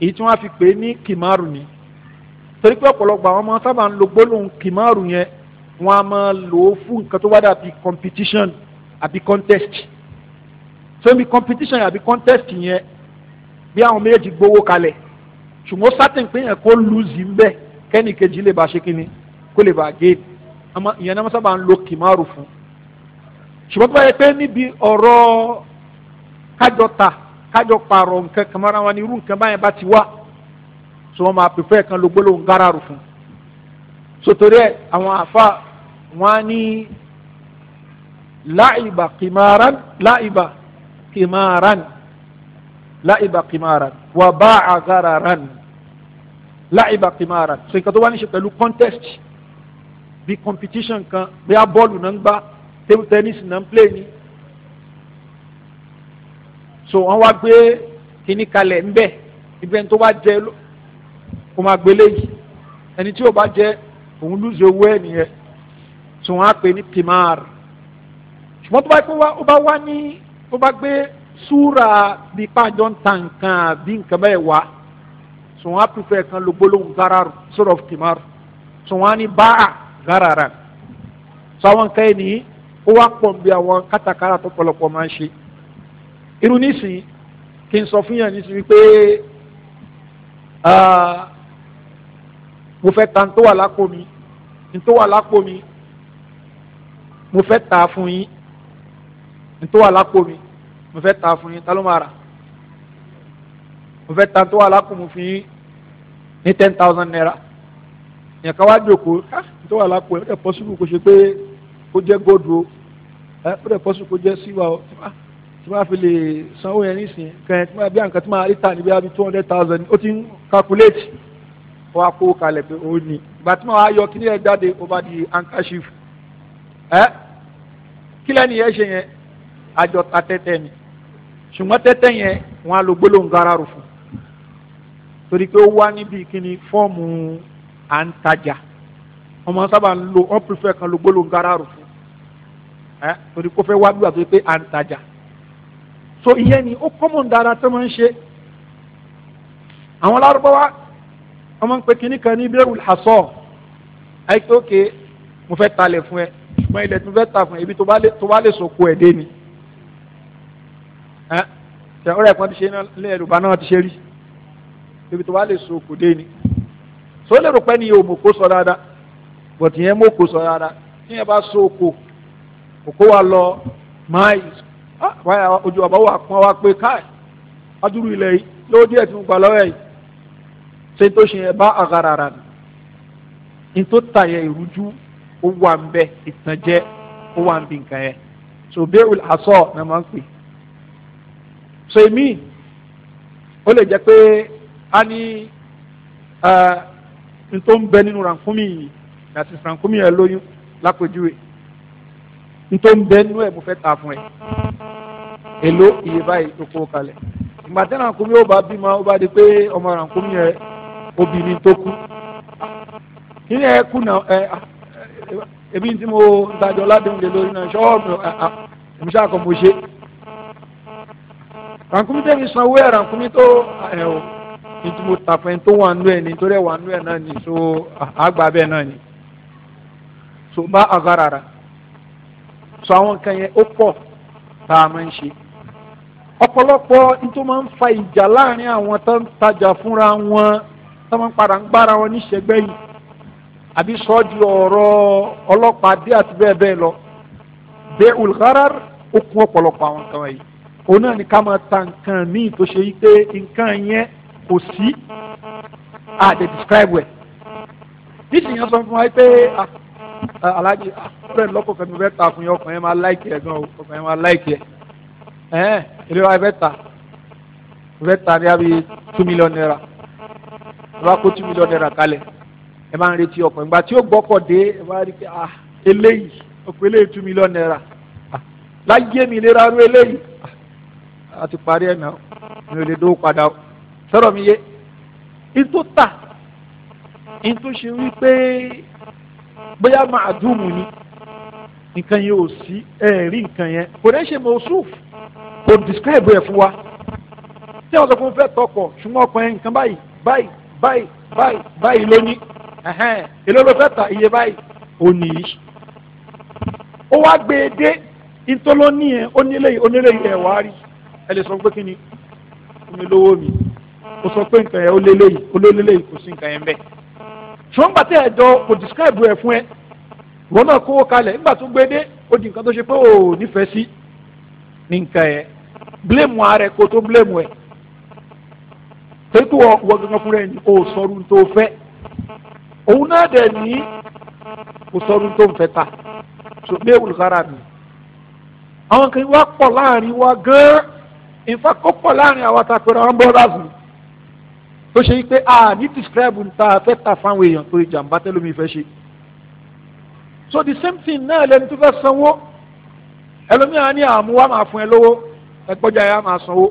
èyí tí wọ́n á fi pè é ní kìmáàrú ni torí pé ọ̀pọ̀lọpọ̀ àwọn ọmọ sábà ń lo gbólóhùn kìmáàrù yẹn wọ́n á máa lò ó fún nǹkan tó wá dàbí competition àbí contest so ibi competition àbí contest yẹn bí àwọn méjèèjì gbowó kalẹ̀ ṣùgbọ́n sátìn pé yẹn kó lùzì ń bẹ̀ kẹ́nìkejì lè bá ṣe kínní kó lè bá gé ìyẹn náà sábà ń lo kìmáàrù fún ṣùgbọ́n tó bá yẹ pé níbi ọ̀rọ̀ kájọ ta kájọ pààrọ̀ nǹkan kan mọ́ra wọn ni irú nǹkan báyẹn bá ti wá so wọ́n máa pèfẹ́ kan ló gbólóhùn gáràrù fún sotori ẹ àwọn àfa wọn á ní láìbà kìmáàrán láìbà kìmáàrán láìba kìmára wà bá àgàrà rán láìba kìmára so nǹkan tó wá ní ṣe pẹ̀lú contest bí competition kan bí a bọ́ọ̀lù náà ń gbá table tennis náà ń play ni so wọ́n wá gbé kíní kalẹ̀ ńbẹ̀ ibẹ̀ tó bá jẹ kó máa gbélé yìí ẹni tí ò bá jẹ òun lùzọ owó ẹ̀ nìyẹn so wọ́n á pè ní kìmára ṣùgbọ́n tó bá wá ní tó bá gbé súra bíi pàjọ́ ń tan nǹkan àbí nǹkan bẹ́ẹ̀ wá sùn á pèfẹ́ kan ló gbólóhùn gararu sọ̀rọ̀ tìmọ́rù sùn á ní báà garara sọ àwọn nǹkan yìí nìyí ó wá pọ̀ bí àwọn kátàkárà tó pọ̀lọpọ̀ máa ń ṣe irú nísìnyí kí n sọ fún yàn nísìnyí pé ah, mo fẹ́ ta n tó wà n tó wà lápò mi mo fẹ́ ta fún n tó wà lápò mi mo fẹ́ ta fún yín ta ló máa rà mo fẹ́ ta tó wà lákùnmù fún yín ní ten thousand naira yẹn ká wá jòkó ká tó wà lápò ẹ ó dẹ̀ pọ́sibú kó ṣe pé kó jẹ́ góòdù o ẹ ó dẹ̀ pọ́sibú kó jẹ́ síwá o tí wọ́n á fi lè sanwó yẹn nísìnyí kẹ́hìn tí wọ́n á bí àǹkan tí wọ́n á rí ta níbi àbí two hundred thousand ó ti ń calculate ó wá kó kalẹ̀ pé ó ní ìgbà tí wọ́n á yọ kíní jáde ó bá di handkerchief ẹ kílẹ̀ nìyẹn ṣe yẹn àjọ tatẹ́tẹ́ ni ṣùgbọ́n tẹ́tẹ́ yẹn wọn á lo gbólóhùn gararu fún torí pé ó wá níbi kíni fọ́ọ̀mù à ń tajà ọmọ sábà ń lo ọ́n pífẹ́ kan lo gbólóhùn gararu fún ẹ torí kó fẹ́ wá bí wà tó pé à so ìyẹn ni ó kọ́mọ̀ dára tó máa ń ṣe àwọn lárúbáwá ọmọ ń pe kíní kan ní bẹ́rù làásọ̀ àìkè òkè mo fẹ́ talẹ̀ fún ẹ ṣùgbọ́n ilẹ̀ tí mo fẹ́ ta fún ẹ ibi tó bá lè sọ̀kò ẹ̀ dé ni. ṣe ọ̀rẹ́ kan ti ṣe náà lé ẹlòmíràn náà ti ṣe rí ibi tó wá lè so kò dé ni so lè pé ni yòó mò kó sọ dáadáa bọ̀tì yẹn kó sọ dáadáa tí yẹn bá so kò lọ báyà ah, ojú ọba wà wa pé káì adúrú ilẹ̀ yìí díẹ̀ tí mo gbà lọ́wọ́ yìí ṣe tó ṣe yẹn bá ni n tó ta yẹ ìrújú ó wà ń bẹ ìtànjẹ ó wà ń bì nǹkan yẹn so bẹ́ẹ̀ máa ń pè so èmi ó lè jẹ́ pé a ní n tó ń bẹ nínú rànkúmí yìí àti rànkúmí yẹn lóyún lápèjúwe n tó ń bẹ nínú ẹ̀ mo fẹ́ ta fún ẹ èló iye báyìí tó kó kalẹ̀ ìgbà tí rànkúmí ó bá bímọ ó bá di pé ọmọ rànkúmí yẹn obìnrin tó kú kí ẹ kú náà ẹ ebi tí mo dájọ́ ládéhùn lé lórí náà ṣọ́ọ̀bù ẹ̀mí ṣáà kan mo ṣe rànkúmí tẹ̀mí sanwó ẹ̀ rànkúmí tó ẹ̀ o nítorí mo tà tó wà nú ẹ nítorí wà nú ẹ náà ni so àgbà bẹ́ẹ̀ náà ni so bá àgbà rárá so àwọn nǹkan yẹn ó pọ̀ tá a máa ń ṣe ọ̀pọ̀lọpọ̀ nítorí máa ń fa ìjà láàrin àwọn tó ń tajà fúnra wọn tó máa ń padà ń gbára wọn níṣẹ́gbẹ́ yìí àbí sọ di ọ̀rọ̀ ọlọ́pàá dé àti bẹ́ẹ̀ bẹ́ẹ̀ lọ bẹ́ẹ̀ ulgharar ó kún ọ̀pọ̀lọpọ̀ àwọn kan wọ̀nyí òun náà ni ká máa ta nǹkan míì tó ṣe yí pé nǹkan yẹn kò sí àdè describe ẹ̀ nísìnyí sọ fún wa pé ah, ah, aláàjì àkúrẹ́ ah, lọ́kọ̀ fẹ́mi fẹ́ ta fún yẹn ọkùnrin máa láìkì ẹ̀ gan ọkùnrin máa láìkì ẹ̀ ẹ̀ẹ́n ilé wa fẹ́ ta fẹ́ ta ní abi two million naira ẹ bá kó two million naira kalẹ̀ ẹ máa ń retí ọkùnrin ìgbà tí ó gbọ́kọ̀ dé ẹ bá rí pé ah eléyìí ọkùnrin eléyìí two million naira láyé mi lè rárú eléyìí a ti parí ẹ̀ náà mi ò lè dó padà o sọ̀rọ̀ mi yé in tó tà in tó ṣe wípé bóyá màdùmù ni nǹkan yẹn ò sí ẹ rí nǹkan yẹn kò ní ṣe mọ̀ọ́sùf kò describe ẹ̀ fún wa tí wọ́n sọ fún fẹ́ tọkọ̀ ṣùgbọ́n ọkùnrin nǹkan báyìí báyìí báyìí báyìí báyìí ló èló ló fẹ́ ta iye báyìí ò nìyí ó wá gbé e dé ìtọ́lọ́ nìyẹn ó nílé yìí ó nílé yìí ẹ̀ wá rí i ẹ lè sọ pé kí ni fún mi lówó mi kò sọ pé nǹkan yẹn ó lé léyìí ó lé léyìí kò sí nǹkan yẹn bẹ́ẹ̀. ṣùgbọ́n nígbà tí ẹ̀jọ́ kò describe ẹ̀ fún ẹ wọn náà kówó kalẹ̀ nígbà tó gbé dé ó di nǹkan tó ṣe pé ò nífẹ̀ẹ́ sí ní nǹkan yẹn blame ara ẹ kó tó blame ẹ tètè wọ wọ gangan fúnra ẹ ní kó o sọrun tó fẹ́ òun náà dẹ̀ ní kó sọrun tó fẹ́ ta ṣùgbọ́n ewu lùkárà mi àwọn kan wá pọ̀ láàrin wa gan-an ìfakópọ̀ láàrin àwọn àtàkùrọ̀ àwọn brothers tó ṣe yí pé a ní describe nta fẹ́ ta fáwọn èèyàn torí jàǹbá tẹ́lómi fẹ́ ṣe so the same thing náà lẹni tó fẹ́ sanwó ẹlòmíràn ní àmúwá máa fún ẹ lówó ẹgbọ́jà yà máa sanwó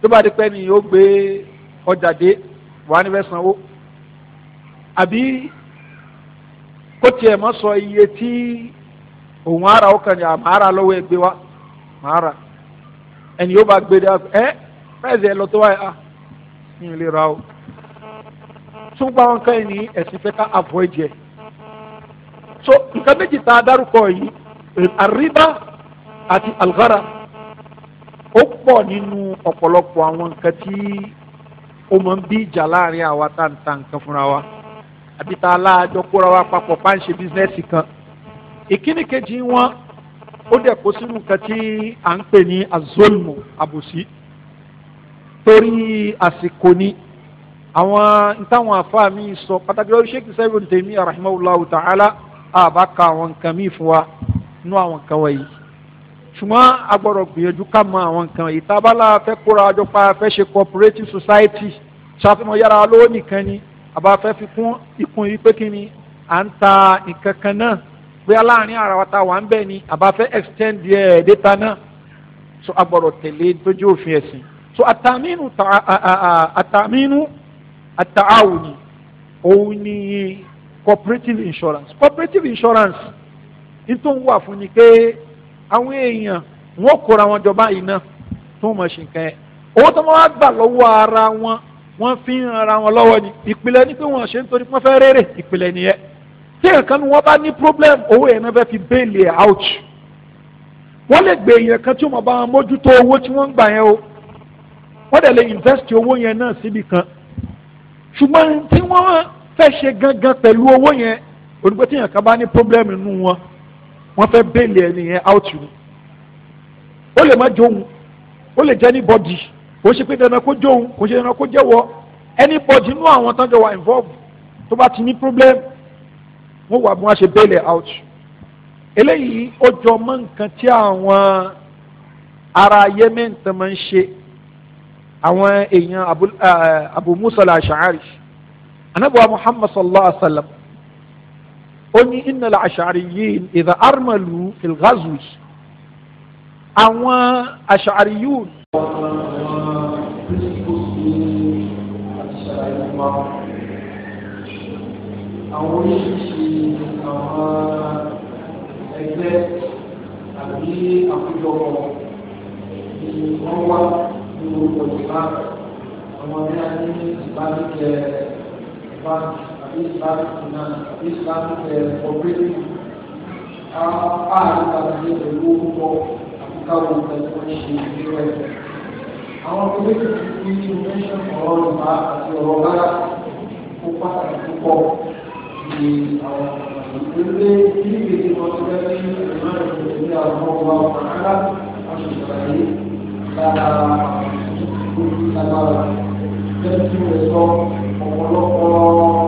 tó bá di pẹ́ ni ó gbé ọjà dé wàá ní fẹ́ sanwó àbí kó tiẹ̀ mọ́ sọ iye tí òun ara ó kàn ní àmàrà lọ́wọ́ ẹgbẹ́ wa màá rà ẹni yóò bá gbé dáa ẹ fẹ́ẹ̀sì ẹ lọ tó wáyé ah mi ò o tún gba wọn kẹ́yìn ní ẹ̀sìn fẹ́ ká avoid yẹ so nǹkan méjì tá a dárúkọ yìí àríbá àti àlùkárà ó pọ̀ nínú ọ̀pọ̀lọpọ̀ àwọn nǹkan tí ó máa ń bí ìjà láàrin àwa tá à ń ta nǹkan fúnra wa àbí tá a láàjọ kóra wa papọ̀ bá ń ṣe bísínẹ́sì kan ìkíni kejì wọn ó dẹ̀ kó sínú nǹkan tí à ń pè ní azolmu àbòsí torí àsìkò ni àwọn ìtàwọn àfáà mi sọ pàtàkì lórí sheikh sẹ́yìn tèmi rahimahullahu ta'ala àbá ka àwọn nǹkan mi fún wa nú àwọn nǹkan wọ̀nyí ṣùgbọ́n a gbọ́dọ̀ gbìyànjú ká mọ àwọn nǹkan yìí tábàlà fẹ́ kóra àjọ pa fẹ́ ṣe cooperative society ṣàfihàn yàrá lówó nìkan ni àbá fẹ́ fi kún ikùn yìí pé kí ni à ń ta nǹkan kan náà bóyá láàrin ara wa ta wà ń bẹ̀ ni àbá fẹ́ extend ẹ̀ eh, data náà so a gbọ́dọ̀ tẹ̀lé tójú òfin ẹ̀sìn so àtàmínú àtàmínú àtàáwùní òun ni cooperative insurance cooperative insurance nítorí wà fún ni pé àwọn èèyàn wọn kóra wọn jọ báyìí náà tó mọ̀ ṣe nǹkan ẹ̀ owó tó máa gbà lọ́wọ́ ara wọn wọ́n fi ń ara wọn lọ́wọ́ ni ìpìlẹ̀ ni pé wọ́n ṣe ń torí pé fẹ́ rere ìpìlẹ̀ nìyẹn tí èèkan ni wọ́n bá ní problem owó yẹn náà fẹ́ fi béèlì ẹ̀ out wọ́n lè gbé èèyàn kan tí wọ́n bá wọn mójútó owó tí wọ́n ń gbà yẹn o wọ́n dẹ̀ lè invest owó yẹn náà síbi kan ṣùgbọ́n tí wọ́n fẹ́ ṣe gangan pẹ̀lú owó yẹn onígbé tí èèyàn kan bá ní problem nínú wọn wọ́n fẹ́ béèlì ẹ̀ nìyẹn out ni ó lè má jóun ó lè jẹ́ ní bọ́dì kò ṣe pé dandan kó jóun kò ṣe dandan kó jẹ́wọ́ anybody nínú àwọn tán jọ wà involve tó bá ti ní problem wọ́n wà bí wọ́n ṣe bail out eléyìí ó jọ mọ́ nǹkan tí àwọn ará Yemen tó máa ń ṣe àwọn èèyàn Abu eh, Musa al-Ash'ari anabuwa Muhammad sallallahu alaihi wa sallam ó ní inna al-Ash'ariyyin idha armalu fil àwọn Ash'ariyun. Thank àwọn oríṣiríṣi àwọn ẹgbẹ́ àbí àkójọpọ̀ ni wọ́n wá ní gbogbo ìgbà àwọn ní a ní ìbánikẹ́ eh, báńkì àbí ìbánikẹ́ náà àbí ìbánikẹ́ cooperative àárín àti pẹ̀lú orúkọ àbíkáwò pẹ̀lú oríṣi ìdíwọ̀ ẹ̀jẹ̀. àwọn cooperative ti fi information ọ̀rọ̀ ìbá àti ọ̀rọ̀ rárá kó pàtàkì púpọ̀ di àwọn ìpínlẹ̀ ní ìgbésí wọn ti fẹ́ ní ìmọ̀ràn ìpínlẹ̀ àwọn ọmọ ọmọ ara wọn ti sàlàyé lára ìgbésí lágbára bẹ́ẹ̀ tí wọ́n sọ ọ̀pọ̀lọpọ̀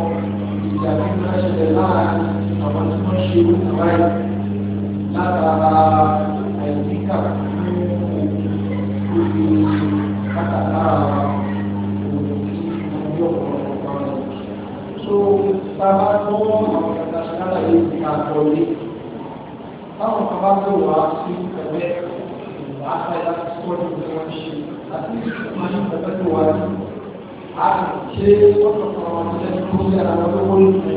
ìjà tí wọ́n ṣẹlẹ̀ láàárín àwọn tí wọ́n ṣe wáyé látara àìsíkà fún òkú lórí látara òkú ọjọ́ kan tó bàbá tó àwọn kàtà sínára yìí ti máa kọ lé báwọn kan bá tó wà sí ẹgbẹ́ àgbà láti sọ ní ìwé wọn ṣe àti ìwọ̀n ní ẹgbẹ́ tó wà sí àti ṣe ọ̀pọ̀ àwọn ọmọdé tó ń yára wọn lówó lóṣù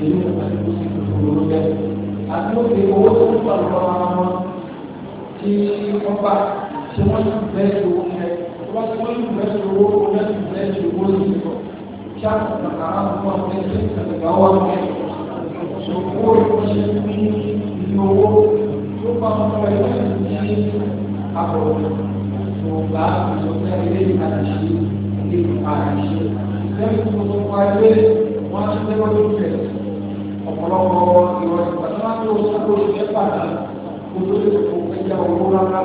èyí ló bá ti kó sí gbogbo ló bẹ àti ó fi owó tó wọ́n bá wọ́n ti bẹ́ẹ̀ tó wọ́n ti wọ́n bẹ́ẹ̀ tó wọ́n ti часто на канал можно решиться договорами, любой может быть его группам проявлений обороны. Слуга, высокая велика нашли, или параши. Тем, кто выступает, он же его любит. Ọ̀pọ̀lọpọ̀ ìwọ̀n ìgbàlá tó sọ́kò ìjẹ́pà náà kó tó lè fò ẹja owó rárá.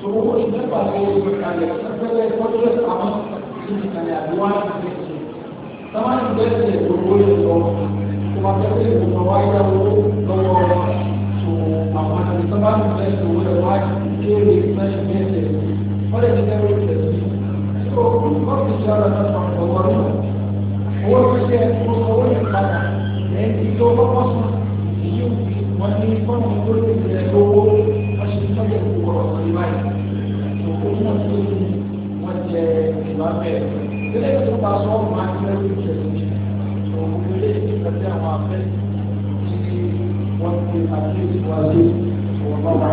Sọ́kò ìjẹ́pà tó sọ́kò ìjẹ́pà lè fẹ́lẹ́ fọ́jọ́ àwọn ìjìnlẹ̀ àdúrà ìjẹ́ sábà ń bẹ́sẹ̀ gbogbo ìsọ kó máa bẹ́sẹ̀ gbogbo wáyé owó lọ́wọ́ tó àwọn àti sábà ń bẹ́sẹ̀ owó ẹ̀wá ìkéèrè mẹ́sẹ̀ mẹ́sẹ̀ wọ́n lè tẹ́lẹ̀ wọ́n tẹ̀ sí. tó wọ́n fi ṣe ara náà sọ̀rọ̀ lọ́wọ́ náà owó tó ṣe ẹ̀kọ́ owó yẹn padà lẹ́yìn tó kọ́kọ́ sùn ìyó wọn ní fọ́ọ̀mù tó lè tẹ̀ lówó wọ́n ṣe tọ́jú ìwọ̀rọ̀ ìwáyé òkú náà tó ní wọ́n jẹ ìwà bẹ́ẹ̀ ìgbélé yóò tó bá sọ ọ́ máa ń lẹ́rú ìṣẹ̀lẹ̀ ìṣẹ̀lẹ̀ òun ilé ìgbésẹ̀ àwọn afẹ́ tí wọ́n ti àti ìwádìí wọn bá wà.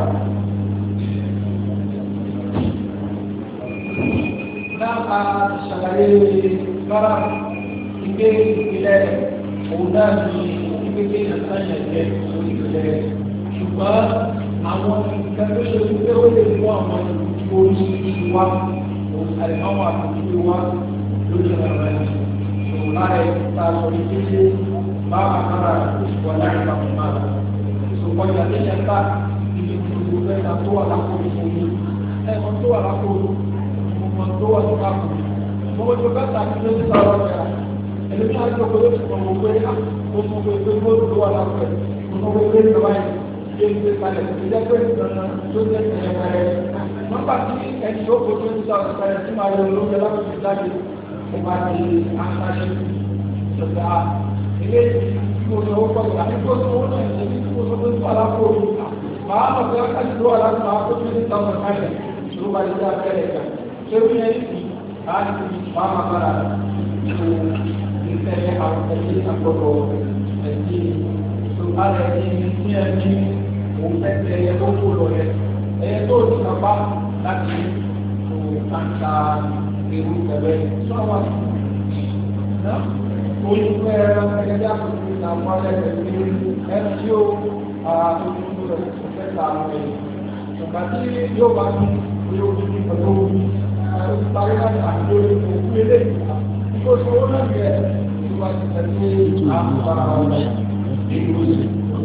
Náà a ṣàlàyé bára ìgbé ìpìlẹ̀ òun náà ní ìgbégbé ìyàtọ̀ ìyàjẹ́ lórí ìpìlẹ̀ ṣùgbọ́n àwọn nǹkan tó ó lè mú àwọn ìlú tí ó ní ìwà òun àìmọ́wà àti ìwà mare la solicite mama mara kusikwanaka mara sokoja nishaka ilikutukupe na toa la kulikumi eh ontoa la kulu ontoa la kulu mo to ka ta ni le sa wa ya ele ta ko ko ko mo ko ya ko mo ko ko mo to la ko mo ko ko ni wa ye ni ta le ni ja ko ni na to ni ni ma ba ti en so ko to ni sa ta ni ma yo lo la ko ni ta ni ọba ti àṣàṣe ìjọba ilé ìdíwọ́ owó pọ̀jù àti kó tó owó náà ìṣẹ́bí tí kò tó tó tó aláko màá mọ̀ pé ọ̀ká ti lọ́wọ́ láti máa kó twenty thousand naira ìṣòro bá ti dá abẹ́rẹ́ ẹ̀ka ṣé ó yẹ kí a ti máa máa bára ìṣòro ìṣẹ̀lẹ̀ àwọn ẹ̀ṣẹ̀ àgbọ̀dọ̀ ẹ̀ṣẹ̀ ìṣòro alẹ́ ẹ̀yẹ tó kó lọ yẹ ẹ̀yẹ tó ti kàpá láti ìṣòro kàńtà irú ìtẹ̀lẹ́ sọ́wọ́ náà ojú ẹran ẹgbẹ́ àkókò àwọn ẹgbẹ́ ní ẹtí ó àtúntò rẹ̀ mẹ́ta àwọn ẹ̀yìn ìgbà tí yóò bá ní ilé ojú ní pẹ̀lú omi àti parí láti àti lórí òkú ilé ìgbà tó owó náà yẹ ìwà ìtẹ̀lẹ́ àwọn ọ̀rọ̀ àwọn ẹ̀yìn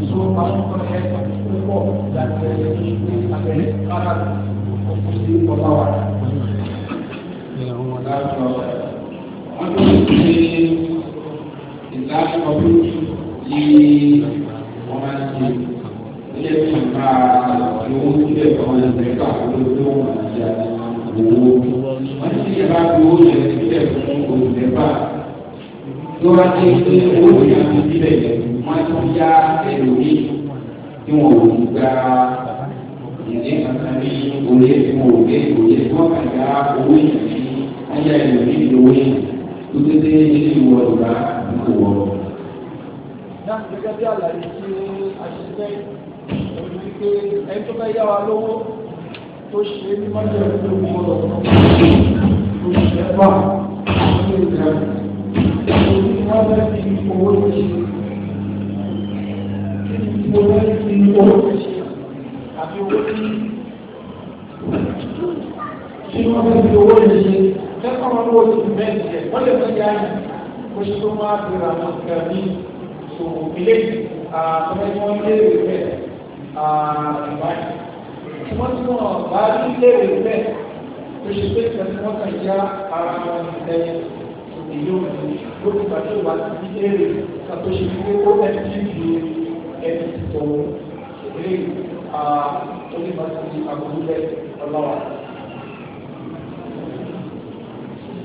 tó àwọn ọ̀rọ̀ ẹ̀ púpọ̀ láti ẹ̀yìn ní abẹ́rẹ́ kára òkú sí ọ̀pá wa without problem. Wọ́n tó ń ṣe ìdájọ́ ọdún ní wọ́n máa ń ṣe ilé ìtura owó sílẹ̀ ọ̀hún ẹgbẹ́ pàtó tó wọ́n ti ṣe owó. Wọ́n ti ṣe bá owó yẹn sílẹ̀ fún olùdẹ́bà. Tó bá ti ṣe owó yẹn ti sílẹ̀ yẹn, wọ́n ti yá ẹ̀rọ yìí tí wọ́n ò ní gbà ìdí kankan ní orí ẹ̀kọ́ òye òye ẹ̀yà ìlú ní ìlówó tó dédé ilé ìwọ ìgbà ìkó wọ. láti gẹ́gẹ́ bí àlàyé tí a ṣe fẹ́ ẹni wípé ẹni tó fẹ́ yá wa lówó tó ṣe ní mọ́jọ́ ìlú ìwọ̀n tó ṣe fà ní ìgbà ìlú wọn fẹ́ fi owó ṣe kí owó fi owó ṣe àbí owó fẹ́ kọ́mọ ní oṣù mẹ́rin jẹ wọ́n lè fẹ́ yá yìí kó ṣe tó máa fi ra àwọn ìgbà ní ìṣòwò ilé àtọ́jú wọn lé rè bẹ́ẹ̀ àbáyé wọ́n tún wọn bá rí lé rè bẹ́ẹ̀ kó ṣe pé ìtẹ̀sí wọn kàn já ara wọn lẹ́yìn èyí ò ní lórí ìgbàdí ìwà ti èrè kàtó ṣe fi kó ẹni tí ju ẹni tó ilé onígbàtí àbúrú bẹ́ẹ̀ ọlọ́wà.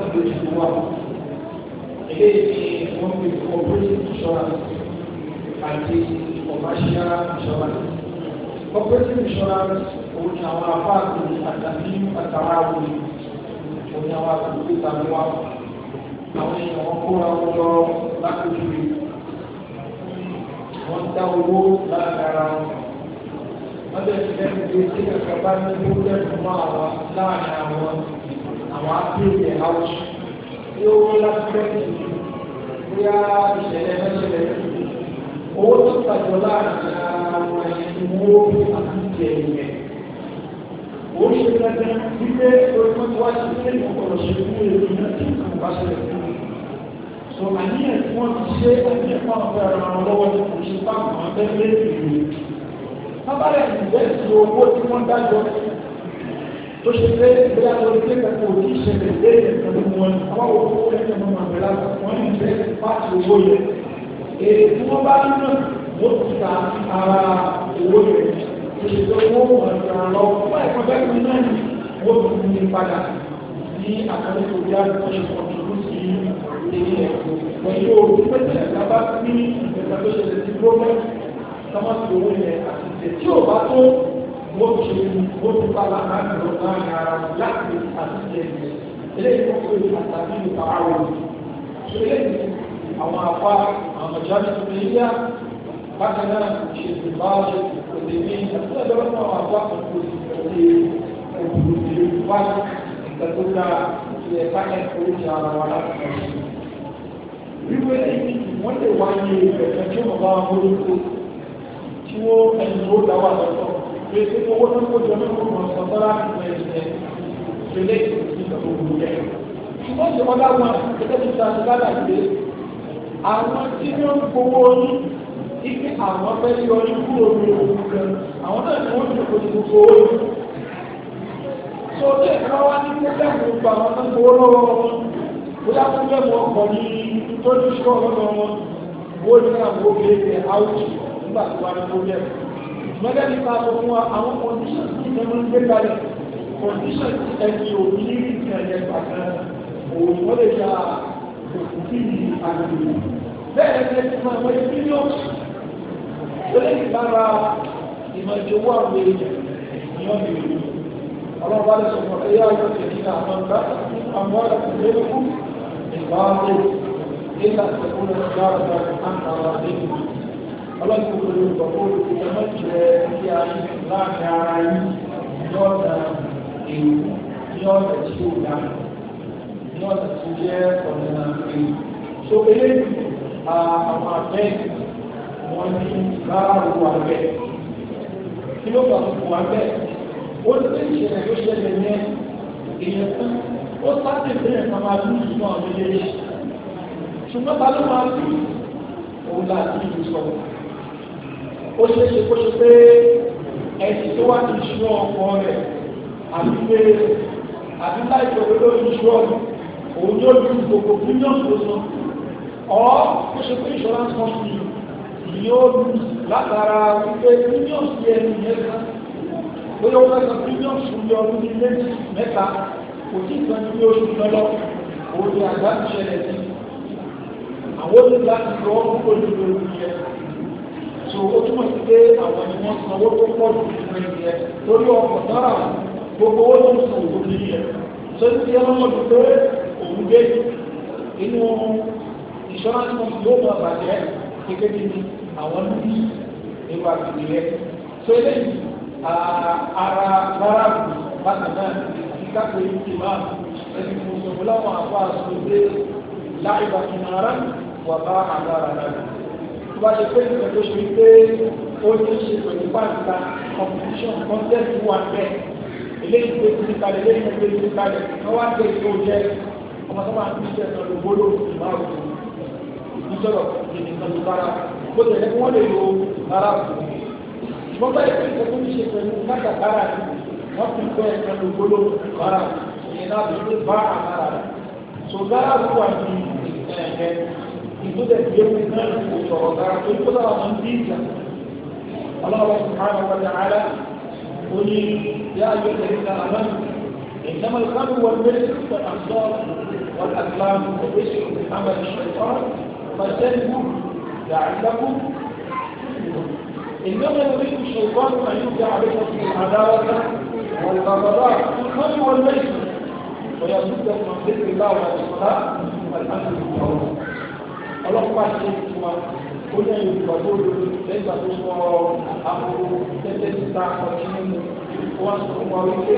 láti lójú tó wà. Eléyìí ni wọ́n pè fún operating insurance àti commercial insurance. Operating insurance òun ni àwọn afáàkùn àtàbí àtàrà àwọn òun ni àwọn àkùnkùn tàbí wà. Àwọn èèyàn wọn kóra wọn lọ lákòókò rẹ̀. Wọ́n dá owó lára wọn wọ́n lè fi lẹ́nu pé tí kankan bá ní kó lẹ́nu mọ́ àwọn láàrin àwọn àwọn akéwì ẹ̀ áwùjọ tí ó wọ́n lásìkẹ́tì bóyá ìṣẹ̀lẹ̀ mẹ́ṣẹ̀lẹ̀ owó tó tàjọ láàrin àwọn ìwò àtúntì ẹ̀yẹ. ó ṣe dandan wípé orí wá sí ilé ìkọ̀kọ̀rọ̀ ṣe fún èrò náà tí kò bá ṣẹlẹ̀ fún mi. sọ àníyàn tí wọ́n ti ṣe àníyàn fún àwọn ọ̀rọ̀ àwọn lọ́wọ́ tí kò ṣe fáwọn abẹ́lé ìlú. tábàlẹ̀ ìgbẹ́sì owó tí tó ṣe pé bóyá tó ṣe kẹ́kọ̀ọ́ òní ìṣẹ̀lẹ̀ léèrè pẹ̀lú wọn àwọn òkú ẹ̀jẹ̀ mọ́ màmí láti wọ́n ní ìfẹ́ pàtó owó yẹn. èyí tí wọ́n bá nínú ló ti ta ara owó yẹn tó ṣe pé wọ́n mọ̀ ẹ̀ka lọ fún ẹ̀kọ́ bẹ́ẹ̀ ni náà ni wọ́n fi ní padà ní àkàlẹ́ tó bí wọ́n ṣe kọ̀ tó sí ilé ẹ̀kọ́. pẹ̀lú òkú pẹ̀lú ẹ̀ka bá ní ìgbẹ̀ta tó ṣẹlẹ̀ sí wọ́n ti wọ́n ti pa lànà àgbẹ̀rọ̀ láàrin ara wọn láti àtijọ́ ẹ̀jẹ̀ eléyìí wọ́n pè to ìpa àwọn òbí tó eléyìí àwọn àpá àwọn ìjọba tó ní yá bákan náà ìṣèlú báwọ̀ṣe òde ní ìdàgbàsókè náà wà wá pẹ̀lú ìṣèlú òbúrú ìlú wáyé ìgbàgbọ́ náà ilẹ̀ bákan oríṣi ara wa láti ṣe. wíwé lẹ́yìn wọ́n lè wáyé ìrẹ̀lẹ̀ tí wọ́n bá wọn lóko tí wọ́n ẹni tó dáwà lọ́tọ̀ọ́ pé kí owó tó kó jọ nínú ọmọ sọ̀tọ́ láti bẹ̀rẹ̀ ìṣẹ̀ ìṣẹ̀lẹ̀ ìṣẹ̀lẹ̀ òwò jẹ́. ṣùgbọ́n ìṣèkọ́lá wọn gẹ́gẹ́ bí sọ àti bàbá ìgbé àwọn tí wọ́n gbowó orí ibi àwọn fẹ́ yọ ní kúrò ní owó kan àwọn náà ni wọ́n ti kó ti gbogbo owó yìí. sọ pé ìkan wá ní pé bẹ́ẹ̀ ni gbogbo àwọn tó gbowó lọ́wọ́ wọn bóyá fún bẹ́ẹ̀ mọ ọkọ̀ ní tó ní ṣọ́ ọ̀rọ̀ wọn wọ́n ní àwọn obìnrin rẹ̀ áwùjì nígbà tó wá ní mẹ́lẹ́ nípa sọ fún wa àwọn condition tí ìjọba ń gbé kalẹ̀ condition tí ẹni òbí ní ìtẹ̀lẹ̀ pàtàkì òun wọ́n lè gba òkú sí àgbègbè bẹ́ẹ̀ ni ẹni máa mọ ibi ní ọ̀sùn tó lè gbára ìmọ̀ ìjọwọ́ àwọn èèyàn ní ọ̀dọ̀ ìlú lè sọ fún ọjọ́ tẹ̀lé ní àwọn ọ̀gá àwọn ọ̀rẹ́ kò lé lókù ìgbà wọn lè nígbà tó kó lọ sí ọ̀rọ̀ àǹkàrà lẹ́yìn ọlọ́sìn tó lè sọ fún òkú ẹ má jẹ kí a ṣe láàrin ara yín ní ọ̀nà èyí ní ọ̀nà tí ó dá ní ọ̀nà tí ó jẹ́ ọ̀nà èyí. so eléyìí àwọn abẹ́ wọn ní rárá òwò abẹ́ kí ló fà òwò abẹ́ ó ti ṣẹlẹ̀ tó ṣẹlẹ̀ ní èyí tán ó sáté bẹ́ẹ̀ kan máa lù ú náà méjèèjì ṣùgbọ́n ta ló máa lù ú òun láti ìlú sọ̀rọ̀ ó ṣe é ṣe kó ṣe pé ẹ̀sìn tó wà ní ìṣúná ọkọ rẹ̀ àbí pé àbí láìpẹ́ òwe lórí ìṣúná òun yóò ju gbogbo bílíọ̀nù tó san ọ́ ó ṣe pé insurance company yóò lu látara wípé bílíọ̀nù sí ẹni yẹn kan bóyá ó fẹ́ san bílíọ̀nù fún yọ ọdún ní méjì mẹ́ta kò tí ì san ní oṣù lọ́lọ́ òun ni àgbà ti ṣẹlẹ̀ sí àwọn olùdásílẹ̀ ọ̀hún olùdó yẹn so ó túmọ̀ sí pé àwọn ni wọ́n sanwó tó pọ̀ jù fún ẹni yẹn torí ọkọ̀ sára gbogbo owó tó ń san òun ní yẹn so ní ti ẹlọ́mọ ti pé òun gbé inú insurance company yóò máa bàjẹ́ kékeré ní àwọn ní ìwà ìdílé so eléyìí ara rárá bákan náà kíkà pé ìmọ̀ ẹni fún ìṣòwò láwọn àbá àṣọ ìgbé láìbàkínà ara wà bá àgbára náà bá ṣe pé nǹkan tó ṣe pé ó ní ṣe pẹ̀lú pàǹtà competition contest wà bẹ́ẹ̀ eléyìí pé kí ní kalẹ̀ eléyìí pé kí ní kalẹ̀ wọ́n wá gbé ìṣó jẹ́ ọmọ sábà ń ṣiṣẹ́ kan ló gbóló ìbáwò ìṣòro ìnìkan ló bára bó tẹ̀lé kí wọ́n lè lo ara fún un ṣùgbọ́n báyìí pé nǹkan tó ń ṣe pẹ̀lú kátàkárà ni wọ́n ti pẹ́ ẹ̀kan ló gbóló ìbára ìyẹn náà ló لمدة يوم ثاني وشرطات الله سبحانه وتعالى قل يا أيها الذين آمنوا إنما الخمر والمسك والأخصار والأكلام والرزق من عمل الشيطان فاجتنبوه لعلكم إنما يريد الشيطان أن يوقع بكم في العداوة والغضباء في الخمر والمسك ويصدكم عن ذكر الله والصلاة والأمر بالمعروف ọlọ́pàá ṣe é fún wa ó ní ẹ̀yìn ìgbàgbọ́ òdodo lẹ́gbàá tó sọ àwọn tẹ́tẹ́ títa ọtí nínú wọn sọ fún wa wípé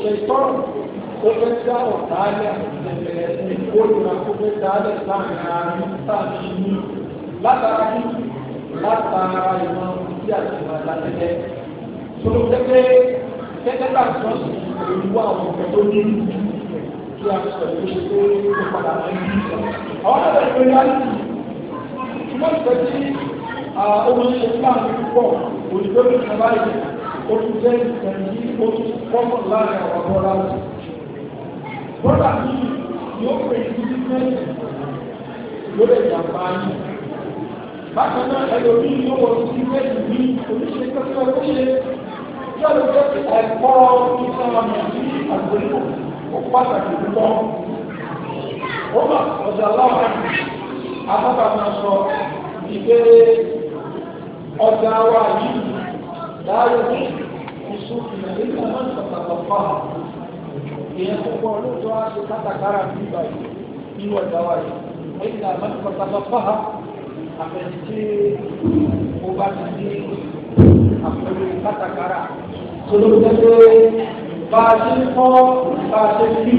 ṣe tọ́ ó fẹ́ dá ọ̀tá alẹ́ ẹ̀ẹ́dẹ̀ẹ̀ẹ́ ìkórìíra ó fẹ́ dá alẹ́ láàrin àárín táàbí ní látara ní látara ìmọ̀ tí àtìmọ̀ àtàtẹ́tẹ́ tó tẹ́tẹ́ tẹ́tẹ́ bá sọ́ọ̀sì ìlú àwọn ọ̀pẹ tó ní ìlú tí a sọ yìí tó tó padà ní ìlú. Àwọn ọ̀dọ́ ìwé láti ṣùgbọ́n ìfẹ́ tí ọmọ ṣe fúlàní púpọ̀ òyìnbó ní ìjọba yìí ó tún jẹ́ ìfẹ́ yìí ó tún pọ́pọ̀ láàrin àwọn ọmọ láti. Bọ́dà mi yóò pè ní bísíǹnẹ́sì lórí ìjàmbá yìí. Bákan náà ẹlòmí yóò wọ bísíǹnẹ́sì ní oníṣe kẹ́kẹ́ ó ṣe kí ọ̀dọ́ ẹ̀kọ́ ìsọ̀rọ̀ nàìjíríà àgbẹ̀rẹ̀ pàtàkì púpọ̀ ó mà ọ̀dà láwọn afọ́bà máa sọ ìgbé ọjà wa yìí láàyè ìṣú ìrìnàlẹ́ náà máa ń sọ̀tàtọ̀ fà á ìyẹn púpọ̀ olóòtú á ṣe kátàkárà bí báyìí nínú ọjà wa yìí ẹ̀yìn náà máa ń sọ̀tàtọ̀ fà á àfẹ̀yìn tí ó bá ti ní àpẹẹrẹ kátàkárà tó ló ń tẹ́lẹ̀. bá a ṣe ń kọ́ bá a ṣe ń bí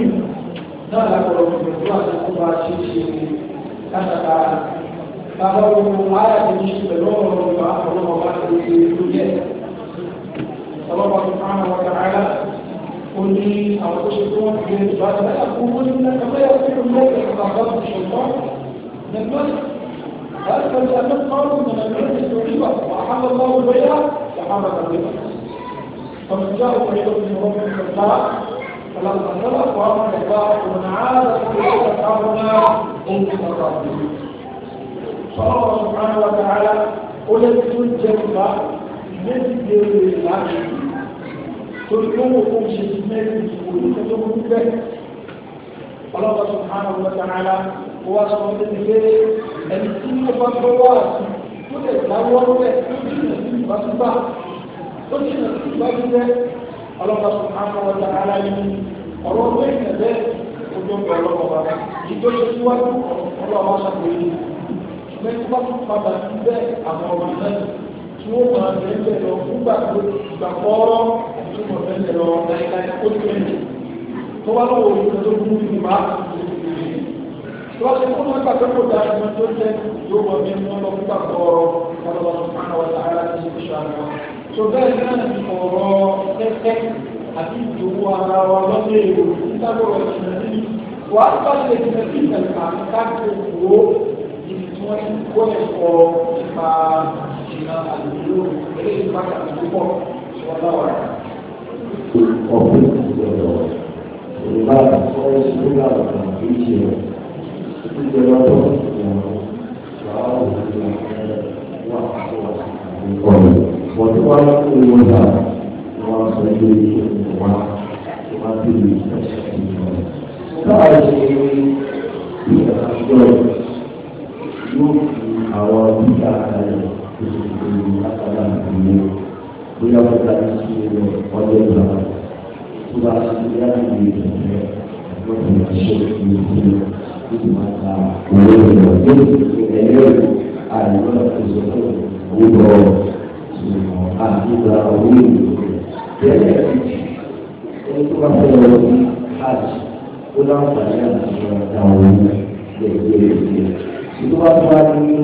náà lápọ̀lọ̀ ìgbìyànjú àti kó bá a ṣe ṣe látàkà bàbá wọn ayà tó ní ṣe pẹ̀lú ọ̀rọ̀ ìgbà àwọn ọba tó ṣe ló yẹ. ọlọ́pàá tó máa ń wọ kàrá ó ní àwọn tó ṣe tó wọ́n fi lè bá a ṣe kó wọ́n ní lẹ́kọ̀ọ́ yẹ kó wọ́n lẹ́kọ̀ọ́ bàbá tó ṣe tán nígbà هذا الذي أمر قوم من الناس يعيبه وأحب الله البيع وحرم الربا فمن جاء برحمة من ربه الله فلما سلف وامر الله ومن عاد فليتبعنا أمة ربه فالله سبحانه وتعالى قل الجنة من غير الله تلقوكم شيء من تقولون به الله سبحانه وتعالى هو سبحانه وتعالى أن يكون فضل الله كل ما هو له يجب أن يكون tó ti nà síwájú bẹ́ ọlọ́pàá subhanahu wa ta'ala yìí ọ̀rọ̀ ọgbẹ́ ìyẹn bẹ́ ojú ọgbẹ́ ọlọ́pàá bá ìjọ ṣe síwájú ọlọ́pàá ṣàkóyè ṣùgbọ́n tí wọ́n padà sí bẹ́ àwọn ọmọ náà tí wọ́n máa bẹ́ẹ̀ bẹ́ẹ̀ lọ fúgbà tó gbà kọ́ọ́rọ́ tó mọ̀ bẹ́ẹ̀ lọ láìláì ó ti bẹ́ẹ̀ tó wá tó kú ìgbà pàtó kó da ẹni tó jẹ́ yóò wọ bí wọn lọ pàtó ọ̀rọ̀ wọn lọ fún àwọn ọ̀tá ara ti ṣe fún ṣàlùwọ̀n tó bẹ́ẹ̀ náà ọ̀rọ̀ tẹ́tẹ́ àti ìdòwò ara wa lọ́dọ̀ èrò nígbàgbọ́ ìṣẹ̀lẹ̀ níbi wàá pàṣẹ ìṣẹ̀lẹ̀ sí ìṣẹ̀lẹ̀ àti káàkiri òwò ibi tí wọ́n ti kó ẹ̀kọ́ nípa ìṣìnà àdúgbò eléyìí pàtàkì bọ̀dé wá ní wọn là wọn sọ pé wà wá bí mi láàárín ní àjọ yóò fi àwọn bíkà kalẹ̀ oṣù tó ní akadá ìlú bóyá wọn ká ní sí ilé ọjọ́ ìgbà tó bá sí láti lè tẹ̀lé wọn ti máa ṣe ìlú ìlú tó ti máa ta owó ìlú ẹ̀yọ́ àìmọ́ ìṣòro owó ìlú àti ìgbà ọ̀hún ìlú. Bẹ́ẹ̀ ni tó bá fẹ́ lọ sí hajj ó láǹfààní àti ọ̀dà ọ̀hún lẹ́gbẹ̀ẹ́ tó bá fẹ́ ní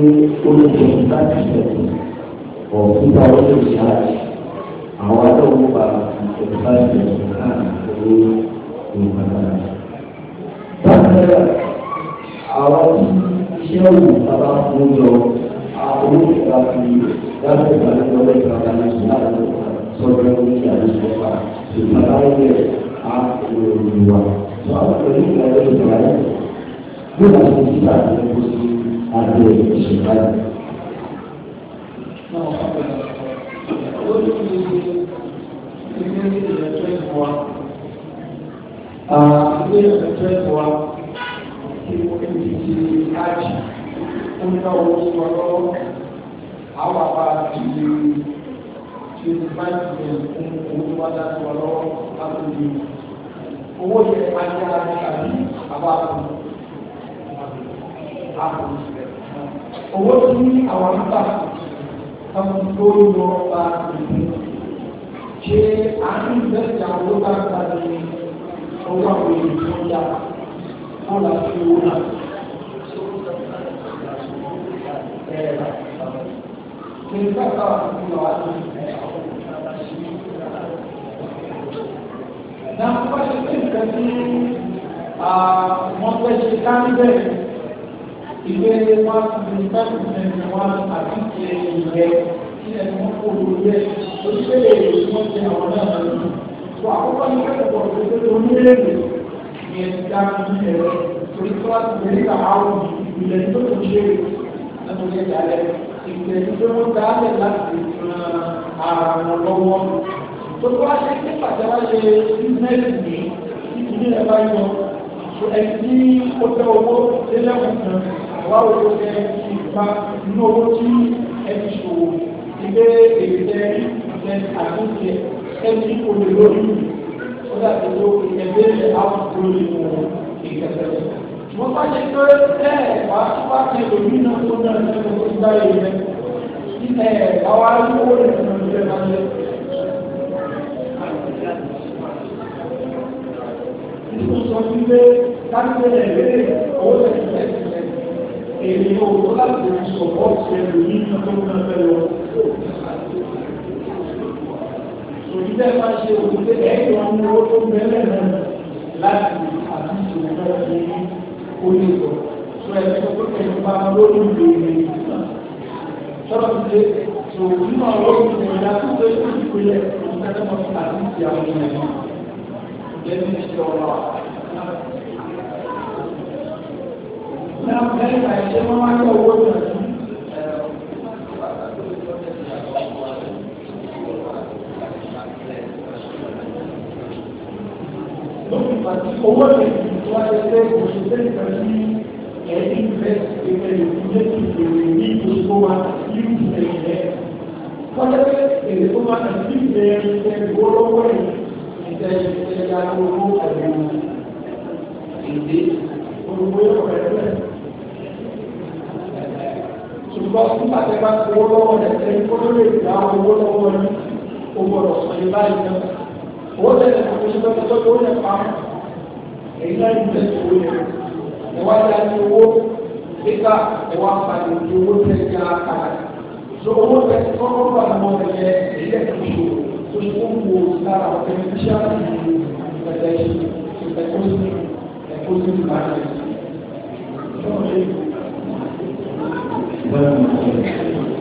olùkọ́ láti ṣẹ̀kù ọ̀hún bá wọ́n lè ṣe hajj àwọn adọ́wọ́ bá ìṣẹ̀kù láti ṣẹ̀kù káàkiri ìgbà náà. Bákan náà, àwọn iṣẹ́ òwò bàbá fún yọ àwọn ìgbà tí láti ìgbà tí wọ́n lè gba ọ̀dà ní ìlànà sọ̀rọ̀ ní ìlànà ìṣọ̀fà ìgbàlá wọlé àkùnrin wa. Sọ àwọn pẹ̀lú ìgbàlá ìgbàlá yẹn nígbà tí wọ́n ti gbà tí wọ́n ti àgbẹ̀ ìṣẹ̀lá ń ná owó sí wọn lọ́wọ́ àwọn àbá ti ṣe five million fún owó tó wá dá sí wọn lọ́wọ́ láti di owó yẹn ajá àbí àbá àbò àbò owó tí àwọn àbá àwọn tó lọ bá ìlú ṣe àánú ìgbésẹ̀ àwọn ló bá gbàgbé owó àwọn èèyàn tó yá wọn náà. Náà wọ́n ṣe pé nǹkan tí wọ́n fẹ́ ṣe ká níbẹ̀ ìwé wọn ti di fẹ́ẹ̀kì ẹ̀sìn wọn àti ìṣe ìwé kí ẹni wọn kó lórí ẹ̀ oníṣẹ́ èrè tí wọ́n ṣe àwọn náà lọ́dún. Sọ àkọ́kọ́ ní kẹ́kọ̀ọ́ tó ṣe tó ní èrè ní ẹ̀sìn dá ní ẹ̀rọ torí tó wá ti lè rí àwọn ìpìlẹ̀ tó ti ṣe èrè torí ẹ̀ dálẹ̀ ìgbẹ́ tó ń dálẹ̀ láti ran ara wọn lọ́wọ́. tó bá ṣe pé pàtàkì wá ṣe bísínẹ́sì ní ìdílé ẹ̀ bá yọ ẹni tí ó tẹ owó lélẹ́kùn kan wá owó jẹ ìpa inú owó tí ẹni ṣòwò ilé èdè ẹ̀ àtúnṣe ẹni olè lórí ó dàbí tó ẹgbẹ́ àwọn olè wọn ìgbẹ́sẹ̀ ṣùgbọ́n bá ṣe pé lẹ́ẹ̀wá tó bá ti lò ní iná tó náà ní ọmọ tó bá yẹ rẹ nípa ẹ̀ẹ̀wá wá lówó rẹ̀ nínú ìjọba máa lẹ. Ìlú sọ wípé láti lè rèé owó tẹ̀sílẹ̀ èyí ò tó láti lè sọ ọ́ ṣe lò ní iná tó náà fẹ́ lọ. Òṣìṣẹ́ máa ṣe òṣìṣẹ́ ẹ̀yìn ọmọ owó tó ń bẹ́ẹ̀ lẹ́nu láti àtúnṣe ìjọba yìí ó lè sọ sọ ẹ sọ pé pẹ̀lú pa lórí ìlú ìlú ìlú sọ̀rọ̀ ti dé tó nínú ọ̀rọ̀ òkùnkùn ìlà tó tó tó ti pèlè ìtẹ́lẹ̀ mọ́ àti ìdí àwọn ènìyàn náà lẹ́nu ìṣẹ́ ọ̀rọ̀ náà bẹ́ẹ̀ ni àìṣe wọn wá ní owó ìrìnàjò Olmadı. Sadece koşulları karşı kendi ürettikleri ürettikleri bir kuruma yürütmeyle fakat e, bu matematik değerinde bol ve entelektüel olma adına şimdi olmaya başladı. Suposto que até vai por uma tem por legal, por uma, por uma sociedade. Outra coisa que eu estou olhando para èyí náà ń tẹ̀sí owó yẹn ẹ̀wá ya ní owó nígbà ẹ̀wá pàdé ní owó tẹ̀sí àkàrà so owó tẹ̀sí kọ́kọ́ bá àwọn ọmọ yẹn èyí ẹ̀ tó ṣe tó ṣe fún wo lára ọ̀tẹ̀ ní sáà ní ìpẹ̀lẹ̀ ẹ̀kọ́ sí ẹ̀kọ́ sí ìbàdàn. Thank you.